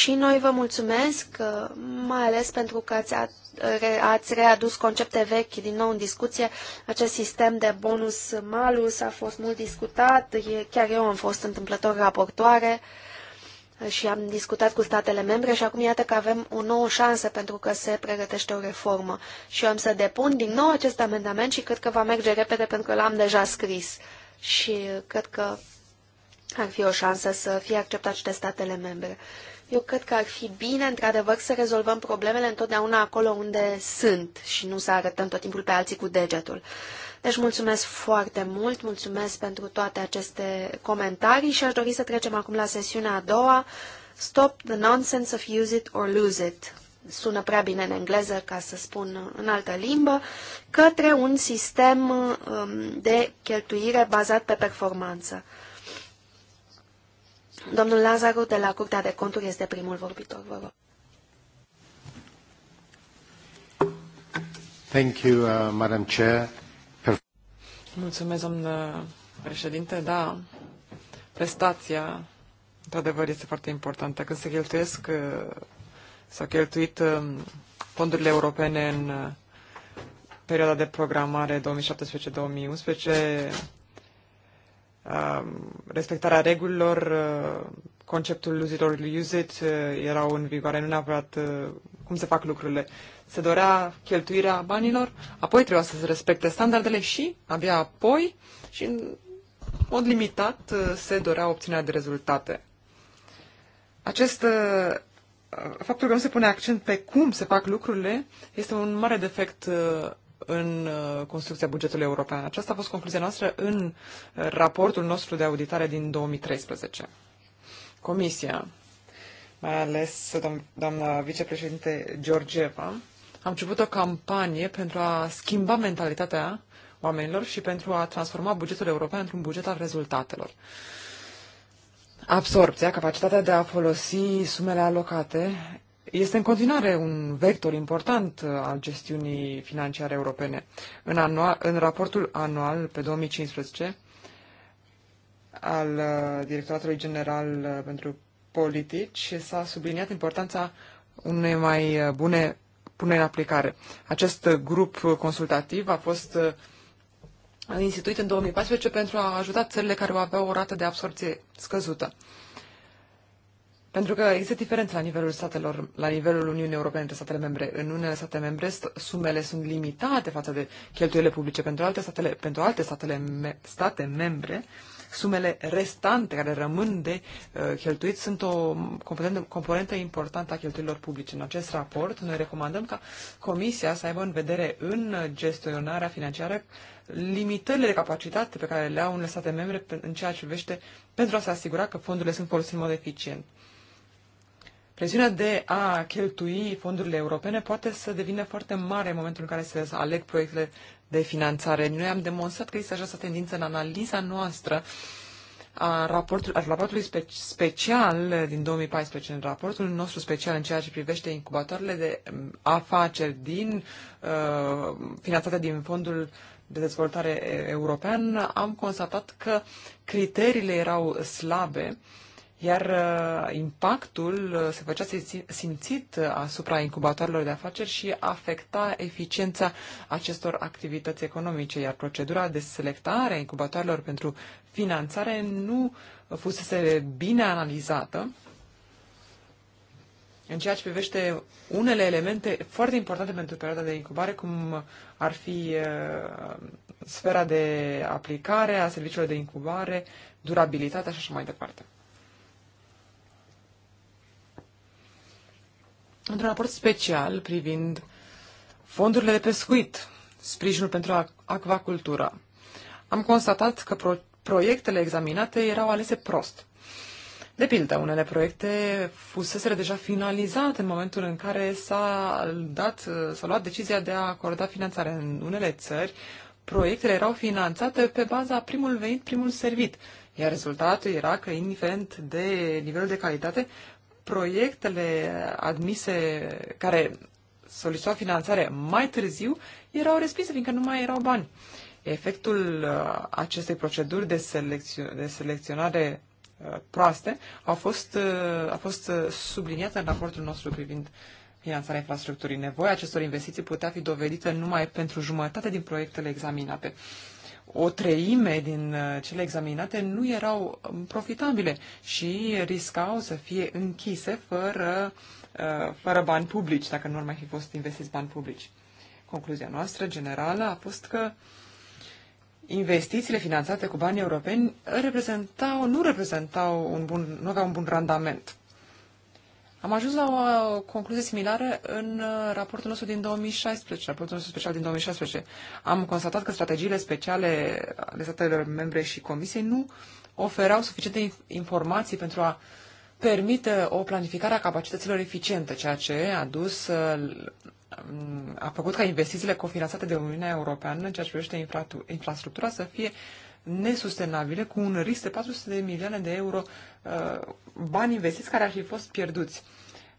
Și noi vă mulțumesc, uh, mai ales pentru că ați, ați readus concepte vechi din nou în discuție. Acest sistem de bonus-malus a fost mult discutat, chiar eu am fost întâmplător raportoare și am discutat cu statele membre și acum iată că avem o nouă șansă pentru că se pregătește o reformă. Și eu am să depun din nou acest amendament și cred că va merge repede pentru că l-am deja scris. Și cred că ar fi o șansă să fie acceptat și de statele membre. Eu cred că ar fi bine, într-adevăr, să rezolvăm problemele întotdeauna acolo unde sunt și nu să arătăm tot timpul pe alții cu degetul. Deci mulțumesc foarte mult, mulțumesc pentru toate aceste comentarii și aș dori să trecem acum la sesiunea a doua. Stop the nonsense of use it or lose it. Sună prea bine în engleză ca să spun în altă limbă, către un sistem um, de cheltuire bazat pe performanță. Domnul Lazaru de la Curtea de Conturi este primul vorbitor, vă rog. Thank you, uh, Madam Chair. Mulțumesc, domnule președinte. Da, prestația, într-adevăr, este foarte importantă. Când se cheltuiesc, uh, s-au cheltuit um, fondurile europene în uh, perioada de programare 2017-2011, Um, respectarea regulilor, uh, conceptul use it or use it erau în vigoare, nu neapărat uh, cum se fac lucrurile. Se dorea cheltuirea banilor, apoi trebuia să se respecte standardele și abia apoi și în mod limitat uh, se dorea obținerea de rezultate. Acest faptul că nu se pune accent pe cum se fac lucrurile este un mare defect în uh, construcția bugetului european. Aceasta a fost concluzia noastră în raportul nostru de auditare din 2013. Comisia, mai ales doamna vicepreședinte Georgieva, am început o campanie pentru a schimba mentalitatea oamenilor și pentru a transforma bugetul european într-un buget al rezultatelor. Absorpția, capacitatea de a folosi sumele alocate, este în continuare un vector important uh, al gestiunii financiare europene. În, anua, în raportul anual pe 2015 al uh, Directoratului General uh, pentru Politici s-a subliniat importanța unei mai bune puneri în aplicare. Acest grup consultativ a fost instituit în 2014 pentru a ajuta țările care aveau o rată de absorție scăzută. Pentru că există diferențe la nivelul statelor, la nivelul Uniunii Europene între statele membre. În unele state membre sumele sunt limitate față de cheltuielile publice. Pentru alte, statele, pentru alte statele me, state membre, sumele restante care rămân de uh, cheltuit sunt o componentă, componentă importantă a cheltuielilor publice. În acest raport, noi recomandăm ca Comisia să aibă în vedere în gestionarea financiară limitările de capacitate pe care le au unele state membre în ceea ce privește pentru a se asigura că fondurile sunt folosite în mod eficient. Presiunea de a cheltui fondurile europene poate să devină foarte mare în momentul în care se aleg proiectele de finanțare. Noi am demonstrat că există această tendință în analiza noastră a raportului, a raportului spe, special din 2014, în raportul nostru special în ceea ce privește incubatoarele de mm, afaceri din, uh, finanțate din fondul de dezvoltare european, am constatat că criteriile erau slabe uh, iar uh, impactul uh, se făcea simțit uh, asupra incubatoarelor de afaceri și afecta eficiența acestor activități economice, iar procedura de selectare a incubatoarelor pentru finanțare nu fusese bine analizată în ceea ce privește unele elemente foarte importante pentru perioada de incubare, cum ar fi sfera de aplicare a serviciilor de incubare, durabilitatea și așa mai departe. într-un raport special privind fondurile de pescuit, sprijinul pentru acvacultură. Am constatat că pro- proiectele examinate erau alese prost. De pildă, unele proiecte fuseseră deja finalizate în momentul în care s-a, dat, s-a luat decizia de a acorda finanțare. În unele țări, proiectele erau finanțate pe baza primul venit, primul servit, iar rezultatul era că, indiferent de nivelul de calitate, proiectele admise care solicitau finanțare mai târziu erau respinse, fiindcă nu mai erau bani. Efectul uh, acestei proceduri de, selecțio- de selecționare uh, proaste a fost, uh, a fost subliniată în raportul nostru privind finanțarea infrastructurii. Nevoia acestor investiții putea fi dovedită numai pentru jumătate din proiectele examinate o treime din uh, cele examinate nu erau um, profitabile și riscau să fie închise fără, uh, fără bani publici, dacă nu ar mai fi fost investiți bani publici. Concluzia noastră generală a fost că investițiile finanțate cu bani europeni reprezentau, nu reprezentau un bun, nu aveau un bun randament. Am ajuns la o concluzie similară în uh, raportul nostru din 2016, raportul nostru special din 2016. Am constatat că strategiile speciale ale statelor membre și comisiei nu oferau suficiente informații pentru a permite o planificare a capacităților eficientă, ceea ce a dus uh, a făcut ca investițiile cofinanțate de Uniunea Europeană în ceea ce privește infrastructura să fie nesustenabile cu un risc de 400 de milioane de euro uh, bani investiți care ar fi fost pierduți.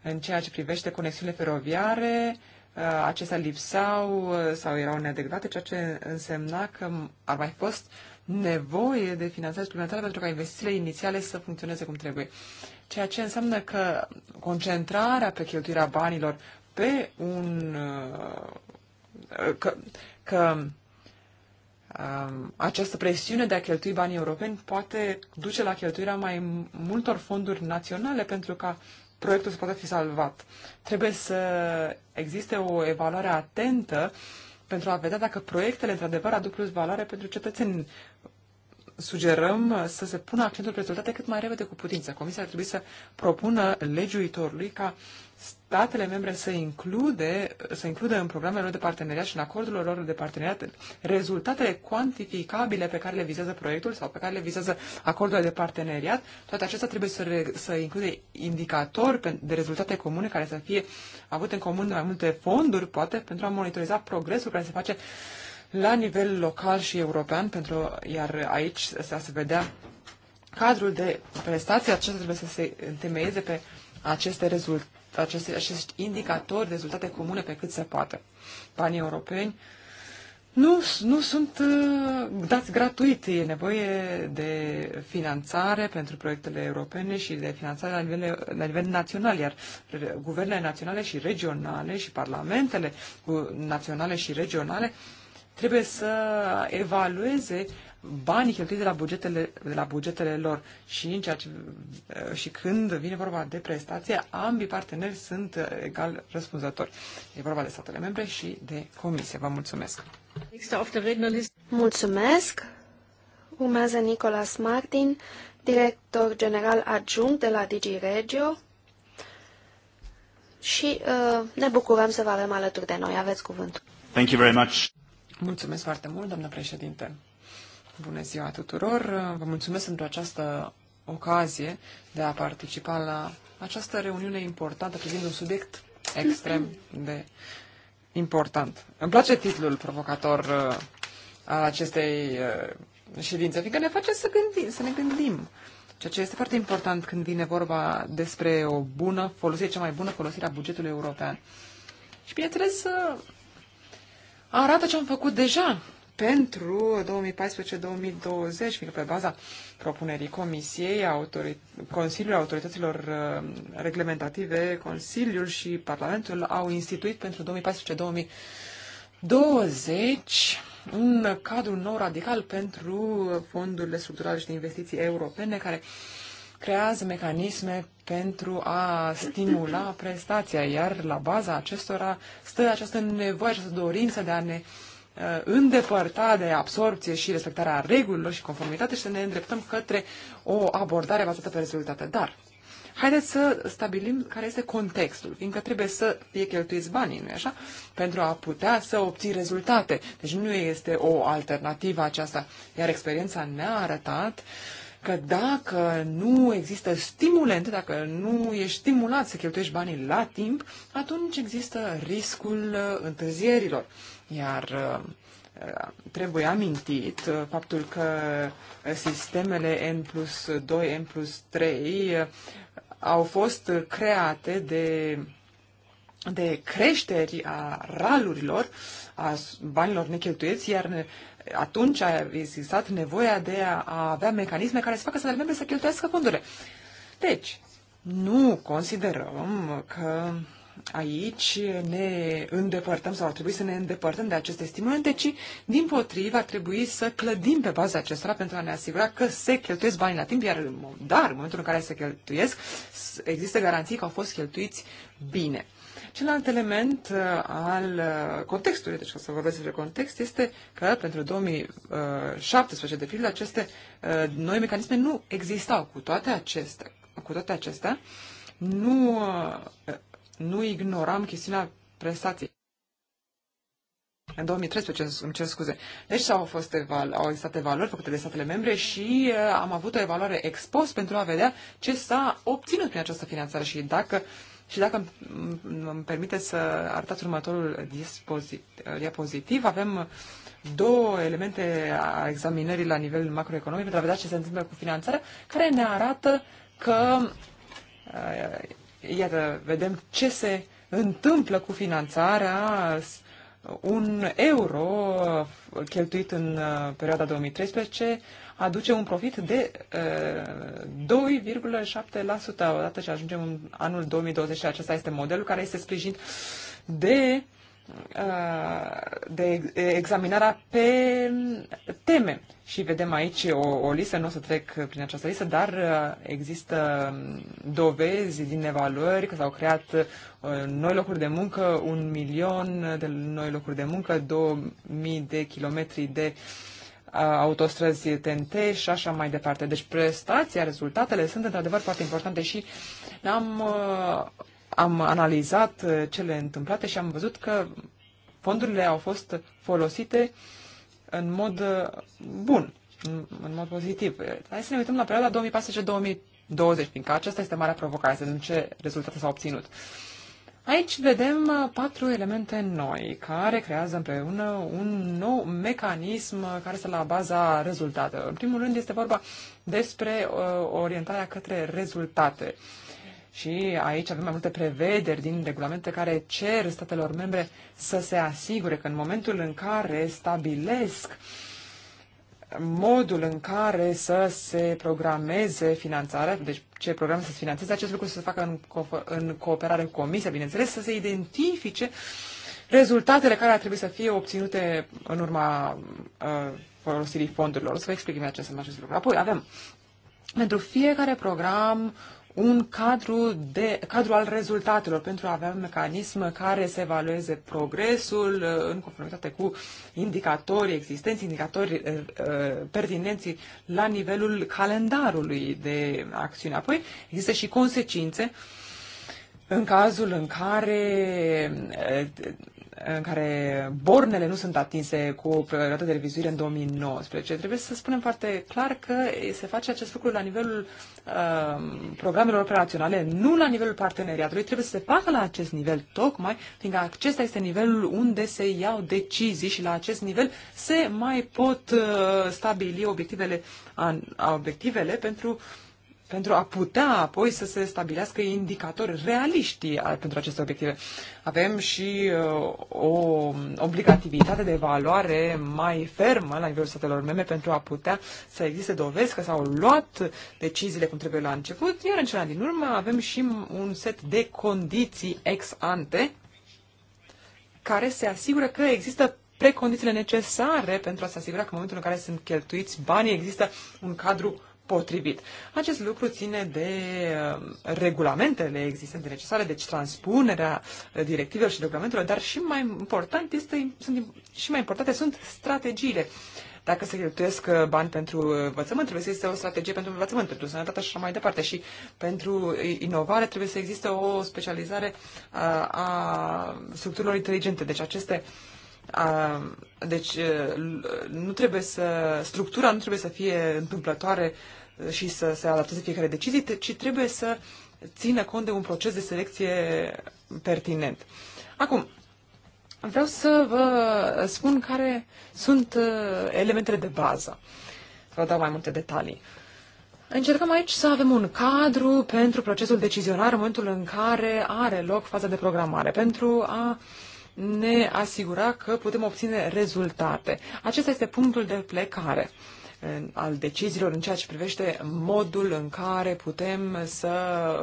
În ceea ce privește conexiunile feroviare, uh, acestea lipsau uh, sau erau neadecvate, ceea ce însemna că ar mai fost nevoie de finanțare suplimentară pentru ca investițiile inițiale să funcționeze cum trebuie. Ceea ce înseamnă că concentrarea pe cheltuirea banilor pe un... că, că Um, această presiune de a cheltui banii europeni poate duce la cheltuirea mai multor fonduri naționale pentru ca proiectul să poată fi salvat. Trebuie să existe o evaluare atentă pentru a vedea dacă proiectele într-adevăr aduc plus valoare pentru cetățeni. Sugerăm să se pună accentul pe rezultate cât mai repede cu putință. Comisia ar trebui să propună legiuitorului ca uh, statele membre să, include, să includă în programele lor de parteneriat și în acordurile lor de parteneriat rezultatele cuantificabile pe care le vizează proiectul sau pe care le vizează acordurile de parteneriat. Toate acestea trebuie să, re, să include indicatori de rezultate comune care să fie avute în comun de mai multe fonduri, poate, pentru a monitoriza progresul care se face la nivel local și european, pentru, iar aici să se vedea cadrul de prestații, acesta trebuie să se întemeieze pe aceste rezultate aceste, acești indicatori de rezultate comune pe cât se poate. Banii europeni nu, nu sunt uh, dați gratuit. E nevoie de finanțare pentru proiectele europene și de finanțare la nivel, la nivel național, iar guvernele naționale și regionale și parlamentele naționale și regionale trebuie să evalueze banii cheltuiți de la bugetele, de la bugetele lor și, în ceea ce, eh, și când vine vorba de prestație, ambii parteneri sunt eh, egal răspunzători. E vorba de statele membre și de comisie. Vă mulțumesc! Mulțumesc! Urmează Nicolas Martin, director general adjunct de la Digi Regio și uh, ne bucurăm să vă avem alături de noi. Aveți cuvântul. Thank you very much. Mulțumesc foarte mult, doamnă președinte. Bună ziua tuturor! Vă mulțumesc pentru această ocazie de a participa la această reuniune importantă privind un subiect extrem de important. Îmi place titlul provocator uh, al acestei uh, ședințe, fiindcă ne face să, gândim, să ne gândim. Ceea ce este foarte important când vine vorba despre o bună folosire, cea mai bună folosire a bugetului european. Și bineînțeles, uh, arată ce am făcut deja pentru 2014-2020, fiindcă pe baza propunerii Comisiei, autori, Consiliul Autorităților uh, Reglementative, Consiliul și Parlamentul au instituit pentru 2014-2020 un cadru nou radical pentru fondurile structurale și de investiții europene care creează mecanisme pentru a stimula prestația, iar la baza acestora stă această nevoie, această dorință de a ne uh, Uh, îndepărta de absorpție și respectarea regulilor și conformitate și să ne îndreptăm către o abordare bazată pe rezultate. Dar haideți să stabilim care este contextul, fiindcă trebuie să fie cheltuiți banii, nu așa? Pentru a putea să obții rezultate. Deci nu este o alternativă aceasta. Iar experiența ne-a arătat că dacă nu există stimulente, dacă nu ești stimulat să cheltuiești banii la timp, atunci există riscul uh, întârzierilor. Iar uh, trebuie amintit uh, faptul că uh, sistemele N plus 2, N plus 3 au fost create de, de creșteri a ralurilor, a banilor necheltuieți, iar atunci a existat nevoia de a avea mecanisme care să facă să membre să cheltuiască fondurile. Deci, nu considerăm că aici ne îndepărtăm sau ar trebui să ne îndepărtăm de aceste stimulente, ci din potrivă ar trebui să clădim pe baza acestora pentru a ne asigura că se cheltuiesc banii la timp, iar dar în momentul în care se cheltuiesc există garanții că au fost cheltuiți bine. Celălalt element uh, al uh, contextului, deci ca să vorbesc despre context, este că pentru 2017, uh, de pildă, aceste noi mecanisme nu existau. Cu toate acestea, cu toate acestea nu nu ignoram chestiunea prestației. În 2013, îmi cer scuze. Deci au, fost eval- au existat evaluări făcute de statele membre și uh, am avut o evaluare ex pentru a vedea ce s-a obținut prin această finanțare și dacă și dacă îmi, îmi permite să arătați următorul uh, diapozitiv, avem două elemente a examinării la nivel macroeconomic pentru a vedea ce se întâmplă cu finanțarea, care ne arată că uh, Iată, vedem ce se întâmplă cu finanțarea un euro cheltuit în uh, perioada 2013 aduce un profit de 2,7% uh, odată ce ajungem în anul 2020 și acesta este modelul care este sprijinit de de examinarea pe teme. Și vedem aici o, o listă, nu o să trec prin această listă, dar uh, există um, dovezi din evaluări că s-au creat uh, noi locuri de muncă, un milion de noi locuri de muncă, 2000 de kilometri de uh, autostrăzi TNT și așa mai departe. Deci prestația, rezultatele sunt într-adevăr foarte importante și am am analizat uh, cele întâmplate și am văzut că fondurile au fost folosite în mod uh, bun, în, mod pozitiv. Hai să ne uităm la perioada 2014-2020, fiindcă aceasta este marea provocare, să vedem ce rezultate s-au obținut. Aici vedem uh, patru elemente noi care creează împreună un nou mecanism care este la baza rezultatelor. În primul rând este vorba despre orientarea către rezultate. Uh, și aici avem mai multe prevederi din regulamente care cer statelor membre să se asigure că în momentul în care stabilesc modul în care să se programeze finanțarea, deci ce program să se finanțeze, acest lucru să se facă în, co- în cooperare cu Comisia, bineînțeles, să se identifice rezultatele care ar trebui să fie obținute în urma uh, folosirii fondurilor. O să vă explic acest, acest lucru. Apoi avem pentru fiecare program un cadru, de, cadru al rezultatelor pentru a avea un mecanism care să evalueze progresul uh, în conformitate cu indicatori existenți, indicatori uh, uh pertinenți la nivelul calendarului de acțiune. Apoi există și consecințe în cazul în care uh, în care bornele nu sunt atinse cu o perioadă de revizuire în 2019. Trebuie să spunem foarte clar că se face acest lucru la nivelul uh, programelor operaționale, nu la nivelul parteneriatului. Trebuie să se facă la acest nivel tocmai, fiindcă acesta este nivelul unde se iau decizii și la acest nivel se mai pot uh, stabili obiectivele, an, obiectivele pentru uh, pentru a putea apoi să se stabilească indicatori realiști pentru aceste obiective. Avem și uh, o obligativitate de evaluare mai fermă la nivelul statelor membre pentru a putea să existe dovezi că s-au luat deciziile cum trebuie la început, iar în cele din urmă avem și un set de condiții ex ante care se asigură că există precondițiile necesare pentru a se asigura că în momentul în care sunt cheltuiți banii există un cadru potrivit. Acest lucru ține de uh, regulamentele existente necesare, deci transpunerea uh, directivelor și regulamentelor, dar și mai important este, sunt, și mai importante sunt strategiile. Dacă se cheltuiesc uh, bani pentru învățământ, trebuie să existe o strategie pentru învățământ, pentru sănătate și așa mai departe. Și pentru inovare trebuie să existe o specializare a, a structurilor inteligente. Deci aceste uh, deci nu trebuie să, structura nu trebuie să fie întâmplătoare și să se adapteze fiecare decizie, ci trebuie să țină cont de un proces de selecție pertinent. Acum, vreau să vă spun care sunt elementele de bază. Vă dau mai multe detalii. Încercăm aici să avem un cadru pentru procesul decizionar în momentul în care are loc faza de programare, pentru a uh, ne asigura că putem obține rezultate. Acesta este punctul de plecare al deciziilor în ceea ce privește modul în care putem să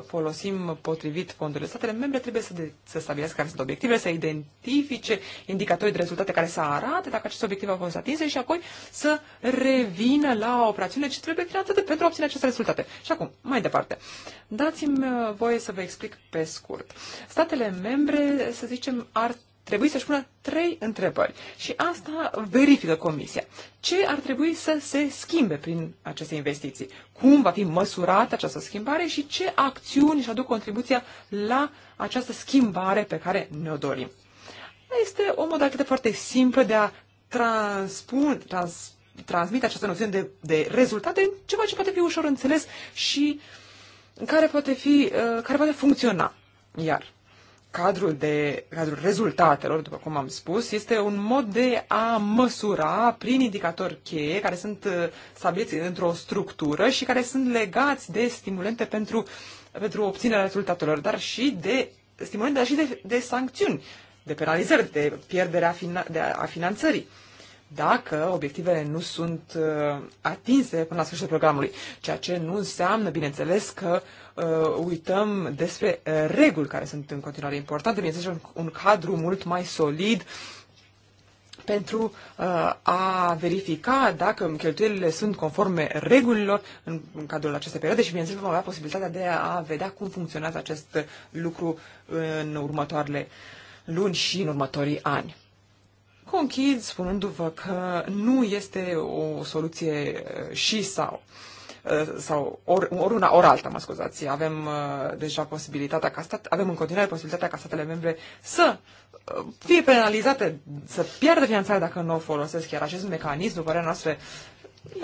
folosim potrivit fondurile. Statele membre trebuie să, de, să stabilească care sunt obiective, să identifice indicatorii de rezultate care să arate dacă aceste obiective au fost atinse și apoi să revină la operațiune ce trebuie finanțate pentru a obține aceste rezultate. Și acum, mai departe, dați-mi uh, voie să vă explic pe scurt. Statele membre, să zicem, ar trebui să-și pună trei întrebări și asta verifică comisia. Ce ar trebui să se schimbe prin aceste investiții? Cum va fi măsurată această schimbare și ce acțiuni își aduc contribuția la această schimbare pe care ne-o dorim? Este o modalitate foarte simplă de a transpun, trans, transmite această noțiune de, de rezultate în ceva ce poate fi ușor înțeles și care poate, fi, uh, care poate funcționa. Iar cadrul, de, cadrul rezultatelor, după cum am spus, este un mod de a măsura prin indicatori cheie care sunt uh, stabiliți într-o structură și care sunt legați de stimulente pentru, pentru obținerea rezultatelor, dar și de stimulente, dar și de, de sancțiuni, de penalizări, de pierderea fina, de a, a finanțării dacă obiectivele nu sunt uh, atinse până la sfârșitul programului, ceea ce nu înseamnă, bineînțeles, că uh, uh, uităm despre uh, reguli care sunt în continuare importante, bineînțeles un, un cadru mult mai solid pentru uh, a verifica dacă cheltuielile sunt conforme regulilor în, în cadrul acestei perioade și, bineînțeles, vom avea posibilitatea de a vedea cum funcționează acest lucru în următoarele luni și în următorii ani. Conchid spunându-vă că nu este o soluție uh, și sau. Eh, sau ori, ori una, ori alta, mă scuzați. Avem eh, deja posibilitatea ca stat, avem în continuare posibilitatea ca statele membre să eh, fie penalizate, să piardă finanțarea dacă nu o folosesc. Iar acest mecanism, după părerea noastră,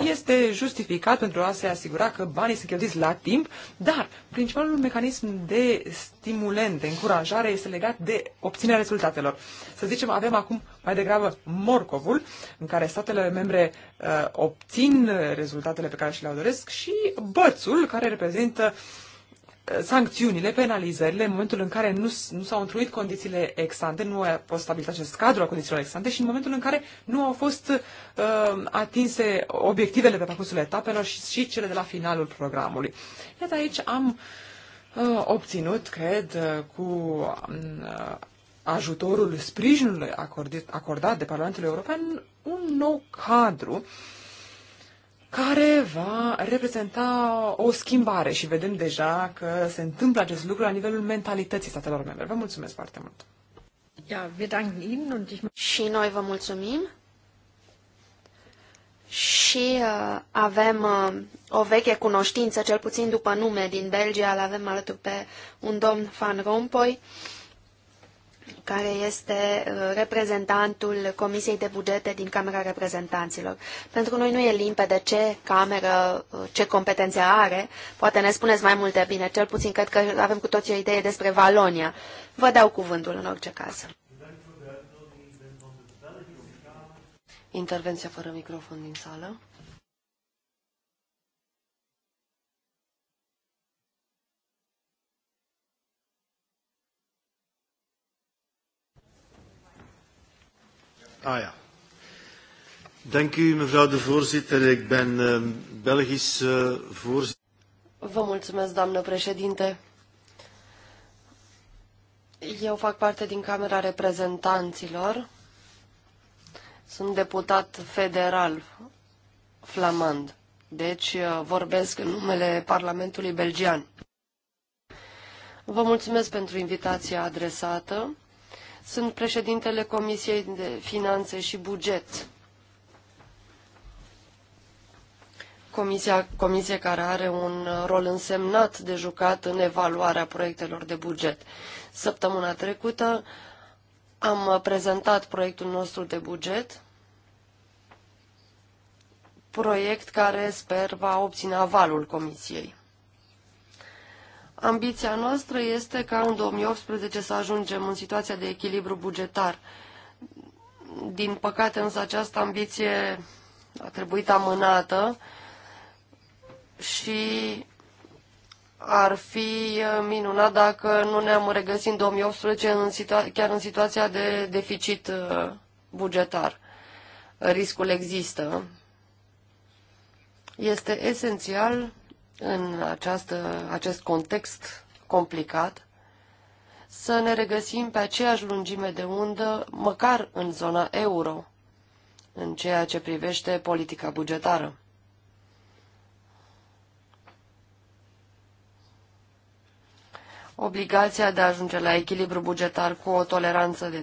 este justificat pentru a se asigura că banii sunt cheltuiți la timp, dar principalul mecanism de stimulent, de încurajare, este legat de obținerea rezultatelor. Să zicem, avem acum mai degrabă morcovul, în care statele membre uh, obțin rezultatele pe care și le-au doresc, și bățul, care reprezintă uh, sancțiunile, penalizările, în momentul în care nu, nu s-au întruit condițiile exante, nu a fost stabilit acest cadru a condițiilor exante și în momentul în care nu au fost uh, atinse obiectivele pe parcursul etapelor și, și cele de la finalul programului. Iată aici am uh, obținut, cred, uh, cu uh, ajutorul sprijinului acordat, acordat de Parlamentul European, un nou cadru uh, care va reprezenta o schimbare și vedem deja că se întâmplă acest lucru la nivelul mentalității statelor membre. Vă mulțumesc foarte mult! Ja, wir danken Ihnen und ich... Și noi vă mulțumim și uh, avem uh, o veche cunoștință, cel puțin după nume, din Belgia, l avem alături pe un domn Van Rompuy, care este uh, reprezentantul Comisiei de Bugete din Camera Reprezentanților. Pentru noi nu e limpede ce cameră, uh, ce competențe are. Poate ne spuneți mai multe bine, cel puțin cred că avem cu toții o idee despre Valonia. Vă dau cuvântul în orice caz. Intervenția fără microfon din sală. Ah ja. Dank u, mevrouw de voorzitter. Ik ben uh, ehm, Belgisch uh, voorzitter. Vă mulțumesc, doamnă președinte. Eu fac parte din Camera Reprezentanților. Sunt deputat federal flamand, deci eh, vorbesc în numele Parlamentului Belgian. Vă mulțumesc pentru invitația adresată. Sunt președintele Comisiei de Finanțe și Buget. Comisia, comisie care are un rol însemnat de jucat în evaluarea proiectelor de buget. Săptămâna trecută am prezentat proiectul nostru de buget, proiect care sper va obține avalul Comisiei. Ambiția noastră este ca în 2018 să ajungem în situația de echilibru bugetar. Din păcate însă această ambiție a trebuit amânată și ar fi uh, minunat dacă nu ne-am regăsit în 2018 în chiar în situația de deficit uh, bugetar. Riscul există. Este esențial în această, acest context complicat, să ne regăsim pe aceeași lungime de undă, măcar în zona euro, în ceea ce privește politica bugetară. Obligația de a ajunge la echilibru bugetar cu o toleranță de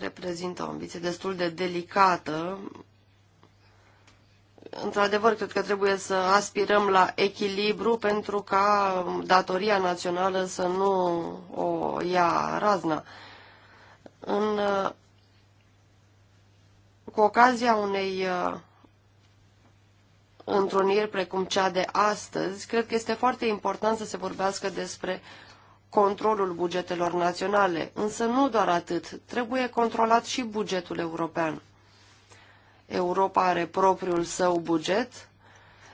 reprezintă o ambiție destul de delicată. Într-adevăr, cred că trebuie să aspirăm la echilibru pentru ca datoria națională să nu o ia razna. În, cu ocazia unei uh, întruniri precum cea de astăzi, cred că este foarte important să se vorbească despre uh, controlul bugetelor naționale, însă nu doar atât, trebuie controlat și bugetul european. Europa are propriul său buget,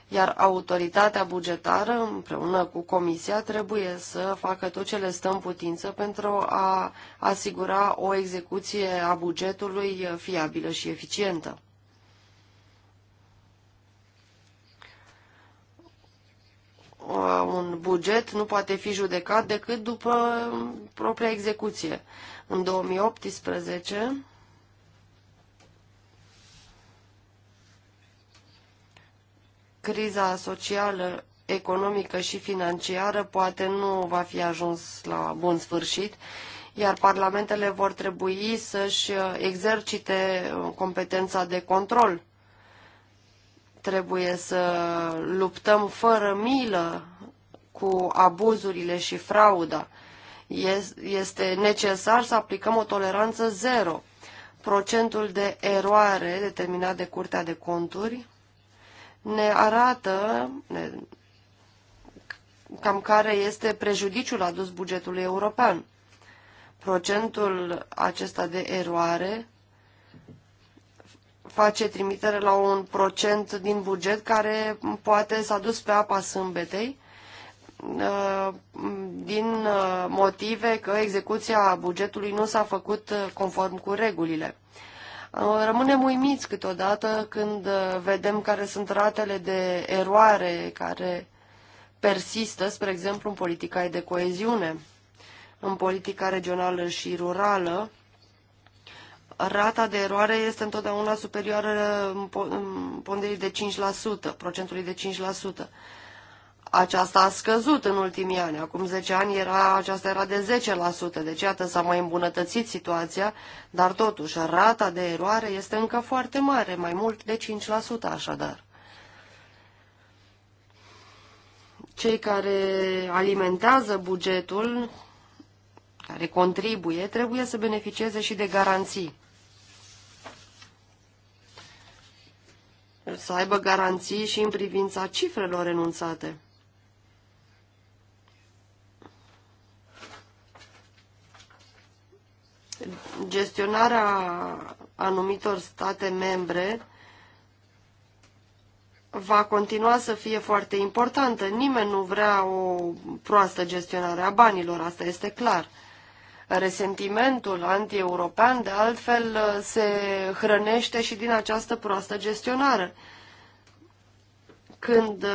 iar autoritatea bugetară, împreună cu Comisia, trebuie să facă tot ce le stă în putință pentru a asigura o execuție a bugetului fiabilă și eficientă. Uh, un buget nu poate fi judecat decât după propria execuție. În 2018 criza socială, economică și financiară poate nu va fi ajuns la bun sfârșit, iar parlamentele vor trebui să-și exercite uh, competența de control trebuie să luptăm fără milă cu abuzurile și frauda. Este necesar să aplicăm o toleranță zero. Procentul de eroare determinat de Curtea de Conturi ne arată cam care este prejudiciul adus bugetului european. Procentul acesta de eroare face trimitere la un procent din buget care poate s-a dus pe apa sâmbetei uh, din uh, motive că execuția bugetului nu s-a făcut uh, conform cu regulile. Rămânem uimiți câteodată când vedem care sunt ratele de eroare care persistă, spre exemplu, în politica de coeziune, în politica regională și rurală, rata de eroare este întotdeauna superioară ponderii de 5%, procentului de 5%. Aceasta a scăzut în ultimii ani. Acum 10 ani era, aceasta era de 10%, deci iată s-a mai îmbunătățit situația, dar totuși rata de eroare este încă foarte mare, mai mult de 5% așadar. Cei care alimentează bugetul, care contribuie, trebuie să beneficieze și de garanții. să aibă garanții și în privința cifrelor renunțate. Gestionarea anumitor state membre va continua să fie foarte importantă. Nimeni nu vrea o proastă gestionare a banilor, asta este clar. Resentimentul anti-european, de altfel, se hrănește și din această proastă gestionare. Când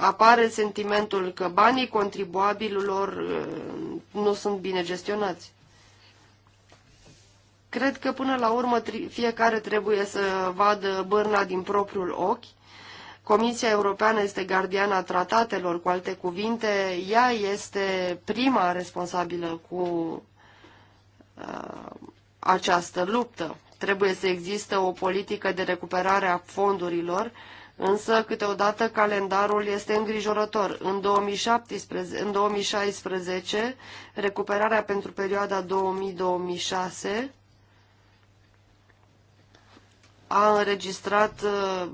apare sentimentul că banii contribuabililor nu sunt bine gestionați. Cred că până la urmă fiecare trebuie să vadă bârna din propriul ochi Comisia Europeană este gardiana tratatelor, cu alte cuvinte, ea este prima responsabilă cu Uh, această luptă. Trebuie să existe o politică de recuperare a fondurilor, însă câteodată calendarul este îngrijorător. În, 2017, în 2016, recuperarea pentru perioada 2000-2006 a înregistrat uh,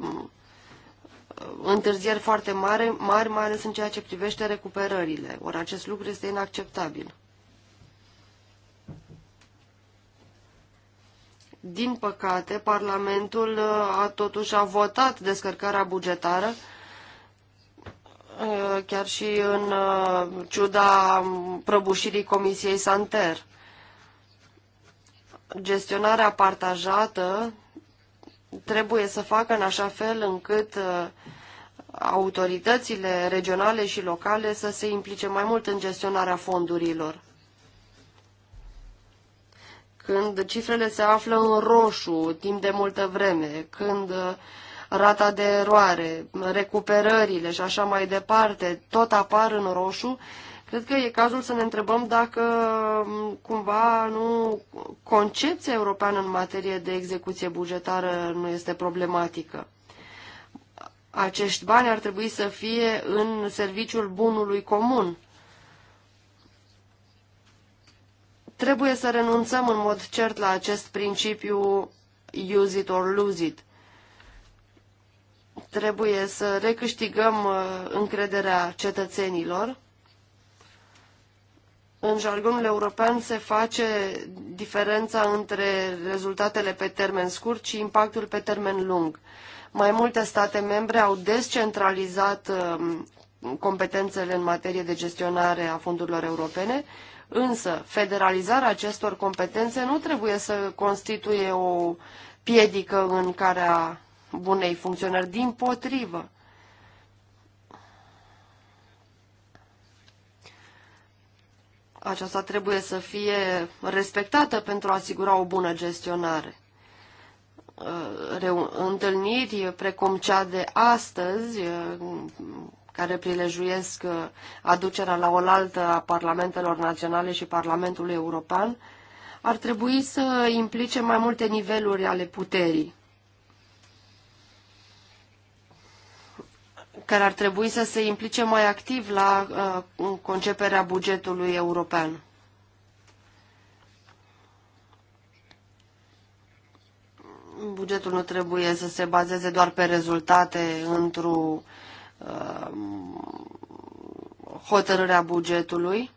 întârzieri foarte mari, mari, mai ales în ceea ce privește recuperările. Ori acest lucru este inacceptabil. Din păcate, Parlamentul uh, a totuși a votat descărcarea bugetară, uh, chiar și în uh, ciuda prăbușirii Comisiei Santer. Gestionarea partajată trebuie să facă în așa fel încât autoritățile regionale și locale să se implice mai mult în gestionarea fondurilor când cifrele se află în roșu timp de multă vreme, când uh, rata de eroare, recuperările și așa mai departe tot apar în roșu, cred că e cazul să ne întrebăm dacă um, cumva nu concepția europeană în materie de execuție bugetară nu este problematică. Acești bani ar trebui să fie în serviciul bunului comun Trebuie să renunțăm în mod cert la acest principiu use it or lose it. Trebuie să recâștigăm uh, încrederea cetățenilor. În jargonul european se face diferența între rezultatele pe termen scurt și impactul pe termen lung. Mai multe state membre au descentralizat um, competențele în materie de gestionare a fondurilor europene, Însă, federalizarea acestor competențe nu trebuie să constituie o piedică în care a bunei funcționări, din potrivă. Aceasta trebuie să fie respectată pentru a asigura o bună gestionare. Întâlniri precum cea de astăzi, care prilejuiesc uh, aducerea la oaltă a parlamentelor naționale și Parlamentului European, ar trebui să implice mai multe niveluri ale puterii, care ar trebui să se implice mai activ la uh, conceperea bugetului european. Bugetul nu trebuie să se bazeze doar pe rezultate într-o Um, hotărârea bugetului.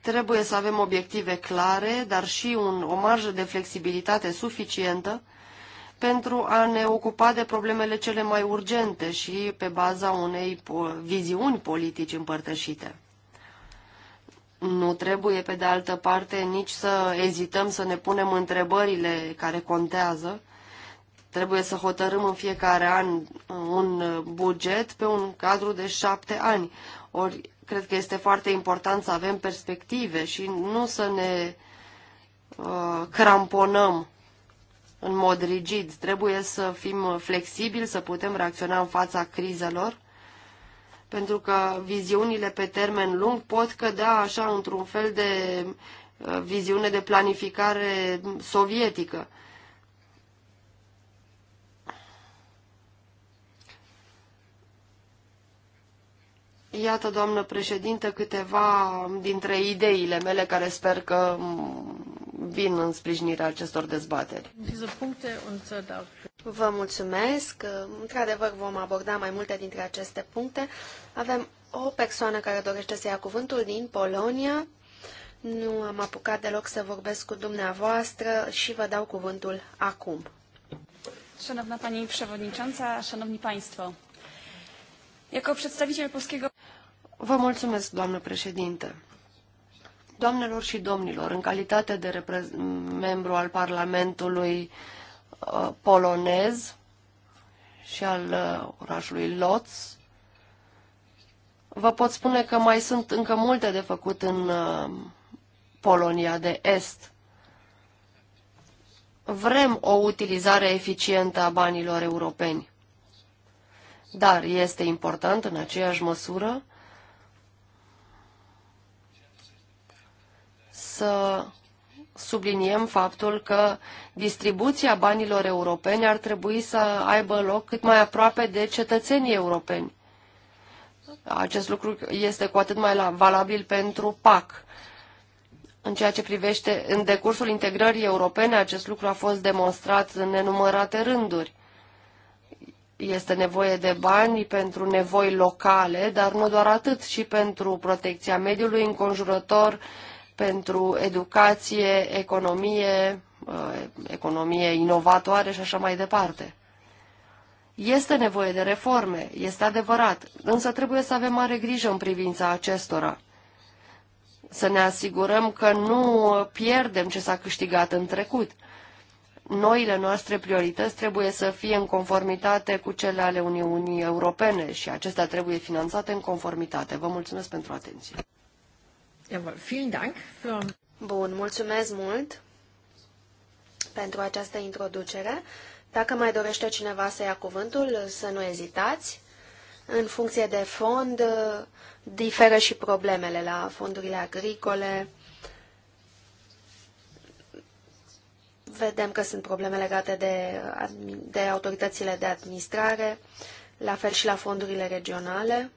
Trebuie să avem obiective clare, dar și un, o marjă de flexibilitate suficientă pentru a ne ocupa de problemele cele mai urgente și pe baza unei viziuni politici împărtășite. Nu trebuie, pe de altă parte, nici să ezităm să ne punem întrebările care contează, Trebuie să hotărâm în fiecare an uh, un uh, buget pe un cadru de șapte ani. Ori cred că este foarte important să avem perspective și nu să ne uh, cramponăm în mod rigid. Trebuie să fim flexibili, să putem reacționa în fața crizelor, pentru că viziunile pe termen lung pot cădea așa într-un fel de uh, viziune de planificare sovietică. Iată, doamnă președinte, câteva dintre ideile mele care sper că vin în sprijinirea acestor dezbateri. Vă mulțumesc. Într-adevăr, vom aborda mai multe dintre aceste puncte. Avem o persoană care dorește să ia cuvântul din Polonia. Nu am apucat deloc să vorbesc cu dumneavoastră și vă dau cuvântul acum. Szanowna Pani Przewodnicząca, Szanowni Państwo. Jako przedstawiciel polskiego... Vă mulțumesc, doamnă președinte. Doamnelor și domnilor, în calitate de membru al Parlamentului uh, polonez și al uh, orașului Lotz, vă pot spune că mai sunt încă multe de făcut în uh, Polonia de Est. Vrem o utilizare eficientă a banilor europeni. Dar este important în aceeași măsură să subliniem faptul că distribuția banilor europeni ar trebui să aibă loc cât mai aproape de cetățenii europeni. Acest lucru este cu atât mai valabil pentru PAC. În ceea ce privește, în decursul integrării europene, acest lucru a fost demonstrat în nenumărate rânduri este nevoie de bani pentru nevoi locale, dar nu doar atât, și pentru protecția mediului înconjurător, pentru educație, economie, uh, economie inovatoare și așa mai departe. Este nevoie de reforme, este adevărat, însă trebuie să avem mare grijă în privința acestora. Să ne asigurăm că nu pierdem ce s-a câștigat în trecut noile noastre priorități trebuie să fie în conformitate cu cele ale Uniunii Europene și acestea trebuie finanțate în conformitate. Vă mulțumesc pentru atenție. Bun, mulțumesc mult pentru această introducere. Dacă mai dorește cineva să ia cuvântul, să nu ezitați. În funcție de fond, diferă și problemele la fondurile agricole, Vedem că sunt probleme legate de, de autoritățile de administrare, la fel și la fondurile regionale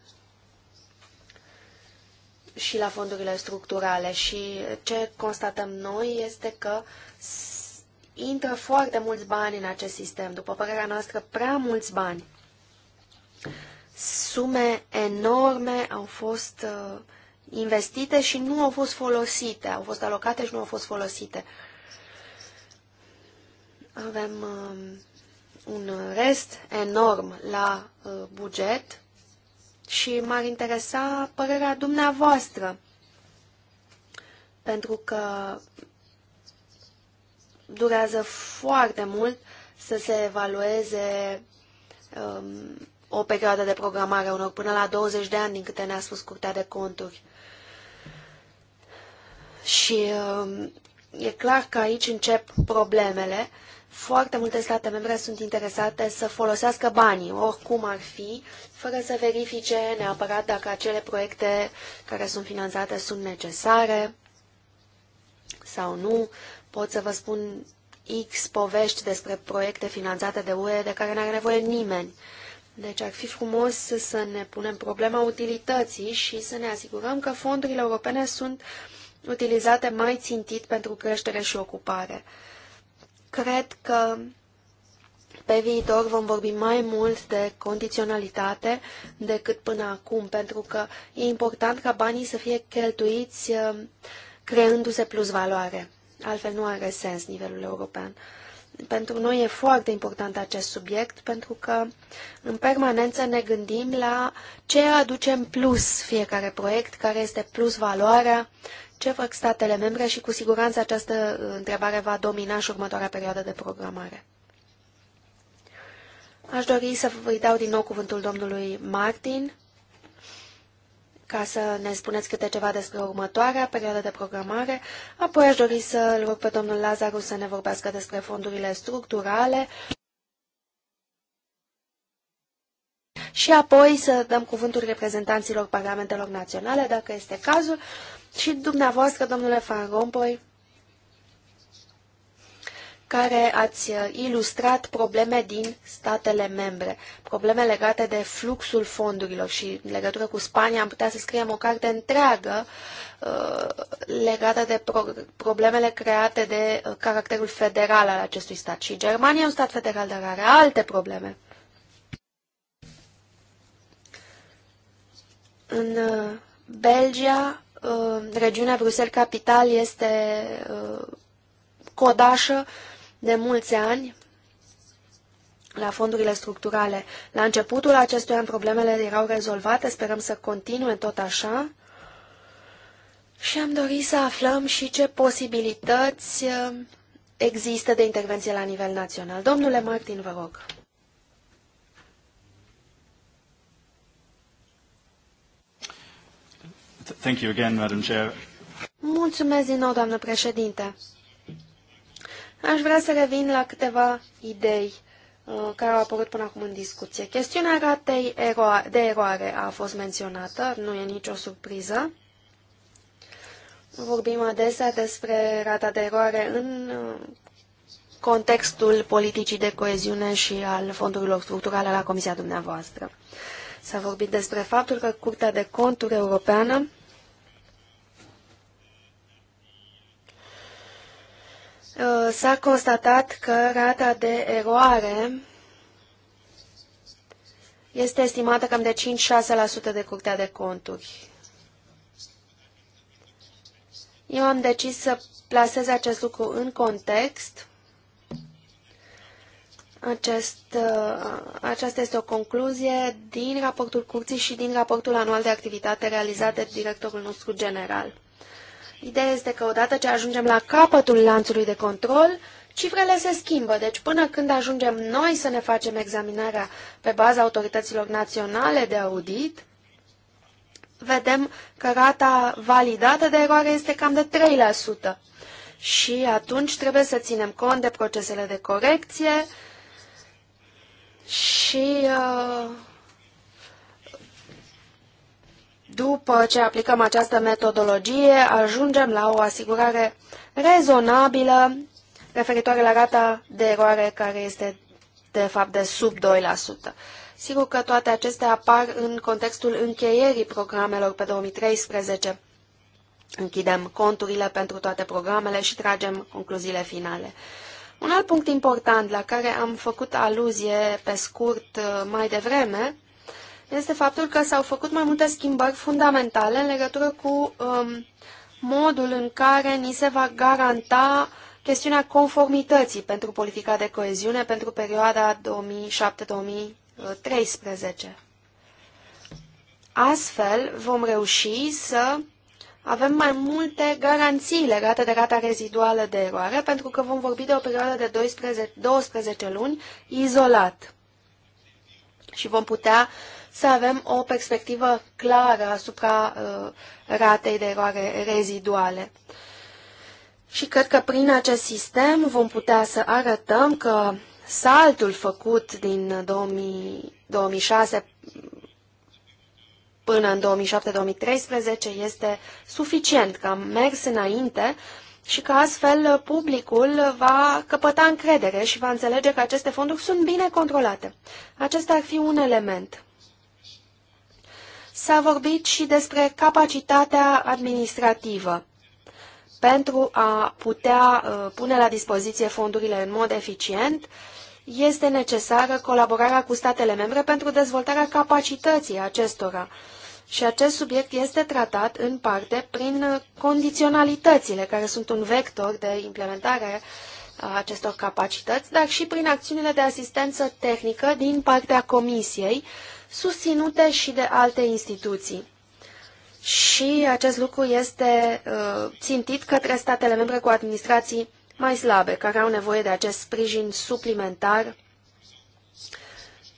și la fondurile structurale. Și ce constatăm noi este că intră foarte mulți bani în acest sistem, după părerea noastră, prea mulți bani. Sume enorme au fost uh, investite și nu au fost folosite, au fost alocate și nu au fost folosite. Avem um, un rest enorm la uh, buget și m-ar interesa părerea dumneavoastră, pentru că durează foarte mult să se evalueze um, o perioadă de programare unor până la 20 de ani, din câte ne-a spus Curtea de Conturi. Și um, e clar că aici încep problemele foarte multe state membre sunt interesate să folosească banii, oricum ar fi, fără să verifice neapărat dacă acele proiecte care sunt finanțate sunt necesare sau nu. Pot să vă spun X povești despre proiecte finanțate de UE de care n-are nevoie nimeni. Deci ar fi frumos să ne punem problema utilității și să ne asigurăm că fondurile europene sunt utilizate mai țintit pentru creștere și ocupare. Cred că pe viitor vom vorbi mai mult de condiționalitate decât până acum, pentru că e important ca banii să fie cheltuiți uh, creându-se plus valoare. Altfel nu are sens nivelul european. Pentru noi e foarte important acest subiect, pentru că în permanență ne gândim la ce aducem plus fiecare proiect, care este plus valoarea ce fac statele membre și cu siguranță această uh, întrebare va domina și următoarea perioadă de programare. Aș dori să vă dau din nou cuvântul domnului Martin ca să ne spuneți câte ceva despre următoarea perioadă de programare. Apoi aș dori să îl rog pe domnul Lazaru să ne vorbească despre fondurile structurale și apoi să dăm cuvântul reprezentanților parlamentelor naționale, dacă este cazul, și dumneavoastră, domnule Van Rompuy, care ați uh, ilustrat probleme din statele membre, probleme legate de fluxul fondurilor și în legătură cu Spania am putea să scriem o carte întreagă uh, legată de pro problemele create de uh, caracterul federal al acestui stat. Și Germania e un stat federal, dar are alte probleme. În uh, Belgia Uh, regiunea Bruxelles Capital este uh, codașă de mulți ani la fondurile structurale. La începutul acestui an problemele erau rezolvate, sperăm să continue tot așa. Și am dorit să aflăm și ce posibilități uh, există de intervenție la nivel național. Domnule Martin, vă rog. Thank you again, Madam Chair. Mulțumesc din nou, doamnă președinte. Aș vrea să revin la câteva idei uh, care au apărut până acum în discuție. Chestiunea ratei de eroare a fost menționată, nu e nicio surpriză. Vorbim adesea despre rata de eroare în uh, contextul politicii de coeziune și al fondurilor structurale la Comisia dumneavoastră. S-a vorbit despre faptul că Curtea de Conturi Europeană Uh, s-a constatat că rata de eroare este estimată cam de 5-6% de curtea de conturi. Eu am decis să plasez acest lucru în context. Acest, uh, aceasta este o concluzie din raportul curții și din raportul anual de activitate realizat de directorul nostru general. Ideea este că odată ce ajungem la capătul lanțului de control, cifrele se schimbă, deci până când ajungem noi să ne facem examinarea pe baza autorităților naționale de audit, vedem că rata validată de eroare este cam de 3%. Și atunci trebuie să ținem cont de procesele de corecție și uh, după ce aplicăm această metodologie, ajungem la o asigurare rezonabilă referitoare la rata de eroare care este de fapt de sub 2%. Sigur că toate acestea apar în contextul încheierii programelor pe 2013. Închidem conturile pentru toate programele și tragem concluziile finale. Un alt punct important la care am făcut aluzie pe scurt uh, mai devreme este faptul că s-au făcut mai multe schimbări fundamentale în legătură cu um, modul în care ni se va garanta chestiunea conformității pentru politica de coeziune pentru perioada 2007-2013. Astfel vom reuși să avem mai multe garanții legate de rata reziduală de eroare, pentru că vom vorbi de o perioadă de 12, 12 luni izolat. Și vom putea să avem o perspectivă clară asupra uh, ratei de eroare reziduale. Și cred că prin acest sistem vom putea să arătăm că saltul făcut din 2000, 2006 până în 2007-2013 este suficient, că am mers înainte și că astfel publicul va căpăta încredere și va înțelege că aceste fonduri sunt bine controlate. Acesta ar fi un element. S-a vorbit și despre capacitatea administrativă pentru a putea uh, pune la dispoziție fondurile în mod eficient, este necesară colaborarea cu statele membre pentru dezvoltarea capacității acestora. Și acest subiect este tratat în parte prin condiționalitățile, care sunt un vector de implementare a acestor capacități, dar și prin acțiunile de asistență tehnică din partea Comisiei, susținute și de alte instituții. Și acest lucru este uh, țintit către statele membre cu administrații mai slabe, care au nevoie de acest sprijin suplimentar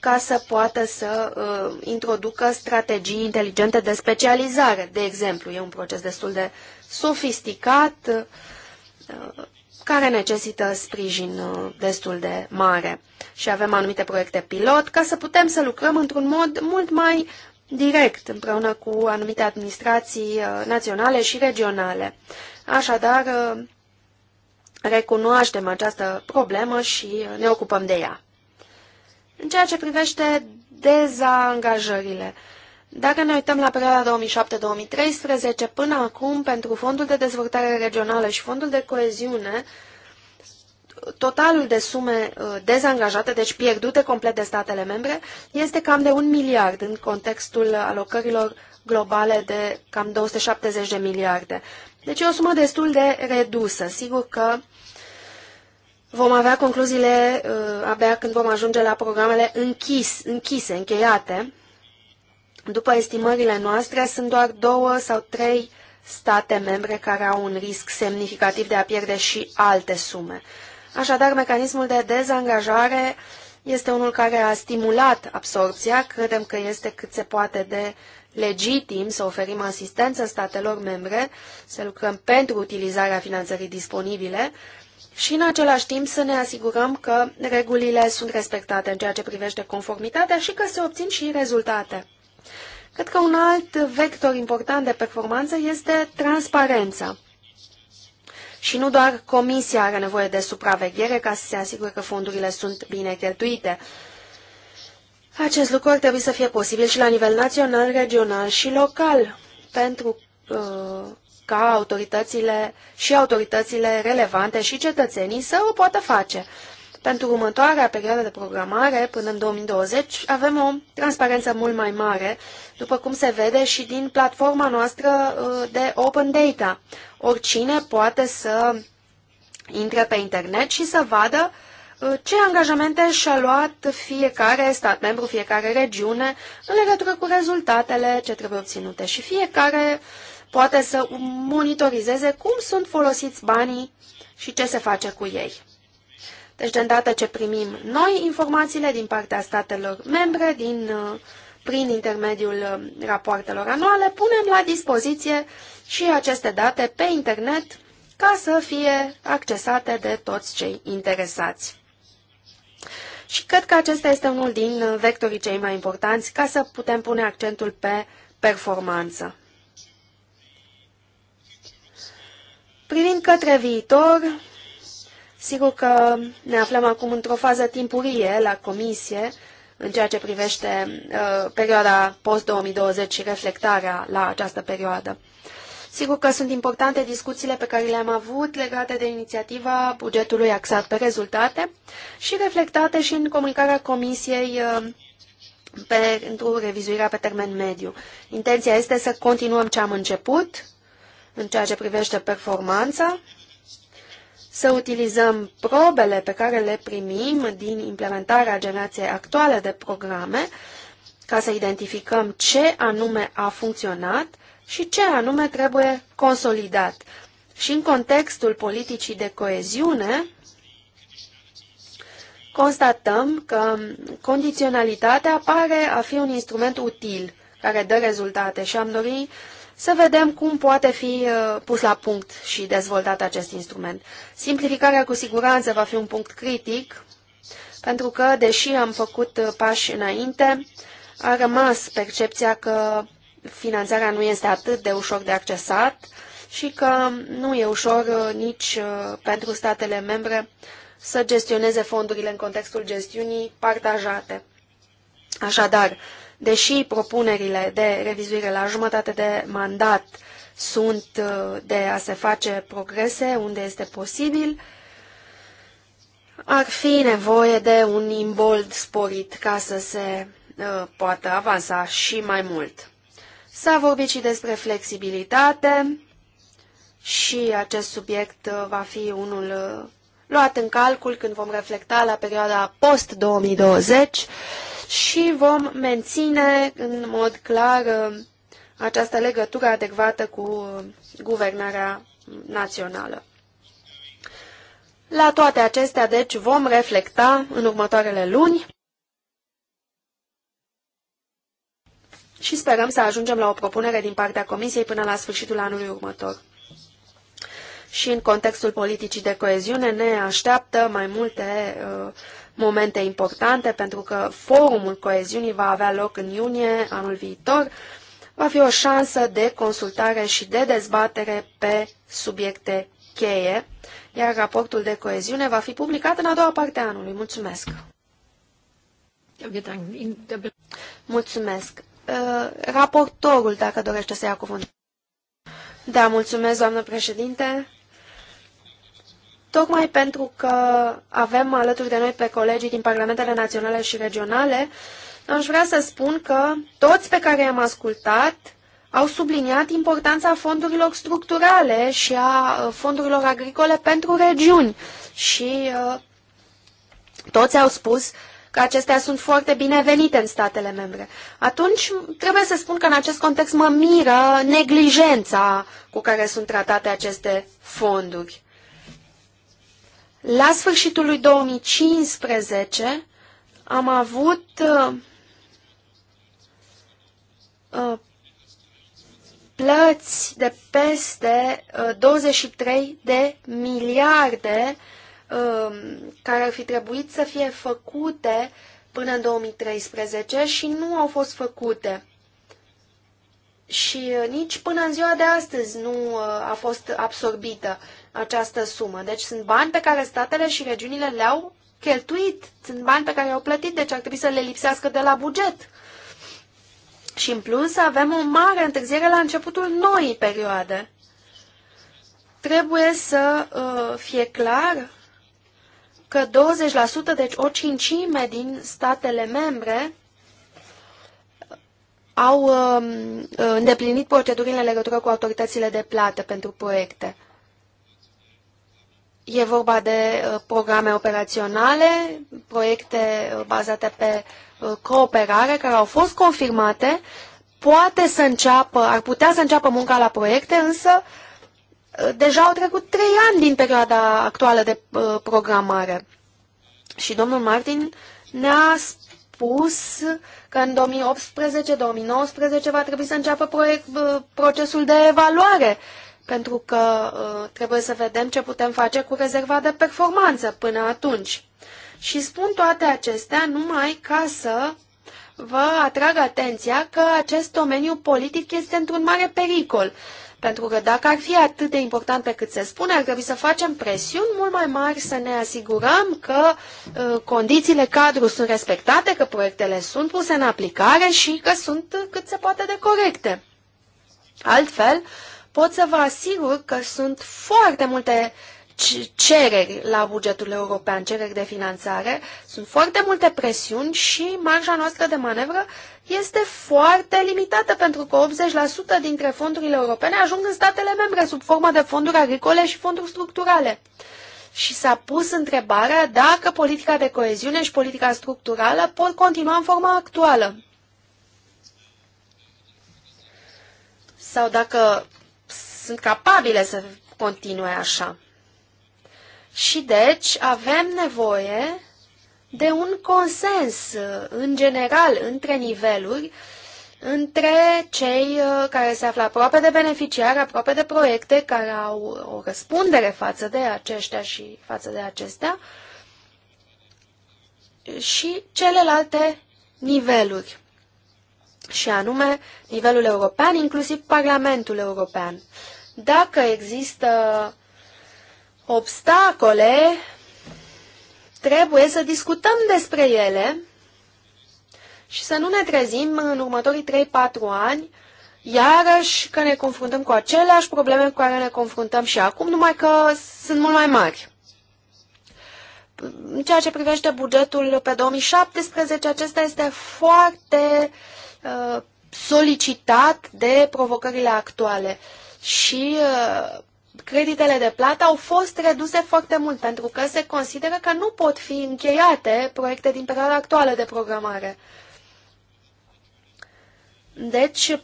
ca să poată să uh, introducă strategii inteligente de specializare. De exemplu, e un proces destul de sofisticat, uh, care necesită sprijin uh, destul de mare. Și avem anumite proiecte pilot ca să putem să lucrăm într-un mod mult mai direct împreună cu anumite administrații uh, naționale și regionale. Așadar, uh, recunoaștem această problemă și ne ocupăm de ea. În ceea ce privește dezangajările, dacă ne uităm la perioada 2007-2013, până acum, pentru Fondul de Dezvoltare Regională și Fondul de Coeziune, totalul de sume uh, dezangajate, deci pierdute complet de statele membre, este cam de un miliard în contextul alocărilor globale de cam 270 de miliarde. Deci e o sumă destul de redusă. Sigur că vom avea concluziile uh, abia când vom ajunge la programele închis, închise, încheiate, după estimările noastre, sunt doar două sau trei state membre care au un risc semnificativ de a pierde și alte sume. Așadar, mecanismul de dezangajare este unul care a stimulat absorpția. Credem că este cât se poate de legitim să oferim asistență statelor membre, să lucrăm pentru utilizarea finanțării disponibile și în același timp să ne asigurăm că regulile sunt respectate în ceea ce privește conformitatea și că se obțin și rezultate. Cred că un alt vector important de performanță este transparența. Și nu doar comisia are nevoie de supraveghere ca să se asigure că fondurile sunt bine cheltuite. Acest lucru ar trebui să fie posibil și la nivel național, regional și local, pentru uh, ca autoritățile și autoritățile relevante și cetățenii să o poată face. Pentru următoarea perioadă de programare, până în 2020, avem o transparență mult mai mare, după cum se vede și din platforma noastră uh, de Open Data. Oricine poate să intre pe internet și să vadă uh, ce angajamente și-a luat fiecare stat membru, fiecare regiune în legătură cu rezultatele ce trebuie obținute și fiecare poate să monitorizeze cum sunt folosiți banii și ce se face cu ei. Deci, de îndată ce primim noi informațiile din partea statelor membre, din, uh, prin intermediul uh, rapoartelor anuale, punem la dispoziție și aceste date pe internet ca să fie accesate de toți cei interesați. Și cred că acesta este unul din uh, vectorii cei mai importanți ca să putem pune accentul pe performanță. Privind către viitor, Sigur că ne aflăm acum într-o fază timpurie la comisie în ceea ce privește uh, perioada post-2020 și reflectarea la această perioadă. Sigur că sunt importante discuțiile pe care le-am avut legate de inițiativa bugetului axat pe rezultate și reflectate și în comunicarea Comisiei uh, pentru revizuirea pe termen mediu. Intenția este să continuăm ce am început în ceea ce privește performanța să utilizăm probele pe care le primim din implementarea generației actuale de programe ca să identificăm ce anume a funcționat și ce anume trebuie consolidat. Și în contextul politicii de coeziune, constatăm că condiționalitatea pare a fi un instrument util care dă rezultate și am dorit să vedem cum poate fi uh, pus la punct și dezvoltat acest instrument. Simplificarea cu siguranță va fi un punct critic, pentru că, deși am făcut uh, pași înainte, a rămas percepția că finanțarea nu este atât de ușor de accesat și că nu e ușor uh, nici pentru statele membre să gestioneze fondurile în contextul gestiunii partajate. Așadar, deși propunerile de revizuire la jumătate de mandat sunt uh, de a se face progrese unde este posibil, ar fi nevoie de un imbold sporit ca să se uh, poată avansa și mai mult. S-a vorbit și despre flexibilitate și acest subiect uh, va fi unul uh, luat în calcul când vom reflecta la perioada post-2020 și vom menține în mod clar uh, această legătură adecvată cu uh, guvernarea națională. La toate acestea, deci, vom reflecta în următoarele luni și sperăm să ajungem la o propunere din partea Comisiei până la sfârșitul anului următor și în contextul politicii de coeziune ne așteaptă mai multe uh, momente importante, pentru că forumul coeziunii va avea loc în iunie anul viitor. Va fi o șansă de consultare și de dezbatere pe subiecte cheie, iar raportul de coeziune va fi publicat în a doua parte a anului. Mulțumesc! Mulțumesc! Uh, raportorul, dacă dorește să ia cuvântul. Da, mulțumesc, doamnă președinte tocmai pentru că avem alături de noi pe colegii din parlamentele naționale și regionale, aș vrea să spun că toți pe care i-am ascultat au subliniat importanța fondurilor structurale și a uh, fondurilor agricole pentru regiuni și uh, toți au spus că acestea sunt foarte binevenite în statele membre. Atunci, trebuie să spun că în acest context mă miră neglijența cu care sunt tratate aceste fonduri. La sfârșitul lui 2015 am avut uh, uh, plăți de peste uh, 23 de miliarde uh, care ar fi trebuit să fie făcute până în 2013 și nu au fost făcute. Și uh, nici până în ziua de astăzi nu uh, a fost absorbită această sumă. Deci sunt bani pe care statele și regiunile le-au cheltuit, sunt bani pe care i-au plătit, deci ar trebui să le lipsească de la buget. Și în plus avem o mare întârziere la începutul noii perioade. Trebuie să uh, fie clar că 20%, deci o cincime din statele membre, au um, uh, îndeplinit procedurile în legătură cu autoritățile de plată pentru proiecte. E vorba de uh, programe operaționale, proiecte uh, bazate pe uh, cooperare care au fost confirmate, poate să înceapă, ar putea să înceapă munca la proiecte, însă deja au trecut trei ani din perioada actuală de programare. Și domnul Martin ne-a spus că în 2018-2019 va trebui să înceapă proiect, procesul de evaluare pentru că uh, trebuie să vedem ce putem face cu rezerva de performanță până atunci. Și spun toate acestea numai ca să vă atrag atenția că acest domeniu politic este într-un mare pericol. Pentru că dacă ar fi atât de important pe cât se spune, ar trebui să facem presiuni mult mai mari să ne asigurăm că uh, condițiile cadru sunt respectate, că proiectele sunt puse în aplicare și că sunt cât se poate de corecte. Altfel, uh, pot să vă asigur că sunt foarte multe cereri la bugetul european, cereri de finanțare, sunt foarte multe presiuni și marja noastră de manevră este foarte limitată pentru că 80% dintre fondurile europene ajung în statele membre sub formă de fonduri agricole și fonduri structurale. Și s-a pus întrebarea dacă politica de coeziune și politica structurală pot continua în forma actuală. Sau dacă sunt capabile să continue așa. Și deci avem nevoie de un consens uh, în general între niveluri, între cei uh, care se află aproape de beneficiari, aproape de proiecte, care au o răspundere față de aceștia și față de acestea, și celelalte niveluri, și anume nivelul european, inclusiv Parlamentul European. Uh, dacă există obstacole, trebuie să discutăm despre ele și să nu ne trezim în următorii 3-4 ani iarăși că ne confruntăm cu aceleași probleme cu care ne confruntăm și acum, numai că sunt mult mai mari. În ceea ce privește bugetul pe 2017, acesta este foarte uh, solicitat de provocările actuale și uh, creditele de plată au fost reduse foarte mult pentru că se consideră că nu pot fi încheiate proiecte din perioada actuală de programare. Deci,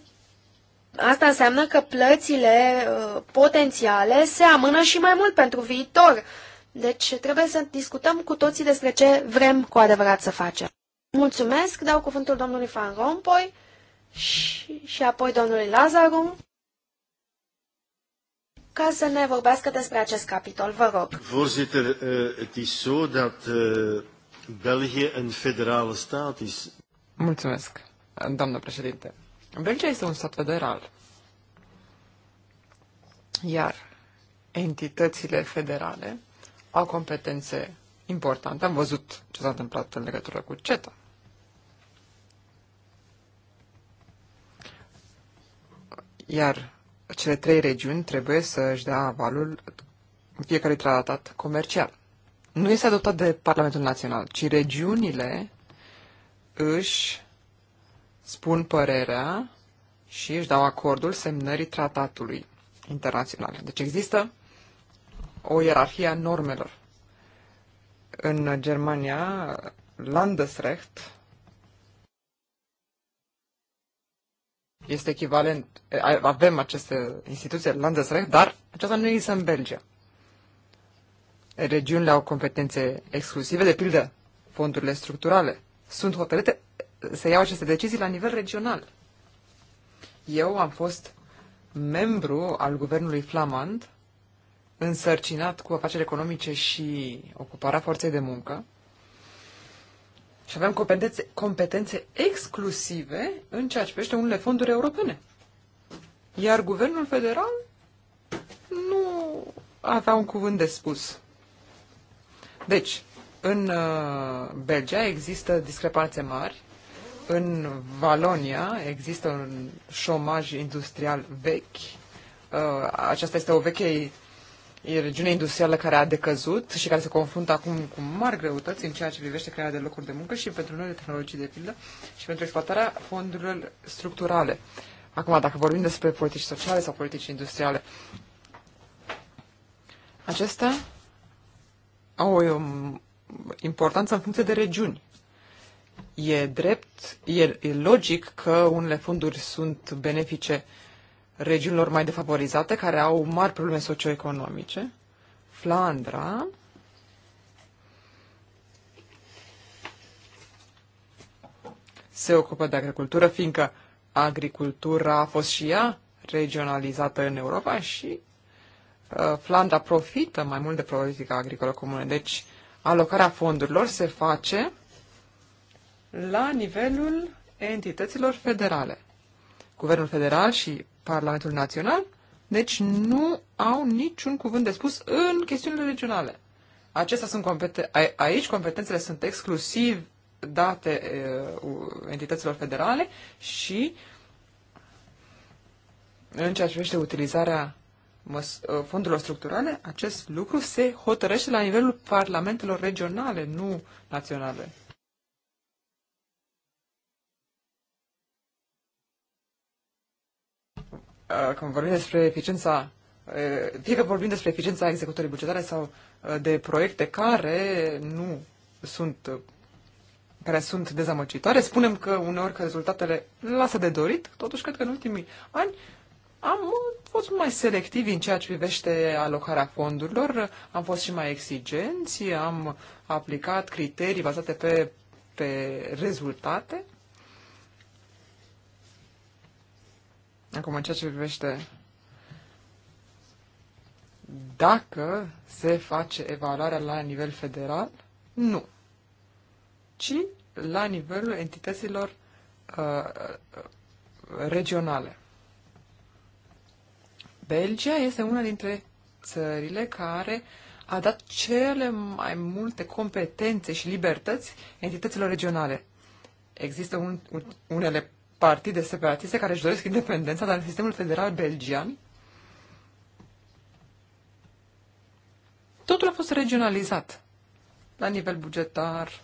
asta înseamnă că plățile uh, potențiale se amână și mai mult pentru viitor. Deci, trebuie să discutăm cu toții despre ce vrem cu adevărat să facem. Mulțumesc, dau cuvântul domnului Van Rompuy și, și apoi domnului Lazarum ca să ne vorbească despre acest capitol. Vă rog. Voorzitter, eh, het is zo dat eh, België een federale staat is. Mulțumesc, doamnă președinte. Belgia este un stat federal. Iar entitățile federale au competențe importante. Am văzut ce s-a întâmplat în legătură cu CETA. Iar cele trei regiuni trebuie să își dea avalul fiecare tratat comercial. Nu este adoptat de Parlamentul Național, ci regiunile își spun părerea și își dau acordul semnării tratatului internațional. Deci există o ierarhie a normelor. În Germania, Landesrecht este echivalent, avem aceste instituții, Landesrecht, dar aceasta nu există în Belgia. Regiunile au competențe exclusive, de pildă, fondurile structurale. Sunt hotărâte să iau aceste decizii la nivel regional. Eu am fost membru al guvernului flamand, însărcinat cu afaceri economice și ocuparea forței de muncă, și avem competențe, competențe exclusive în ceea ce privește unele fonduri europene. Iar guvernul federal nu avea un cuvânt de spus. Deci, în uh, Belgia există discrepanțe mari, în Valonia există un șomaj industrial vechi, uh, aceasta este o veche regiunea industrială care a decăzut și care se confruntă acum cu mari greutăți în ceea ce privește crearea de locuri de muncă și pentru noi de tehnologii de pildă și pentru exploatarea fondurilor structurale. Acum, dacă vorbim despre politici sociale sau politici industriale, acestea au o importanță în funcție de regiuni. E drept, e, e logic că unele fonduri sunt benefice uh, regiunilor mai defavorizate, care au mari probleme socioeconomice. Flandra, se ocupă de agricultură, fiindcă agricultura a fost și ea regionalizată în Europa și uh, Flandra profită mai mult de politica agricolă comună. Deci, alocarea fondurilor se face la nivelul entităților federale. Guvernul federal și Parlamentul Național, deci nu au niciun cuvânt de spus în chestiunile regionale. Acestea sunt competen- aici competențele sunt exclusiv date entităților federale și în ceea ce privește utilizarea fondurilor structurale, acest lucru se hotărăște la nivelul parlamentelor regionale, nu naționale. Uh, când vorbim despre eficiența uh, fie că vorbim despre eficiența executării bugetare sau uh, de proiecte care nu sunt care sunt dezamăgitoare, spunem că uneori că rezultatele lasă de dorit, totuși cred că în ultimii ani am fost mai selectivi în ceea ce privește alocarea fondurilor, am fost și mai exigenți, am aplicat criterii bazate pe, pe rezultate Acum, în ceea ce privește dacă se face evaluarea la nivel federal, nu, ci la nivelul entităților uh, uh, regionale. Belgia este una dintre țările care a dat cele mai multe competențe și libertăți entităților regionale. Există un, unele partide separatiste care își doresc independența, dar în sistemul federal belgian totul a fost regionalizat la nivel bugetar.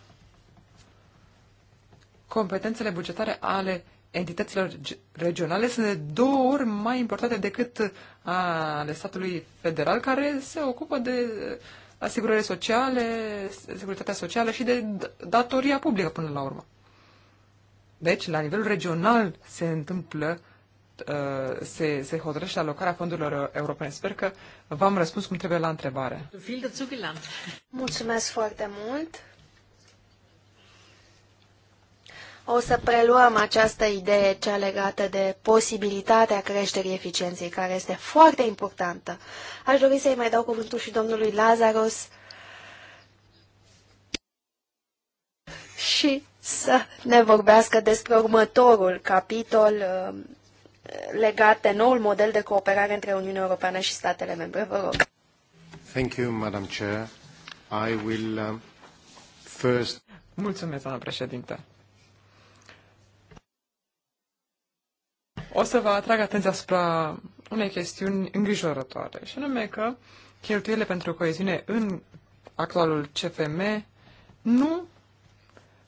Competențele bugetare ale entităților regionale sunt de două ori mai importante decât ale statului federal, care se ocupă de asigurări sociale, securitatea socială și de datoria publică până la urmă. Deci, la nivel regional se întâmplă, uh, se, se hotărăște alocarea fondurilor europene. Sper că v-am răspuns cum trebuie la întrebare. Mulțumesc foarte mult! O să preluăm această idee cea legată de posibilitatea creșterii eficienței, care este foarte importantă. Aș dori să-i mai dau cuvântul și domnului Lazaros și să ne vorbească despre următorul capitol uh, legat de noul model de cooperare între Uniunea Europeană și statele membre. Vă rog. Thank you, Madam Chair. I will uh, first... Mulțumesc, doamna președinte. O să vă atrag atenția asupra unei chestiuni îngrijorătoare, și anume că cheltuielile pentru coeziune în actualul CFM nu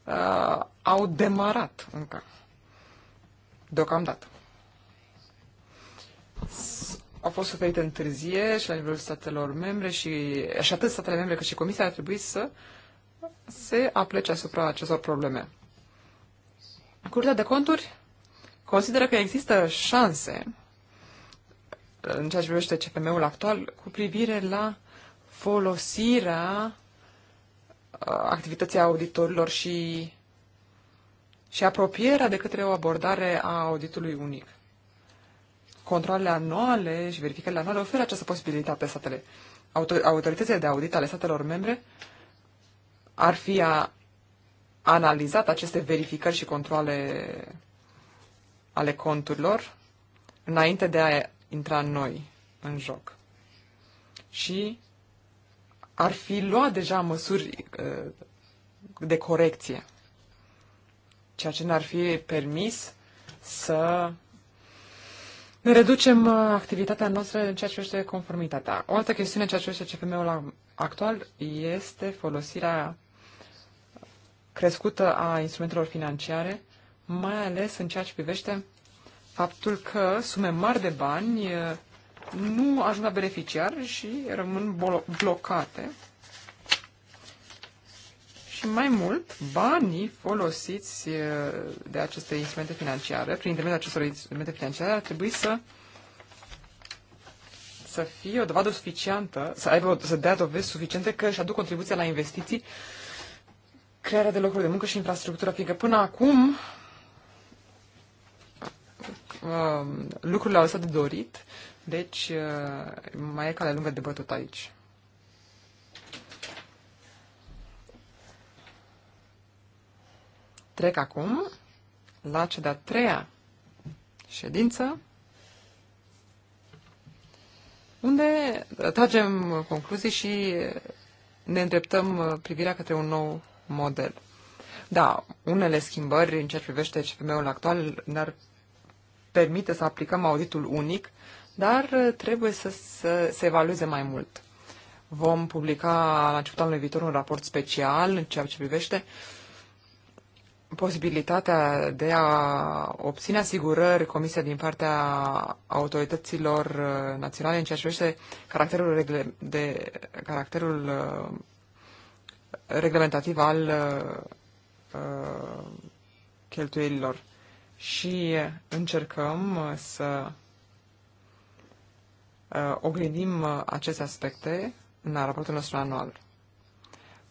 uh, au demarat încă, deocamdată. au fost suferite întârzieri și la nivelul statelor membre și, și atât statele membre cât și Comisia ar trebui să se aplece asupra acestor probleme. Curtea de conturi consideră că există șanse în ceea ce privește CPM-ul actual cu privire la folosirea activitatea auditorilor și, și apropierea de către o abordare a auditului unic. Controlele anuale și verificările anuale oferă această posibilitate statele. Autoritățile de audit ale statelor membre ar fi a analizat aceste verificări și controle ale conturilor înainte de a intra noi în joc. Și ar fi luat deja măsuri uh, de corecție, ceea ce ne-ar fi permis să ne reducem uh, activitatea noastră în ceea ce este conformitatea. O altă chestiune în ceea ce este CFM-ul actual este folosirea crescută a instrumentelor financiare, mai ales în ceea ce privește faptul că sume mari de bani uh, nu ajung la beneficiar și rămân blocate. Și mai mult, banii folosiți de aceste instrumente financiare, prin intermediul acestor instrumente financiare, ar trebui să să fie o dovadă suficientă, să, aibă, să dea dovezi suficiente că își aduc contribuția la investiții, crearea de locuri de muncă și infrastructură, fiindcă până acum um, lucrurile au lăsat de dorit deci, uh, mai e cale lungă de bătut aici. Trec acum la cea de-a treia ședință, unde tragem concluzii și ne îndreptăm privirea către un nou model. Da, unele schimbări în ce privește cpm ul actual ne-ar permite să aplicăm auditul unic dar uh, trebuie să, se evalueze mai mult. Vom publica la începutul anului viitor un raport special în ceea ce privește posibilitatea de a obține asigurări comise din partea autorităților uh, naționale în ceea ce privește caracterul, regle, de, caracterul uh, reglementativ al uh, cheltuielilor. Și încercăm să Uh, oglindim uh, aceste aspecte în raportul nostru anual.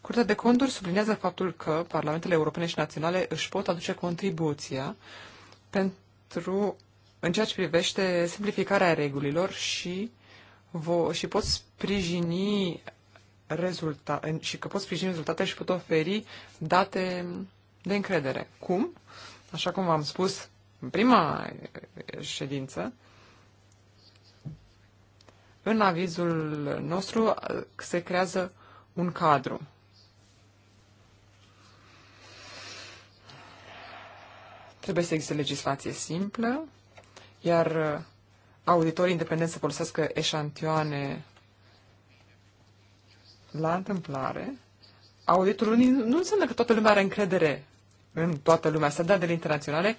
Curtea de conturi sublinează faptul că parlamentele europene și naționale își pot aduce contribuția pentru, în ceea ce privește simplificarea regulilor și, vo, și pot sprijini rezulta, și că pot sprijini rezultate și pot oferi date de încredere. Cum? Așa cum v-am spus în prima ședință, în avizul nostru uh, se creează un cadru. Trebuie să existe legislație simplă, iar uh, auditorii independenți să folosească eșantioane la întâmplare. Auditul nu înseamnă că toată lumea are încredere în toată lumea. Standardele internaționale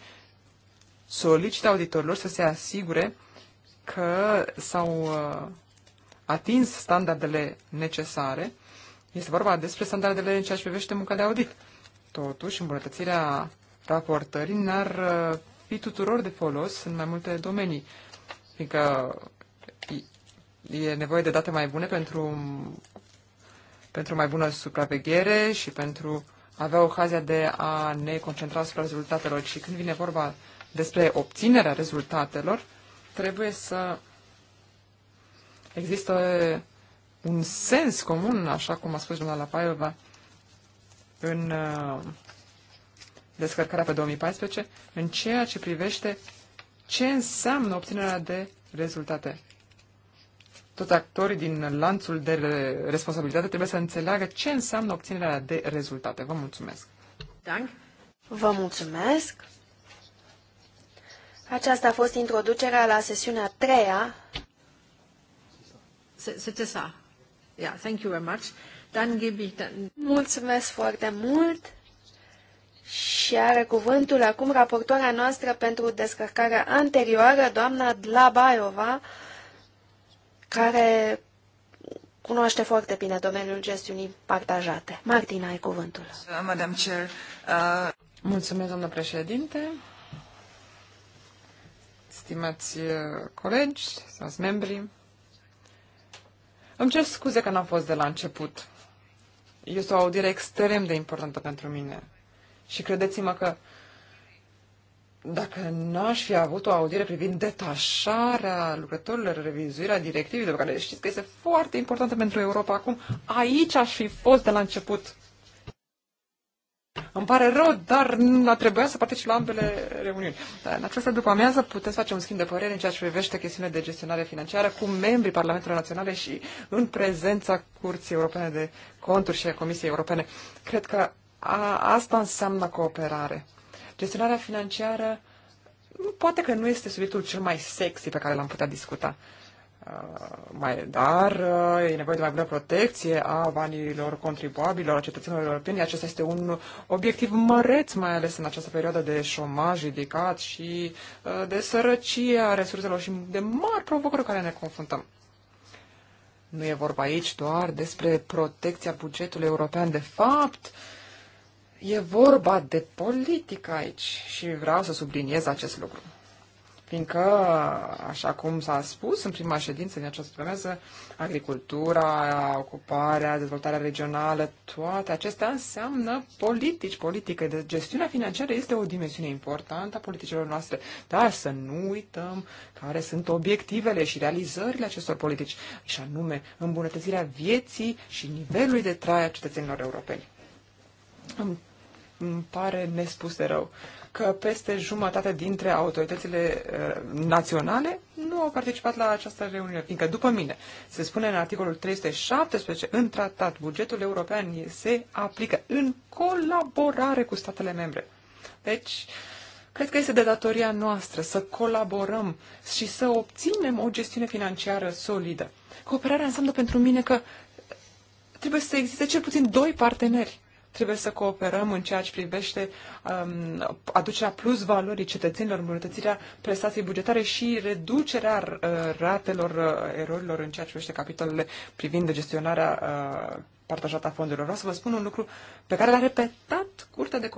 solicită auditorilor să se asigure că s-au uh, atins standardele necesare. Este vorba despre standardele în ceea ce privește munca de audit. Totuși, îmbunătățirea raportării n-ar uh, fi tuturor de folos în mai multe domenii, fiindcă e nevoie de date mai bune pentru, pentru mai bună supraveghere și pentru a avea ocazia de a ne concentra asupra rezultatelor. Și când vine vorba despre obținerea rezultatelor, trebuie să există un sens comun, așa cum a spus domnul Paiova, în uh, descărcarea pe 2014, în ceea ce privește ce înseamnă obținerea de rezultate. Toți actorii din lanțul de responsabilitate trebuie să înțeleagă ce înseamnă obținerea de rezultate. Vă mulțumesc! Dank. Vă mulțumesc! Aceasta a fost introducerea la sesiunea a treia. Sătesa. ça. Yeah, thank you very much. Dan Gibi. Mulțumesc foarte mult. Și are cuvântul acum raportoarea noastră pentru descărcarea anterioară, doamna Dlabaiova, care cunoaște foarte bine domeniul gestiunii partajate. Martina, ai cuvântul. Madam Chair. Uh... Mulțumesc, doamnă președinte stimați uh, colegi, stimați membri, îmi cer scuze că n-am fost de la început. Este o audiere extrem de importantă pentru mine. Și credeți-mă că dacă n-aș fi avut o audiere privind detașarea lucrătorilor, revizuirea directivei, de care știți că este foarte importantă pentru Europa acum, aici aș fi fost de la început. Îmi pare rău, dar a trebuit să particip la ambele reuniuni. Dar în această după amiază puteți face un schimb de părere în ceea ce privește chestiunile de gestionare financiară cu membrii Parlamentului Naționale și în prezența Curții Europene de Conturi și a Comisiei Europene. Cred că a, asta înseamnă cooperare. Gestionarea financiară poate că nu este subiectul cel mai sexy pe care l-am putea discuta. Uh, Uh, mai, dar uh, e nevoie de mai bună protecție a banilor contribuabililor, a cetățenilor europeni. Acesta este un obiectiv măreț, mai ales în această perioadă de șomaj ridicat și uh, de sărăcie a resurselor și de mari provocări care ne confruntăm. Nu e vorba aici doar despre protecția bugetului european. De fapt, e vorba de politică aici și vreau să subliniez acest lucru fiindcă, așa cum s-a spus în prima ședință din această premesă, agricultura, ocuparea, dezvoltarea regională, toate acestea înseamnă politici, politică. De gestiunea financiară este o dimensiune importantă a politicilor noastre, dar să nu uităm care sunt obiectivele și realizările acestor politici, și anume îmbunătățirea vieții și nivelului de trai a cetățenilor europeni. Îmi, îmi pare nespus de rău că peste jumătate dintre autoritățile uh, naționale nu au participat la această reuniune, fiindcă, după mine, se spune în articolul 317 în tratat, bugetul european se aplică în colaborare cu statele membre. Deci, cred că este de datoria noastră să colaborăm și să obținem o gestiune financiară solidă. Cooperarea înseamnă pentru mine că trebuie să existe cel puțin doi parteneri trebuie să cooperăm în ceea ce privește um, aducerea plus valorii cetățenilor, îmbunătățirea prestației bugetare și reducerea uh, ratelor uh, erorilor în ceea ce privește capitolele privind gestionarea uh, partajată a fondurilor. Vreau să vă spun un lucru pe care l-a repetat Curtea de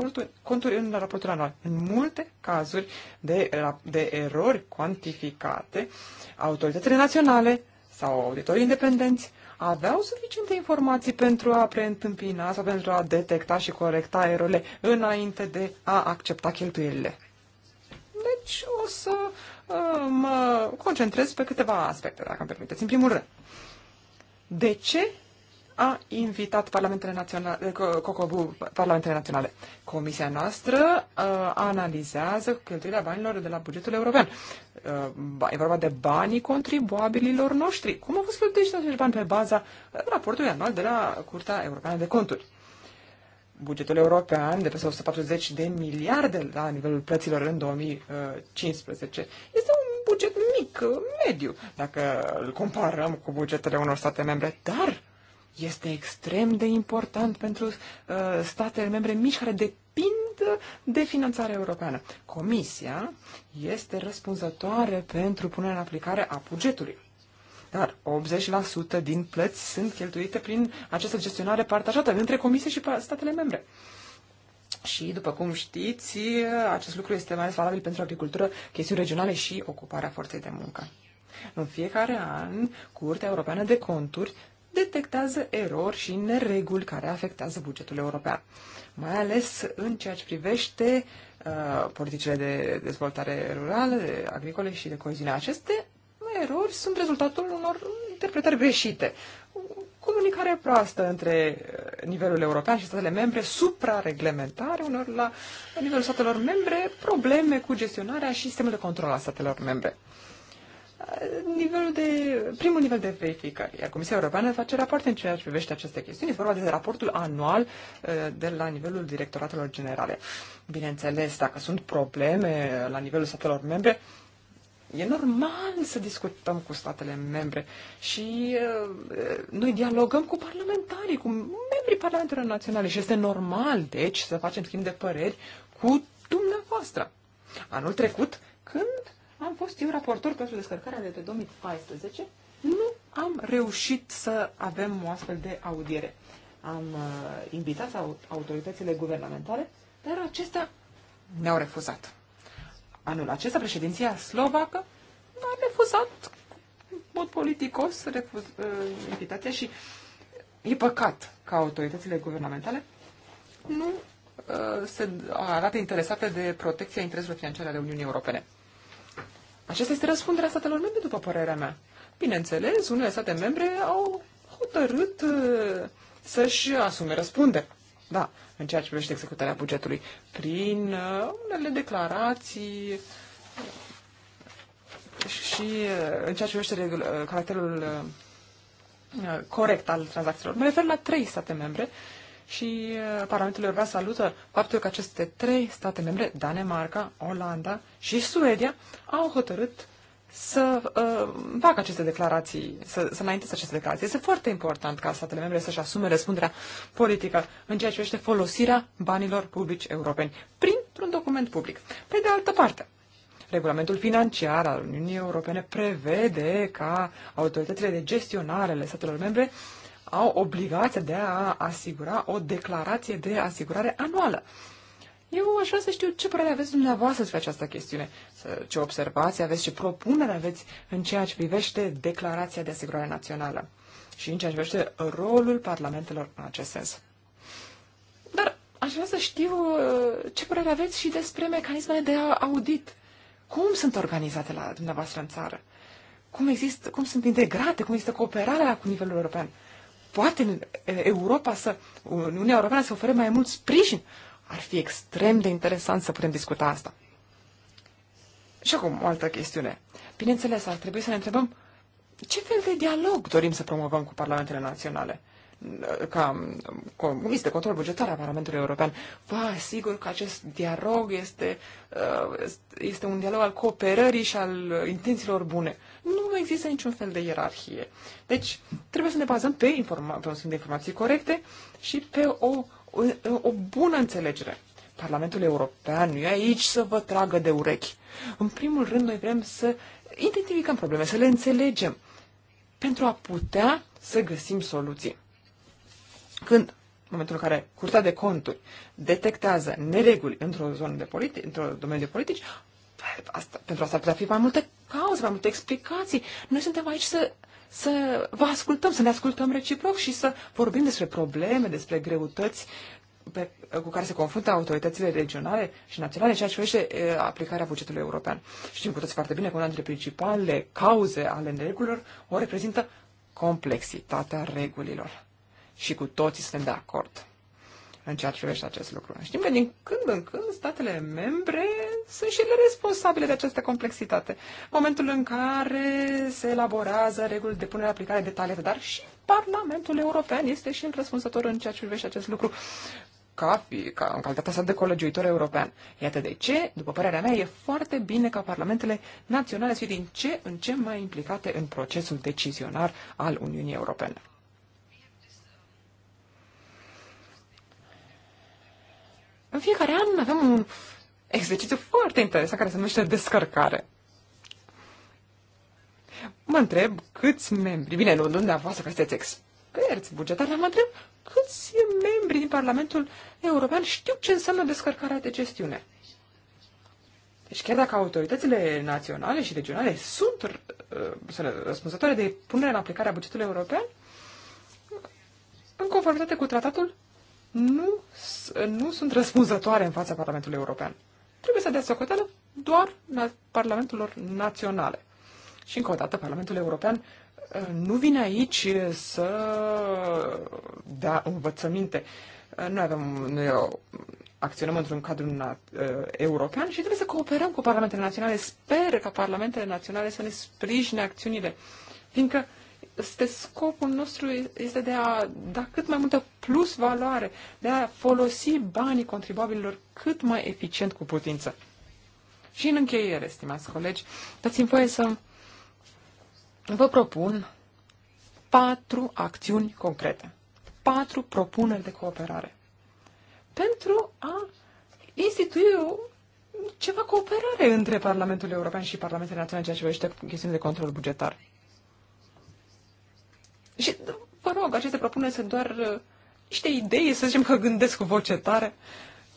Conturi, în raportul anual. În multe cazuri de, de erori cuantificate, autoritățile naționale sau auditorii independenți aveau suficiente informații pentru a preîntâmpina sau pentru a detecta și corecta erorile înainte de a accepta cheltuielile. Deci o să uh, mă concentrez pe câteva aspecte, dacă îmi permiteți. În primul rând, de ce a invitat Parlamentele Naționale, eh, COCOBU, Parlamentele Naționale. Comisia noastră uh, analizează cheltuirea banilor de la bugetul european. Uh, e vorba de banii contribuabililor noștri. Cum au fost cheltuiți acești bani pe baza raportului anual de la Curtea Europeană de Conturi? Bugetul european de peste 140 de miliarde la nivelul plăților în 2015 este un buget mic, mediu, dacă îl comparăm cu bugetele unor state membre, dar este extrem de important pentru uh, statele membre mici care depind de finanțarea europeană. Comisia este răspunzătoare pentru punerea în aplicare a bugetului. Dar 80% din plăți sunt cheltuite prin această gestionare partajată între Comisie și statele membre. Și, după cum știți, acest lucru este mai ales valabil pentru agricultură, chestiuni regionale și ocuparea forței de muncă. În fiecare an, Curtea Europeană de Conturi detectează erori și nereguli care afectează bugetul european, mai ales în ceea ce privește uh, politicile de dezvoltare rurală, de agricole și de coeziune. Aceste erori sunt rezultatul unor interpretări greșite, comunicare proastă între uh, nivelul european și statele membre, suprareglementare unor la nivelul statelor membre, probleme cu gestionarea și sistemul de control al statelor membre nivelul de, primul nivel de verificare. Iar Comisia Europeană face rapoarte în ceea ce privește aceste chestiuni. Este vorba de raportul anual uh, de la nivelul directoratelor generale. Bineînțeles, dacă sunt probleme la nivelul statelor membre, E normal să discutăm cu statele membre și uh, noi dialogăm cu parlamentarii, cu membrii Parlamentelor Naționale și este normal, deci, să facem schimb de păreri cu dumneavoastră. Anul trecut, când am fost eu raportor pentru descărcarea de pe 2014, nu am reușit să avem o astfel de audiere. Am uh, invitat autoritățile guvernamentale, dar acestea ne-au refuzat. Anul acesta, președinția slovacă a refuzat în mod politicos refuz, uh, invitația și e păcat că autoritățile guvernamentale nu uh, se arată interesate de protecția intereselor financiare ale Uniunii Europene. Aceasta este răspunderea statelor membre, după părerea mea. Bineînțeles, unele state membre au hotărât uh, să-și asume răspundere. Da, în ceea ce privește executarea bugetului, prin uh, unele declarații și uh, în ceea ce privește regul, uh, caracterul uh, corect al tranzacțiilor. Mă refer la trei state membre și uh, Parlamentul European salută faptul că aceste trei state membre, Danemarca, Olanda și Suedia, au hotărât să uh, facă aceste declarații, să, să înainteze aceste declarații. Este foarte important ca statele membre să-și asume răspunderea politică în ceea ce privește folosirea banilor publici europeni printr-un document public. Pe de altă parte, Regulamentul financiar al Uniunii Europene prevede ca autoritățile de gestionare ale statelor membre uh, au obligația de a asigura o declarație de asigurare anuală. Eu aș vrea să știu ce părere aveți dumneavoastră despre această chestiune, ce observații aveți, ce propunere aveți în ceea ce privește declarația de asigurare națională și în ceea ce privește rolul parlamentelor în acest sens. Dar aș vrea să știu uh, ce părere aveți și despre mecanismele de audit. Cum sunt organizate la dumneavoastră în țară? Cum, există, cum sunt integrate, cum există cooperarea cu nivelul european? poate Europa să, Uniunea Europeană să ofere mai mult sprijin. Ar fi extrem de interesant să putem discuta asta. Și acum, o altă chestiune. Bineînțeles, ar trebui să ne întrebăm ce fel de dialog dorim să promovăm cu parlamentele naționale. Ca comis de control bugetar a Parlamentului European, vă asigur că acest dialog este, uh, este un dialog al cooperării și al uh, intențiilor bune nu există niciun fel de ierarhie. Deci, trebuie să ne bazăm pe, informa- pe un schimb de informații corecte și pe o, o, o bună înțelegere. Parlamentul European nu e aici să vă tragă de urechi. În primul rând, noi vrem să identificăm probleme, să le înțelegem, pentru a putea să găsim soluții. Când, în momentul în care Curtea de Conturi detectează nereguli într-o zonă de politi- într un domeniu de politici, asta, pentru asta ar putea fi mai multe cauze, mai multe explicații. Noi suntem aici să, să vă ascultăm, să ne ascultăm reciproc și să vorbim despre probleme, despre greutăți pe, cu care se confruntă autoritățile regionale și naționale ceea ce privește aplicarea bugetului european. Știm cu toți foarte bine că una dintre principalele cauze ale neregulilor o reprezintă complexitatea regulilor. Și cu toții suntem de acord în ceea ce privește acest lucru. Știm că din când în când statele membre sunt și ele responsabile de această complexitate. Momentul în care se elaborează reguli de punere în aplicare detaliate, dar și Parlamentul European este și el răspunsător în ceea ce privește acest lucru ca, fi, ca în calitatea sa de colegiuitor european. Iată de ce, după părerea mea, e foarte bine ca parlamentele naționale să fie din ce în ce mai implicate în procesul decizionar al Uniunii Europene. În fiecare an avem un exercițiu foarte interesant care se numește descărcare. Mă întreb câți membri, bine, nu dumneavoastră că sunteți experți bugetari, dar mă întreb câți membri din Parlamentul European știu ce înseamnă descărcarea de gestiune. Deci chiar dacă autoritățile naționale și regionale sunt uh, răspunzătoare de punerea în aplicare a bugetului european, în conformitate cu tratatul, nu, nu sunt răspunzătoare în fața Parlamentului European. Trebuie să dea socoteală doar na- parlamentelor naționale. Și încă o dată, Parlamentul European uh, nu vine aici să dea învățăminte. Uh, noi avem, noi uh, acționăm într-un cadru na- european și trebuie să cooperăm cu parlamentele naționale. Sper ca parlamentele naționale să ne sprijine acțiunile, fiindcă uh, este scopul nostru este de a da cât mai multă plus valoare, de a folosi banii contribuabililor cât mai eficient cu putință. Și în încheiere, stimați colegi, dați-mi voie să vă propun patru acțiuni concrete, patru propuneri de cooperare pentru a institui ceva cooperare între Parlamentul European și Parlamentele Naționale în ceea ce privește chestiuni de control bugetar. Și vă rog, aceste propuneri sunt doar uh, niște idei, să zicem că gândesc cu voce tare.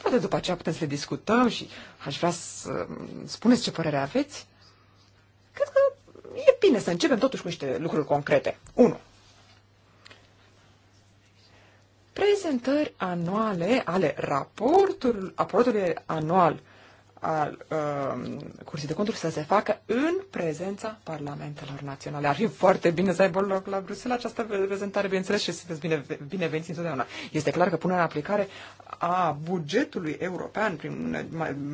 Poate după aceea putem să le discutăm și aș vrea să um, spuneți ce părere aveți. Cred că e bine să începem totuși cu niște lucruri concrete. 1. Prezentări anuale ale raportului, raportului anual al uh, Curții de Conturi să se facă în prezența parlamentelor naționale. Ar fi foarte bine să aibă loc la Bruxelles această prezentare, bineînțeles, și sunteți bine, bineveniți întotdeauna. Este clar că punerea în aplicare a bugetului european prin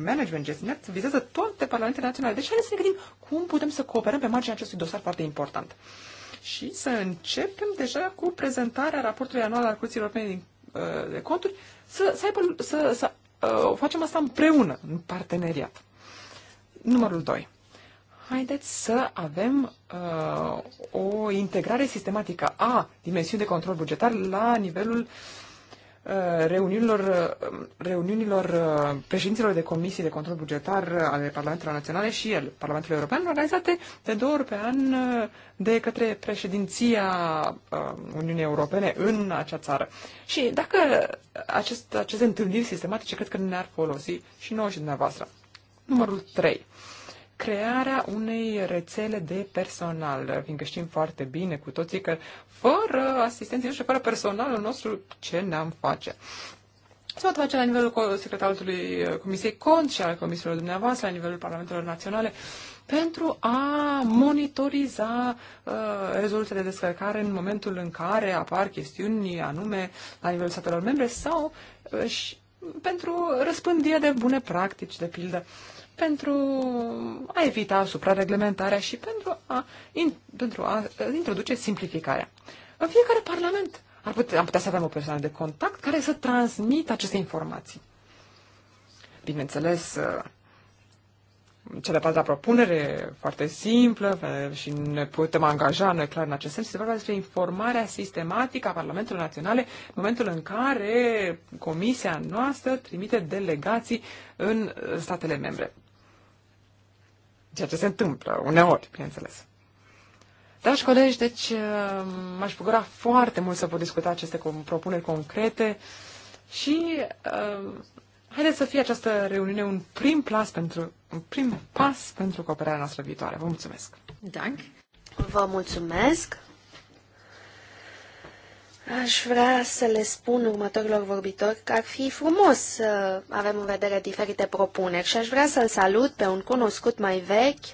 management gestionat vizează toate parlamentele naționale. Deci haideți să ne gândim cum putem să cooperăm pe marginea acestui dosar foarte important. Și să începem deja cu prezentarea raportului anual al Curții Europene din, uh, de Conturi, să, să, aibă, să, să o uh, facem asta împreună, în parteneriat. Numărul 2. Haideți să avem uh, o integrare sistematică a dimensiunii de control bugetar la nivelul uh, Uh, reuniunilor, uh, reuniunilor uh, președinților de comisii de control bugetar ale Parlamentelor Naționale și el, Parlamentul European, organizate de două ori pe an de către președinția Uniunii Europene în acea țară. Și dacă acest, aceste întâlniri sistematice cred că ne-ar folosi și nouă și dumneavoastră. Numărul 3 crearea unei rețele de personal, fiindcă știm foarte bine cu toții că fără asistenții și fără personalul nostru, ce ne-am face? Se pot face la nivelul secretarului uh, Comisiei Cont și al comisiilor dumneavoastră, la nivelul Parlamentelor Naționale, pentru a monitoriza uh, rezultatele de descărcare în momentul în care apar chestiuni anume la nivelul statelor membre sau uh, și pentru răspândirea de bune practici, de pildă. Uh, pentru a evita suprareglementarea și pentru a, in, pentru a uh, introduce simplificarea. În fiecare parlament ar putea, am putea să avem o persoană de contact care să transmită aceste informații. Bineînțeles, uh, cea de patra propunere, foarte simplă uh, și ne putem angaja noi clar în acest sens, este vorba despre informarea sistematică a Parlamentului Naționale în momentul în care comisia noastră trimite delegații în statele membre. Ceea ce se întâmplă, uneori, bineînțeles. Dragi colegi, deci uh, m-aș bucura foarte mult să pot discuta aceste propuneri concrete și uh, haideți să fie această reuniune un prim, plas pentru, un prim pas pentru cooperarea noastră viitoare. Vă mulțumesc! Dank. Vă mulțumesc! Aș vrea să le spun următorilor vorbitori că ar fi frumos să avem în vedere diferite propuneri și aș vrea să-l salut pe un cunoscut mai vechi,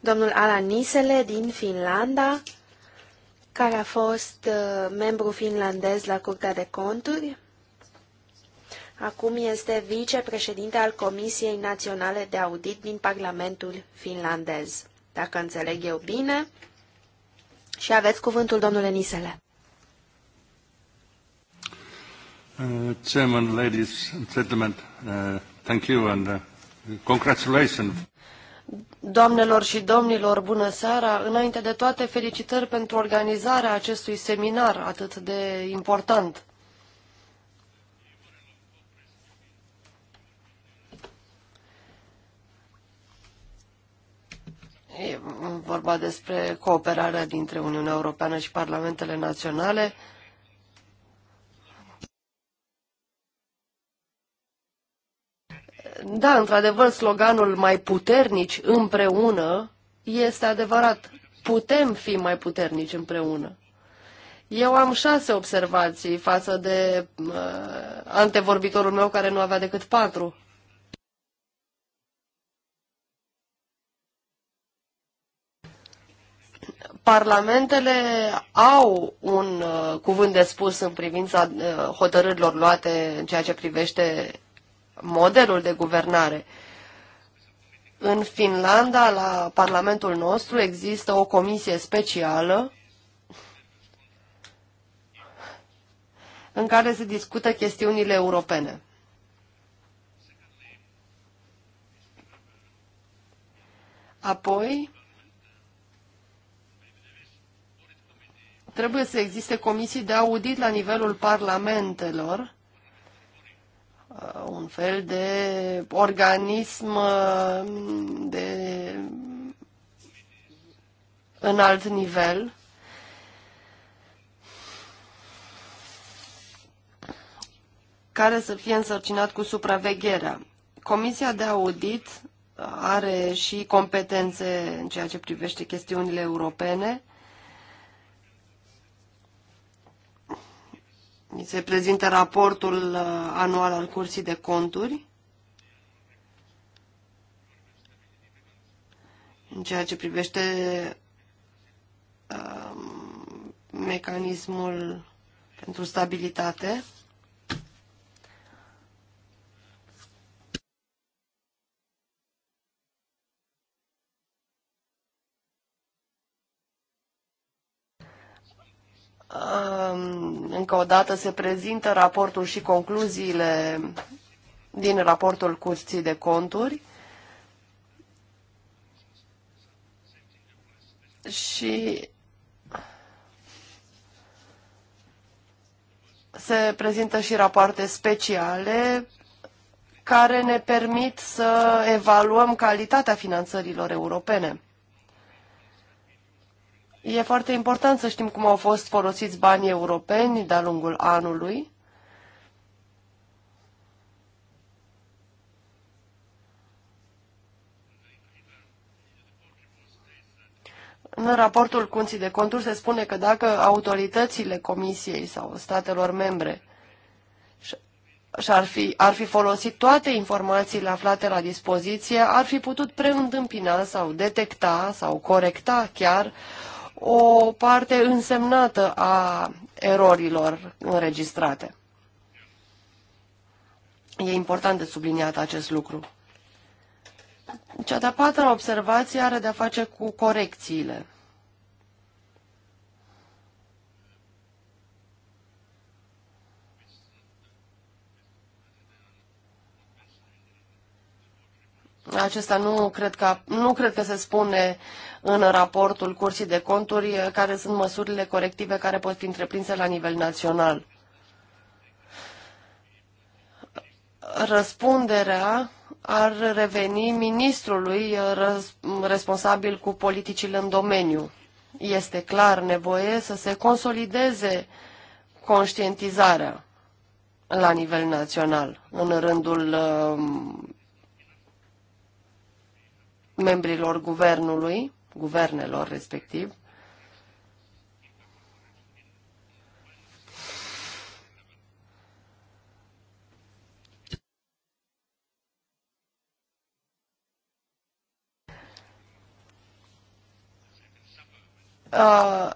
domnul Alan Nisele din Finlanda, care a fost uh, membru finlandez la Curtea de Conturi. Acum este vicepreședinte al Comisiei Naționale de Audit din Parlamentul finlandez, dacă înțeleg eu bine. Și aveți cuvântul, domnule Nisele. Uh, chairman, ladies and gentlemen, uh, thank you and uh, congratulations. Doamnelor și domnilor, bună seara! Înainte de toate, felicitări pentru organizarea acestui seminar atât de important. E vorba despre cooperarea dintre Uniunea Europeană și Parlamentele Naționale. Da, într-adevăr, sloganul mai puternici împreună este adevărat. Putem fi mai puternici împreună. Eu am șase observații față de uh, antevorbitorul meu care nu avea decât patru. Parlamentele au un uh, cuvânt de spus în privința uh, hotărârilor luate în ceea ce privește modelul de guvernare. În Finlanda, la Parlamentul nostru, există o comisie specială în care se discută chestiunile europene. Apoi, trebuie să existe comisii de audit la nivelul parlamentelor Uh, un fel de organism uh, de în alt nivel care să fie însărcinat cu supravegherea. Comisia de audit are și competențe în ceea ce privește chestiunile europene, ni se prezintă raportul uh, anual al Curții de Conturi în ceea ce privește uh, mecanismul pentru stabilitate. încă o dată se prezintă raportul și concluziile din raportul Curții de Conturi și se prezintă și rapoarte speciale care ne permit să evaluăm calitatea finanțărilor europene. E foarte important să știm cum au fost folosiți banii europeni de-a lungul anului. În raportul Cunții de Conturi se spune că dacă autoritățile Comisiei sau statelor membre și ar fi, ar fi folosit toate informațiile aflate la dispoziție, ar fi putut preîntâmpina sau detecta sau corecta chiar o parte însemnată a erorilor înregistrate. E important de subliniat acest lucru. Cea de-a patra observație are de-a face cu corecțiile. Acesta nu cred, că, nu cred că se spune în raportul Curții de Conturi care sunt măsurile corective care pot fi întreprinse la nivel național. Răspunderea ar reveni ministrului responsabil cu politicile în domeniu. Este clar nevoie să se consolideze conștientizarea la nivel național în rândul um, membrilor guvernului, guvernelor respectiv, Uh,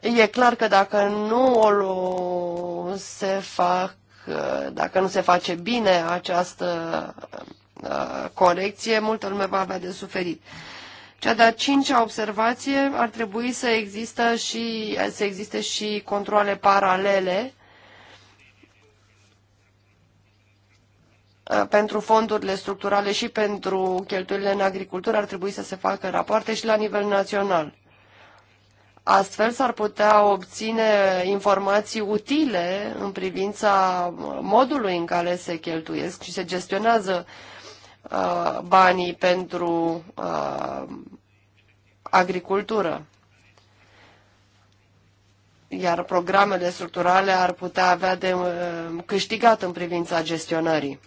e clar că dacă nu se fac Uh, dacă nu se face bine această uh, corecție, multă lume va avea de suferit. Cea de-a cincea observație ar trebui să, există și, uh, să existe și controle paralele pentru fondurile structurale și pentru cheltuielile în agricultură ar trebui să se facă rapoarte și la nivel național. Astfel s-ar putea obține informații utile în privința modului în care se cheltuiesc și se gestionează uh, banii pentru uh, agricultură. Iar programele structurale ar putea avea de uh, câștigat în privința gestionării.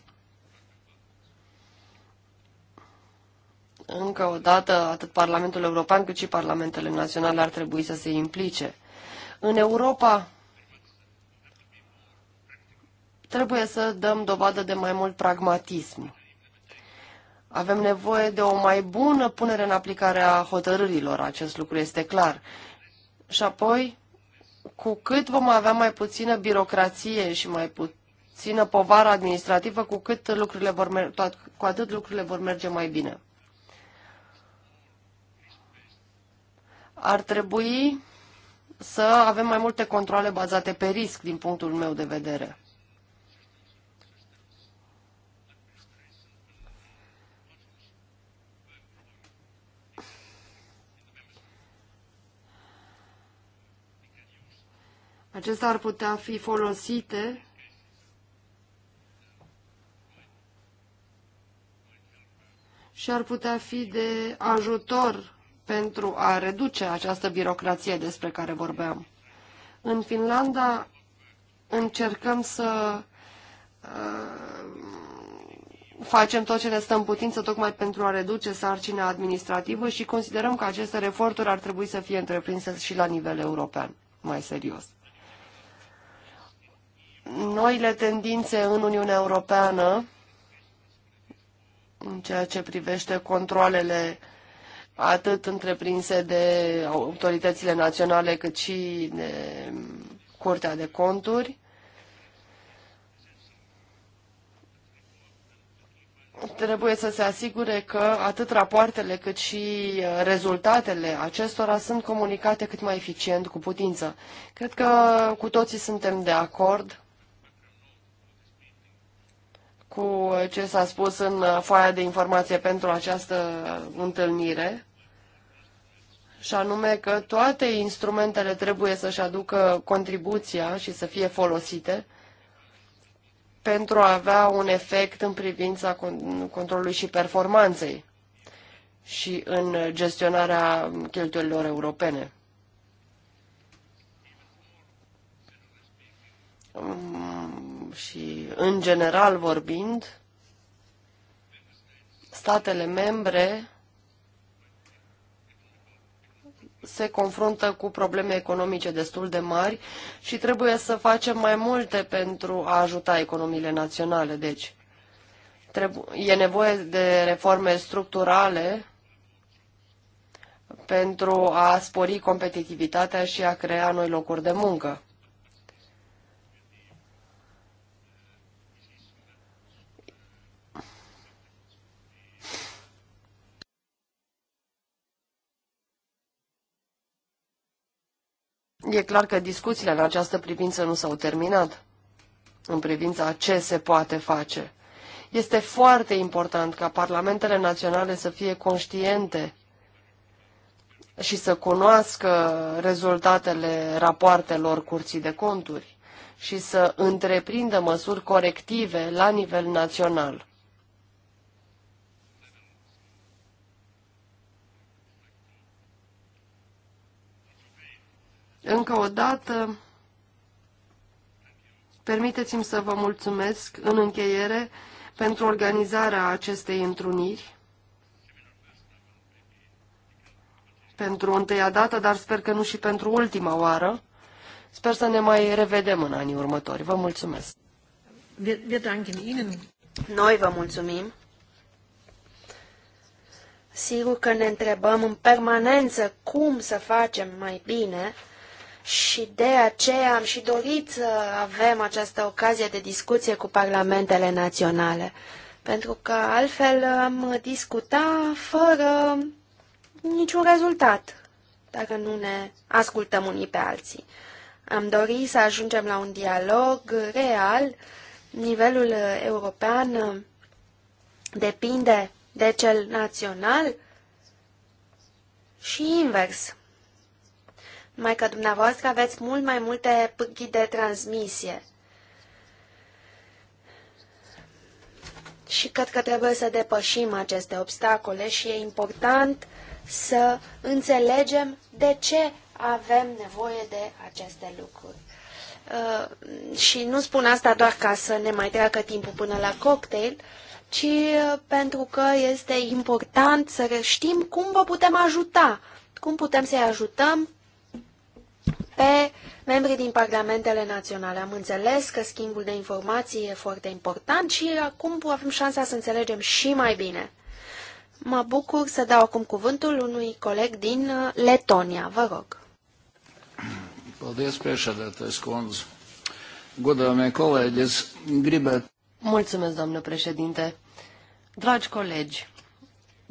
Încă o dată, atât Parlamentul European cât și Parlamentele Naționale ar trebui să se implice. În Europa trebuie să dăm dovadă de mai mult pragmatism. Avem nevoie de o mai bună punere în aplicare a hotărârilor, acest lucru este clar. Și apoi, cu cât vom avea mai puțină birocrație și mai puțină povară administrativă, cu, cât lucrurile vor cu atât lucrurile vor merge mai bine. Ar trebui să avem mai multe controle bazate pe risc, din punctul meu de vedere. Acestea ar putea fi folosite și ar putea fi de ajutor pentru a reduce această birocrație despre care vorbeam. În Finlanda încercăm să uh, facem tot ce ne stă în putință tocmai pentru a reduce sarcina administrativă și considerăm că aceste eforturi ar trebui să fie întreprinse și la nivel european, mai serios. Noile tendințe în Uniunea Europeană, în ceea ce privește controlele atât întreprinse de autoritățile naționale cât și de Curtea de Conturi. Trebuie să se asigure că atât rapoartele cât și uh, rezultatele acestora sunt comunicate cât mai eficient cu putință. Cred că cu toții suntem de acord cu ce s-a spus în uh, foaia de informație pentru această întâlnire, și anume că toate instrumentele trebuie să-și aducă contribuția și să fie folosite pentru a avea un efect în privința controlului și performanței și în gestionarea cheltuielilor europene și în general vorbind, statele membre se confruntă cu probleme economice destul de mari și trebuie să facem mai multe pentru a ajuta economiile naționale. Deci, e nevoie de reforme structurale pentru a spori competitivitatea și a crea noi locuri de muncă. E clar că discuțiile în această privință nu s-au terminat, în privința ce se poate face. Este foarte important ca parlamentele naționale să fie conștiente și să cunoască rezultatele rapoartelor curții de conturi și să întreprindă măsuri corective la nivel național. Încă o dată, permiteți-mi să vă mulțumesc în încheiere pentru organizarea acestei întruniri. Pentru întâia dată, dar sper că nu și pentru ultima oară. Sper să ne mai revedem în anii următori. Vă mulțumesc! Noi vă mulțumim! Sigur că ne întrebăm în permanență cum să facem mai bine și de aceea am și dorit să avem această ocazie de discuție cu parlamentele naționale, pentru că altfel am discuta fără niciun rezultat, dacă nu ne ascultăm unii pe alții. Am dorit să ajungem la un dialog real. Nivelul european depinde de cel național și invers numai că dumneavoastră aveți mult mai multe pârghii de transmisie. Și cred că trebuie să depășim aceste obstacole și e important să înțelegem de ce avem nevoie de aceste lucruri. Uh, și nu spun asta doar ca să ne mai treacă timpul până la cocktail, ci uh, pentru că este important să știm cum vă putem ajuta, cum putem să-i ajutăm pe membrii din parlamentele naționale. Am înțeles că schimbul de informații e foarte important și acum avem șansa să înțelegem și mai bine. Mă bucur să dau acum cuvântul unui coleg din uh, Letonia. Vă rog. Mulțumesc, doamnă președinte. Dragi colegi,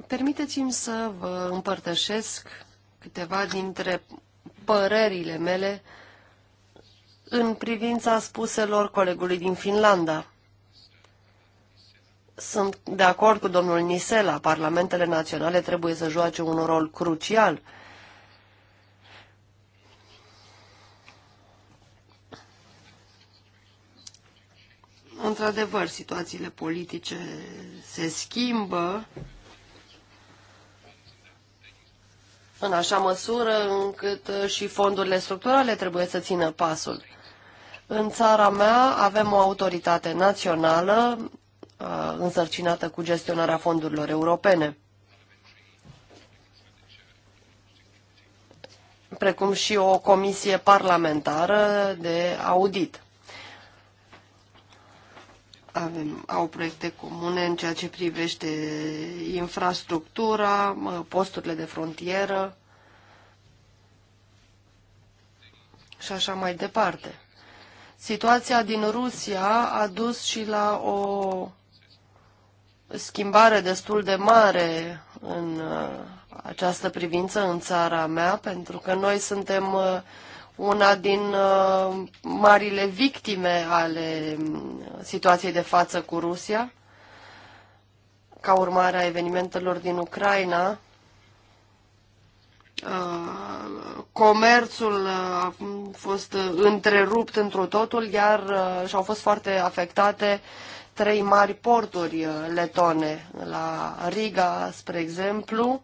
permiteți-mi să vă împărtășesc câteva dintre părerile mele în privința spuselor colegului din Finlanda. Sunt de acord cu domnul Nisela, parlamentele naționale trebuie să joace un rol crucial. Într-adevăr, situațiile politice se schimbă în așa măsură încât uh, și fondurile structurale trebuie să țină pasul. În țara mea avem o autoritate națională uh, însărcinată cu gestionarea fondurilor europene. precum și o comisie parlamentară de audit avem, au proiecte comune în ceea ce privește infrastructura, posturile de frontieră și așa mai departe. Situația din Rusia a dus și la o schimbare destul de mare în uh, această privință în țara mea, pentru că noi suntem uh, una din uh, marile victime ale mm, situației de față cu Rusia, ca urmare a evenimentelor din Ucraina, Uh, comerțul uh, a fost uh, întrerupt într-o totul, iar uh, și-au fost foarte afectate trei mari porturi uh, letone, la Riga, spre exemplu,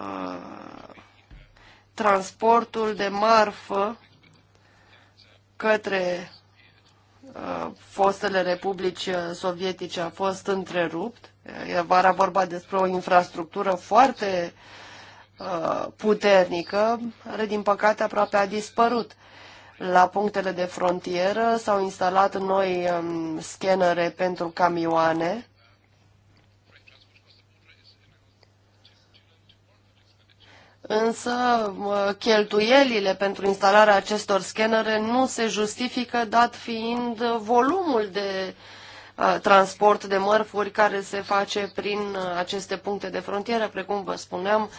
Uh, transportul de marfă către uh, fostele republici uh, sovietice a fost întrerupt. Era vorba despre o infrastructură foarte puternică, care din păcate aproape a dispărut. La punctele de frontieră s-au instalat noi um, scanere pentru camioane însă cheltuielile pentru instalarea acestor scanere nu se justifică dat fiind volumul de transport de mărfuri care se face prin aceste puncte de frontieră, precum vă spuneam,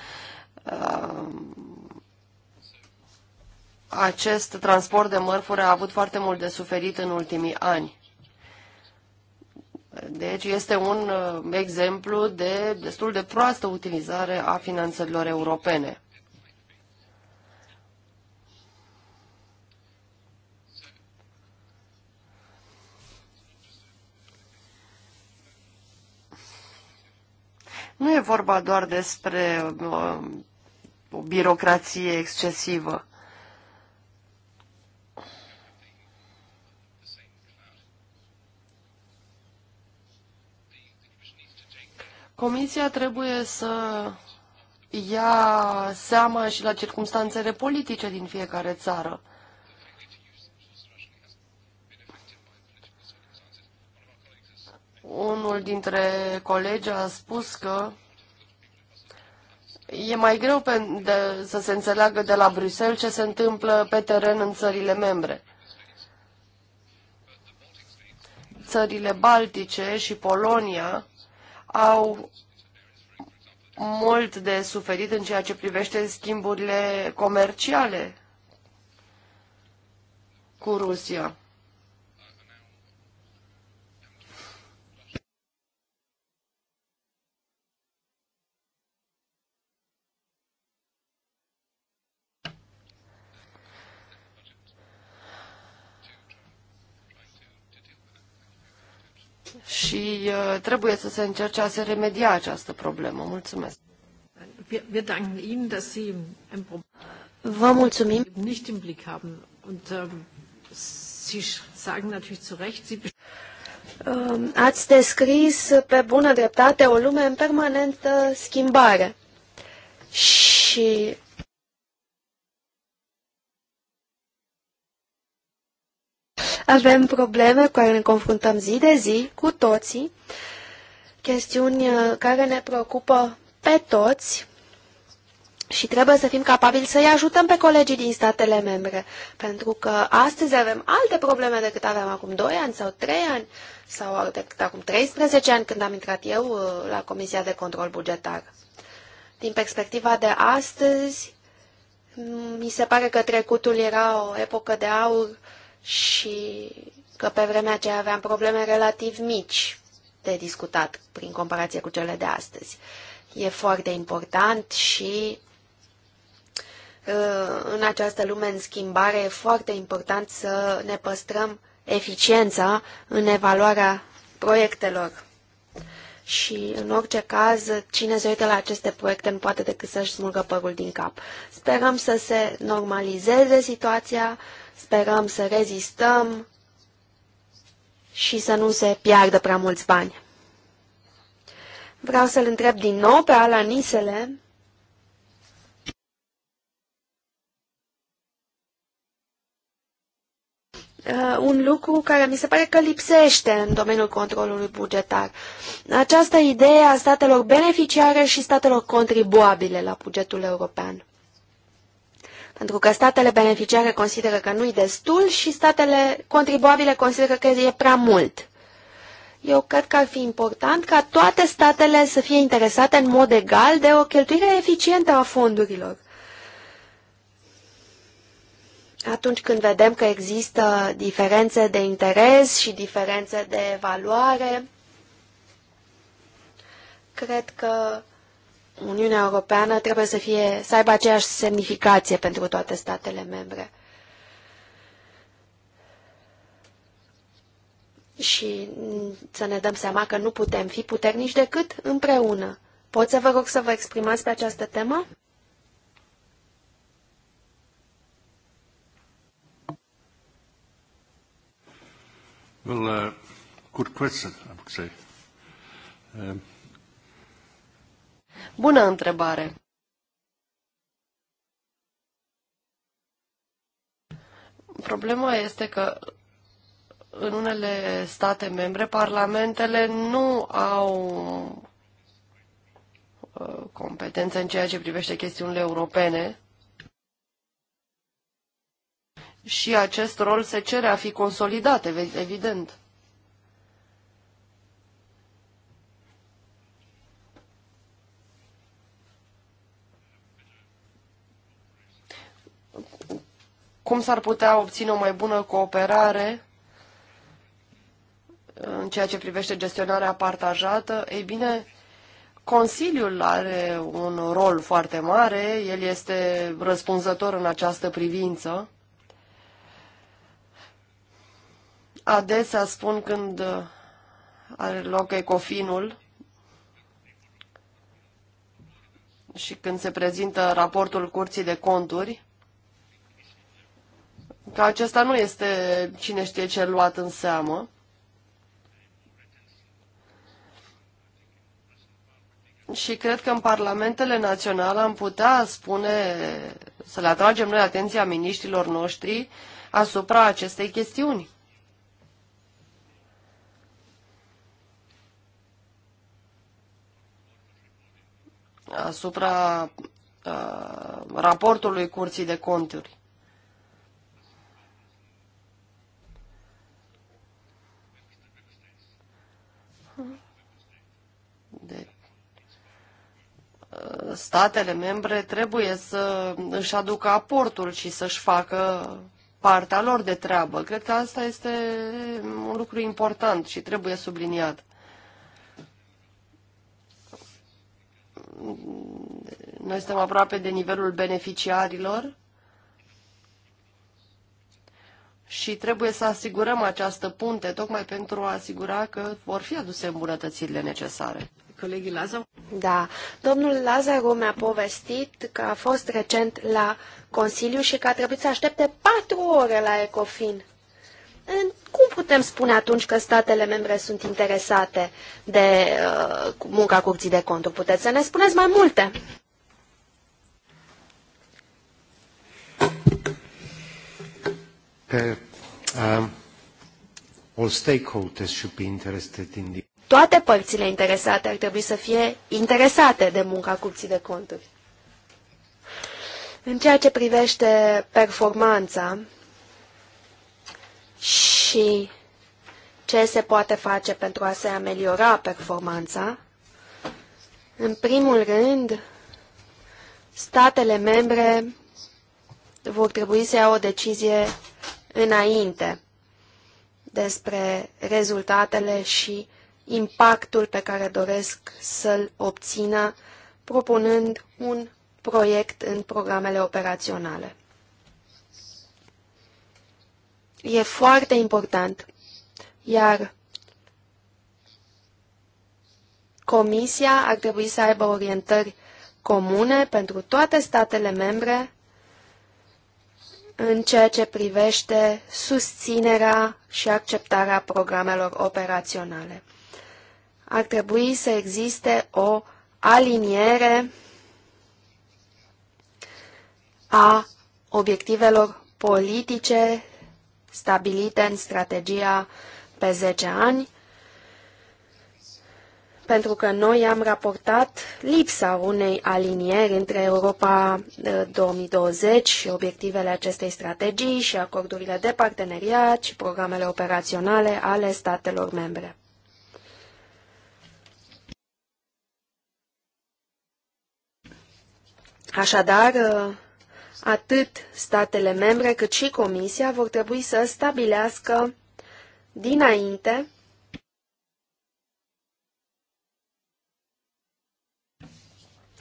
acest transport de mărfuri a avut foarte mult de suferit în ultimii ani. Deci este un uh, exemplu de destul de proastă utilizare a finanțărilor europene. Nu e vorba doar despre o, uh, o birocrație excesivă. Comisia trebuie să ia seama și la circumstanțele politice din fiecare țară. Unul dintre colegi a spus că e mai greu pe, de, să se înțeleagă de la Bruxelles ce se întâmplă pe teren în țările membre. Țările Baltice și Polonia au mult de suferit în ceea ce privește schimburile comerciale cu Rusia. Uh, trebuie să se încerce a se remedia această problemă. Mulțumesc! Vă mulțumim! Ähm, um, ați descris pe bună dreptate o lume în permanentă schimbare și Avem probleme cu care ne confruntăm zi de zi, cu toții, chestiuni uh, care ne preocupă pe toți și trebuie să fim capabili să-i ajutăm pe colegii din statele membre, pentru că astăzi avem alte probleme decât aveam acum 2 ani sau 3 ani sau decât acum 13 ani când am intrat eu uh, la Comisia de Control Bugetar. Din perspectiva de astăzi, mi se pare că trecutul era o epocă de aur și că pe vremea aceea aveam probleme relativ mici de discutat prin comparație cu cele de astăzi. E foarte important și uh, în această lume în schimbare e foarte important să ne păstrăm eficiența în evaluarea proiectelor. Și, în orice caz, cine se uită la aceste proiecte nu poate decât să-și smulgă părul din cap. Sperăm să se normalizeze situația, Sperăm să rezistăm și să nu se piardă prea mulți bani. Vreau să-l întreb din nou pe Alanisele. Uh, un lucru care mi se pare că lipsește în domeniul controlului bugetar. Această idee a statelor beneficiare și statelor contribuabile la bugetul european. Pentru că statele beneficiare consideră că nu-i destul și statele contribuabile consideră că e prea mult. Eu cred că ar fi important ca toate statele să fie interesate în mod egal de o cheltuire eficientă a fondurilor. Atunci când vedem că există diferențe de interes și diferențe de valoare, cred că uh, Uniunea Europeană trebuie să, fie, să aibă aceeași semnificație pentru toate statele membre. Și să ne dăm seama că nu putem fi puternici decât împreună. Pot să vă rog să vă exprimați pe această temă? Well, uh, good question, I would say. Um, Bună întrebare! Problema este că în unele state membre parlamentele nu au uh, competență în ceea ce privește chestiunile europene și acest rol se cere a fi consolidat, evident. cum s-ar putea obține o mai bună cooperare în ceea ce privește gestionarea partajată, ei bine, Consiliul are un rol foarte mare, el este răspunzător în această privință. Adesea spun când are loc ecofinul și când se prezintă raportul Curții de Conturi, că acesta nu este cine știe ce luat în seamă. Și cred că în parlamentele naționale am putea spune, să le atragem noi atenția miniștrilor noștri asupra acestei chestiuni. Asupra uh, raportului Curții de Conturi. statele membre trebuie să își aducă aportul și să-și facă partea lor de treabă. Cred că asta este un lucru important și trebuie subliniat. Noi suntem aproape de nivelul beneficiarilor și trebuie să asigurăm această punte tocmai pentru a asigura că vor fi aduse îmbunătățirile necesare. Da, domnul Lazaru mi-a povestit că a fost recent la Consiliu și că a trebuit să aștepte patru ore la Ecofin. Cum putem spune atunci că statele membre sunt interesate de uh, munca curții de conturi? Puteți să ne spuneți mai multe? Uh, um, all stakeholders should be interested in the toate părțile interesate ar trebui să fie interesate de munca curții de conturi. În ceea ce privește performanța și ce se poate face pentru a se ameliora performanța, în primul rând, statele membre vor trebui să iau o decizie înainte despre rezultatele și impactul pe care doresc să-l obțină propunând un proiect în programele operaționale. E foarte important, iar Comisia ar trebui să aibă orientări comune pentru toate statele membre în ceea ce privește susținerea și acceptarea programelor operaționale ar trebui să existe o aliniere a obiectivelor politice stabilite în strategia pe 10 ani, pentru că noi am raportat lipsa unei alinieri între Europa 2020 eh, și obiectivele acestei strategii și acordurile de parteneriat și programele operaționale ale statelor membre. Așadar, ă, atât statele membre cât și Comisia vor trebui să stabilească dinainte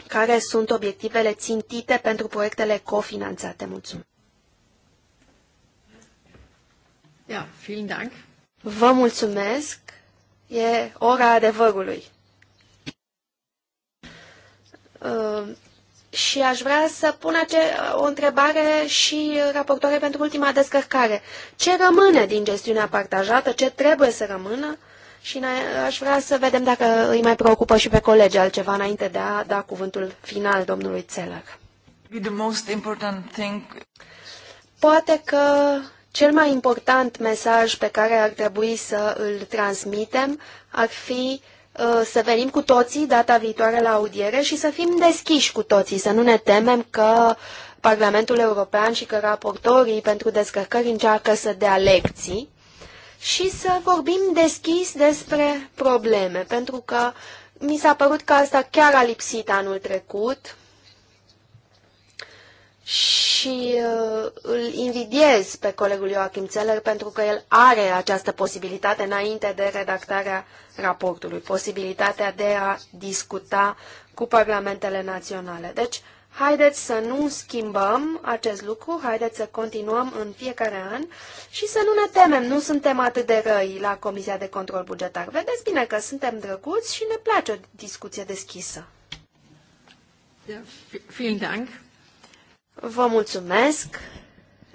care sunt obiectivele țintite pentru proiectele cofinanțate. Mulțumesc! Ja, vielen Dank. Vă mulțumesc! E ora adevărului. Ă, și aș vrea să pun ace o întrebare și raportoare pentru ultima descărcare. Ce rămâne din gestiunea partajată? Ce trebuie să rămână? Și aș vrea să vedem dacă îi mai preocupă și pe colegi altceva înainte de a da cuvântul final domnului Țelăr. Poate că cel mai important mesaj pe care ar trebui să îl transmitem ar fi uh, Uh, să venim cu toții data viitoare la audiere și să fim deschiși cu toții, să nu ne temem că Parlamentul European și că raportorii pentru descărcări încearcă să dea lecții și să vorbim deschis despre probleme, pentru că mi s-a părut că asta chiar a lipsit anul trecut și uh, îl invidiez pe colegul Joachim Zeller pentru că el are această posibilitate înainte de redactarea raportului, posibilitatea de a discuta cu parlamentele naționale. Deci, haideți să nu schimbăm acest lucru, haideți să continuăm în fiecare an și să nu ne temem, nu suntem atât de răi la Comisia de Control Bugetar. Vedeți bine că suntem drăguți și ne place o discuție deschisă. Ja, vielen Dank. Vă mulțumesc.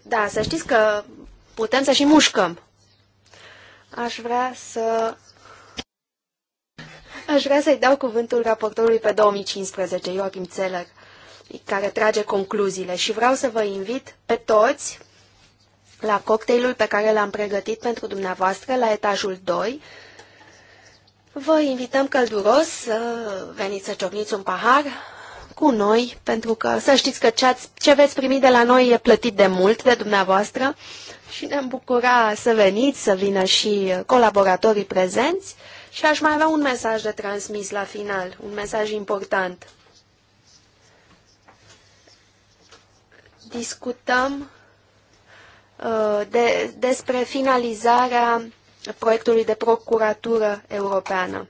Da, să știți că putem să și mușcăm. Aș vrea să... Aș vrea să-i dau cuvântul raportorului pe 2015, Joachim Zeller, care trage concluziile și vreau să vă invit pe toți la cocktailul pe care l-am pregătit pentru dumneavoastră la etajul 2. Vă invităm călduros să veniți să ciocniți un pahar, cu noi, pentru că să știți că ce, ați, ce veți primi de la noi e plătit de mult de dumneavoastră și ne-am bucura să veniți, să vină și colaboratorii prezenți și aș mai avea un mesaj de transmis la final, un mesaj important. Discutăm uh, de, despre finalizarea proiectului de procuratură europeană.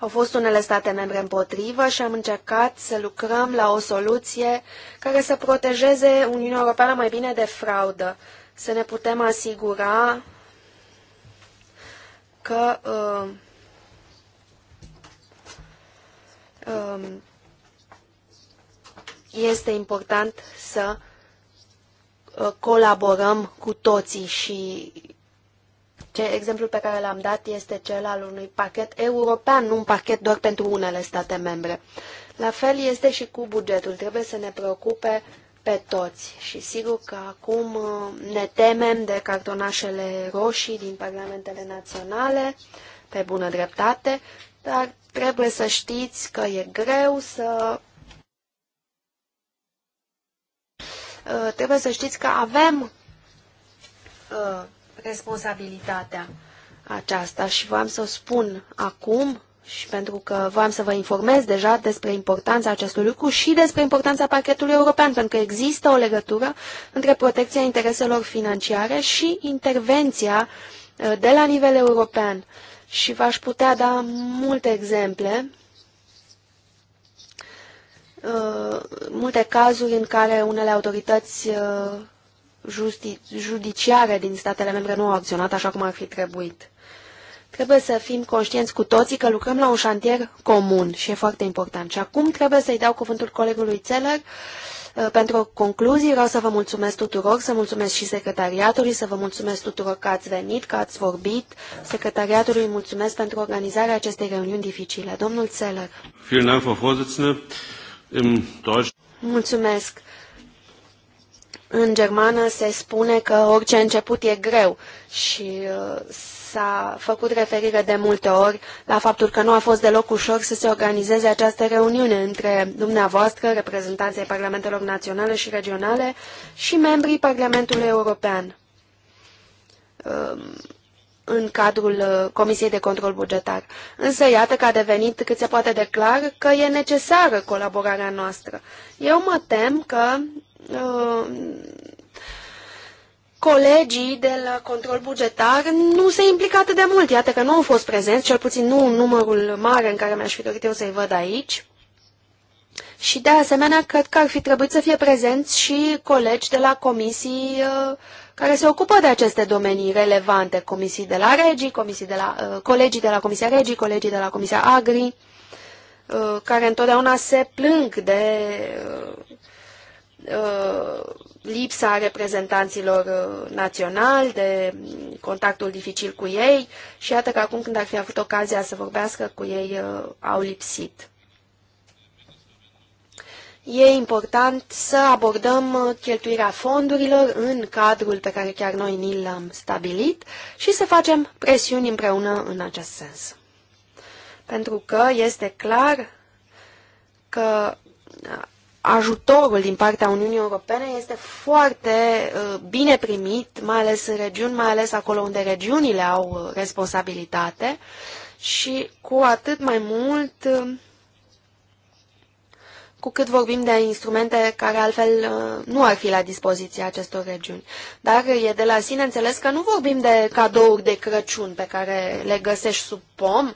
Au fost unele state membre împotrivă și am încercat să lucrăm la o soluție care să protejeze Uniunea Europeană mai bine de fraudă, să ne putem asigura că uh, uh, este important să uh, colaborăm cu toții și ce, deci, exemplul pe care l-am dat este cel al unui pachet european, nu un pachet doar pentru unele state membre. La fel este și cu bugetul. Trebuie să ne preocupe pe toți și sigur că acum uh, ne temem de cartonașele roșii din parlamentele naționale, pe bună dreptate, dar trebuie să știți că e greu să uh, trebuie să știți că avem uh, responsabilitatea aceasta și voiam să o spun acum și pentru că voiam să vă informez deja despre importanța acestui lucru și despre importanța pachetului european, pentru că există o legătură între protecția intereselor financiare și intervenția uh, de la nivel european. Și v-aș putea da multe exemple, uh, multe cazuri în care unele autorități uh, judiciare din statele membre nu au acționat așa cum ar fi trebuit. Trebuie să fim conștienți cu toții că lucrăm la un șantier comun și e foarte important. Și acum trebuie să-i dau cuvântul colegului Țeler uh, pentru concluzii. Vreau să vă mulțumesc tuturor, să mulțumesc și secretariatului, să vă mulțumesc tuturor că ați venit, că ați vorbit. Secretariatului mulțumesc pentru organizarea acestei reuniuni dificile. Domnul Țeler. Mulțumesc. În germană se spune că orice început e greu și uh, s-a făcut referire de multe ori la faptul că nu a fost deloc ușor să se organizeze această reuniune între dumneavoastră, reprezentanții Parlamentelor Naționale și Regionale și membrii Parlamentului European um, în cadrul uh, Comisiei de Control Bugetar. Însă iată că a devenit cât se poate declar că e necesară colaborarea noastră. Eu mă tem că Uh, colegii de la control bugetar nu se implică atât de mult. Iată că nu au fost prezenți, cel puțin nu în numărul mare în care mi-aș fi dorit eu să-i văd aici. Și de asemenea, cred că ar fi trebuit să fie prezenți și colegi de la comisii uh, care se ocupă de aceste domenii relevante, comisii de la regii, comisii de la, uh, colegii de la Comisia Regii, colegii de la Comisia Agri, care întotdeauna se plâng de Uh, lipsa reprezentanților uh, naționali, de contactul dificil cu ei și iată că acum când ar fi avut ocazia să vorbească cu ei, uh, au lipsit. E important să abordăm cheltuirea fondurilor în cadrul pe care chiar noi ni l-am stabilit și să facem presiuni împreună în acest sens. Pentru că este clar că ajutorul din partea Uniunii Europene este foarte uh, bine primit, mai ales în regiuni, mai ales acolo unde regiunile au uh, responsabilitate și cu atât mai mult uh, cu cât vorbim de instrumente care altfel nu ar fi la dispoziția acestor regiuni. Dar e de la sine înțeles că nu vorbim de cadouri de Crăciun pe care le găsești sub pom,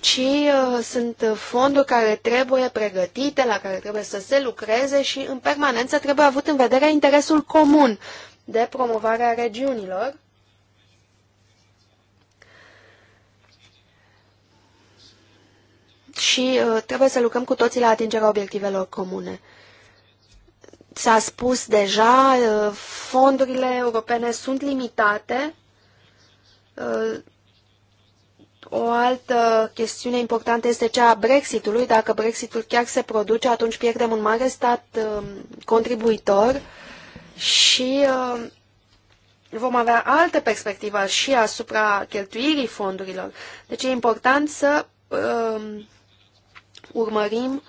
ci uh, sunt fonduri care trebuie pregătite, la care trebuie să se lucreze și în permanență trebuie avut în vedere interesul comun de promovare a regiunilor. Și uh, trebuie să lucrăm cu toții la atingerea obiectivelor comune. S-a spus deja, uh, fondurile europene sunt limitate uh, o altă chestiune importantă este cea a Brexitului. Dacă Brexitul chiar se produce, atunci pierdem un mare stat um, contribuitor și um, vom avea altă perspectivă și asupra cheltuirii fondurilor. Deci e important să um, urmărim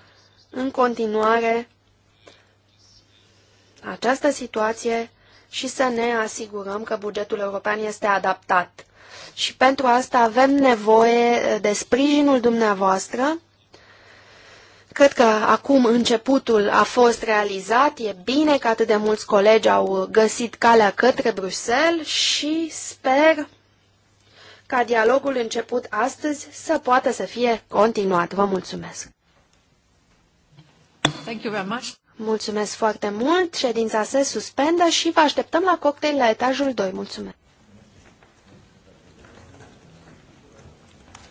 în continuare această situație și să ne asigurăm că bugetul european este adaptat și pentru asta avem nevoie de sprijinul dumneavoastră. Cred că acum începutul a fost realizat, e bine că atât de mulți colegi au găsit calea către Bruxelles și sper ca dialogul început astăzi să poată să fie continuat. Vă mulțumesc! Thank you very much. Mulțumesc foarte mult, ședința se suspendă și vă așteptăm la cocktail la etajul 2. Mulțumesc!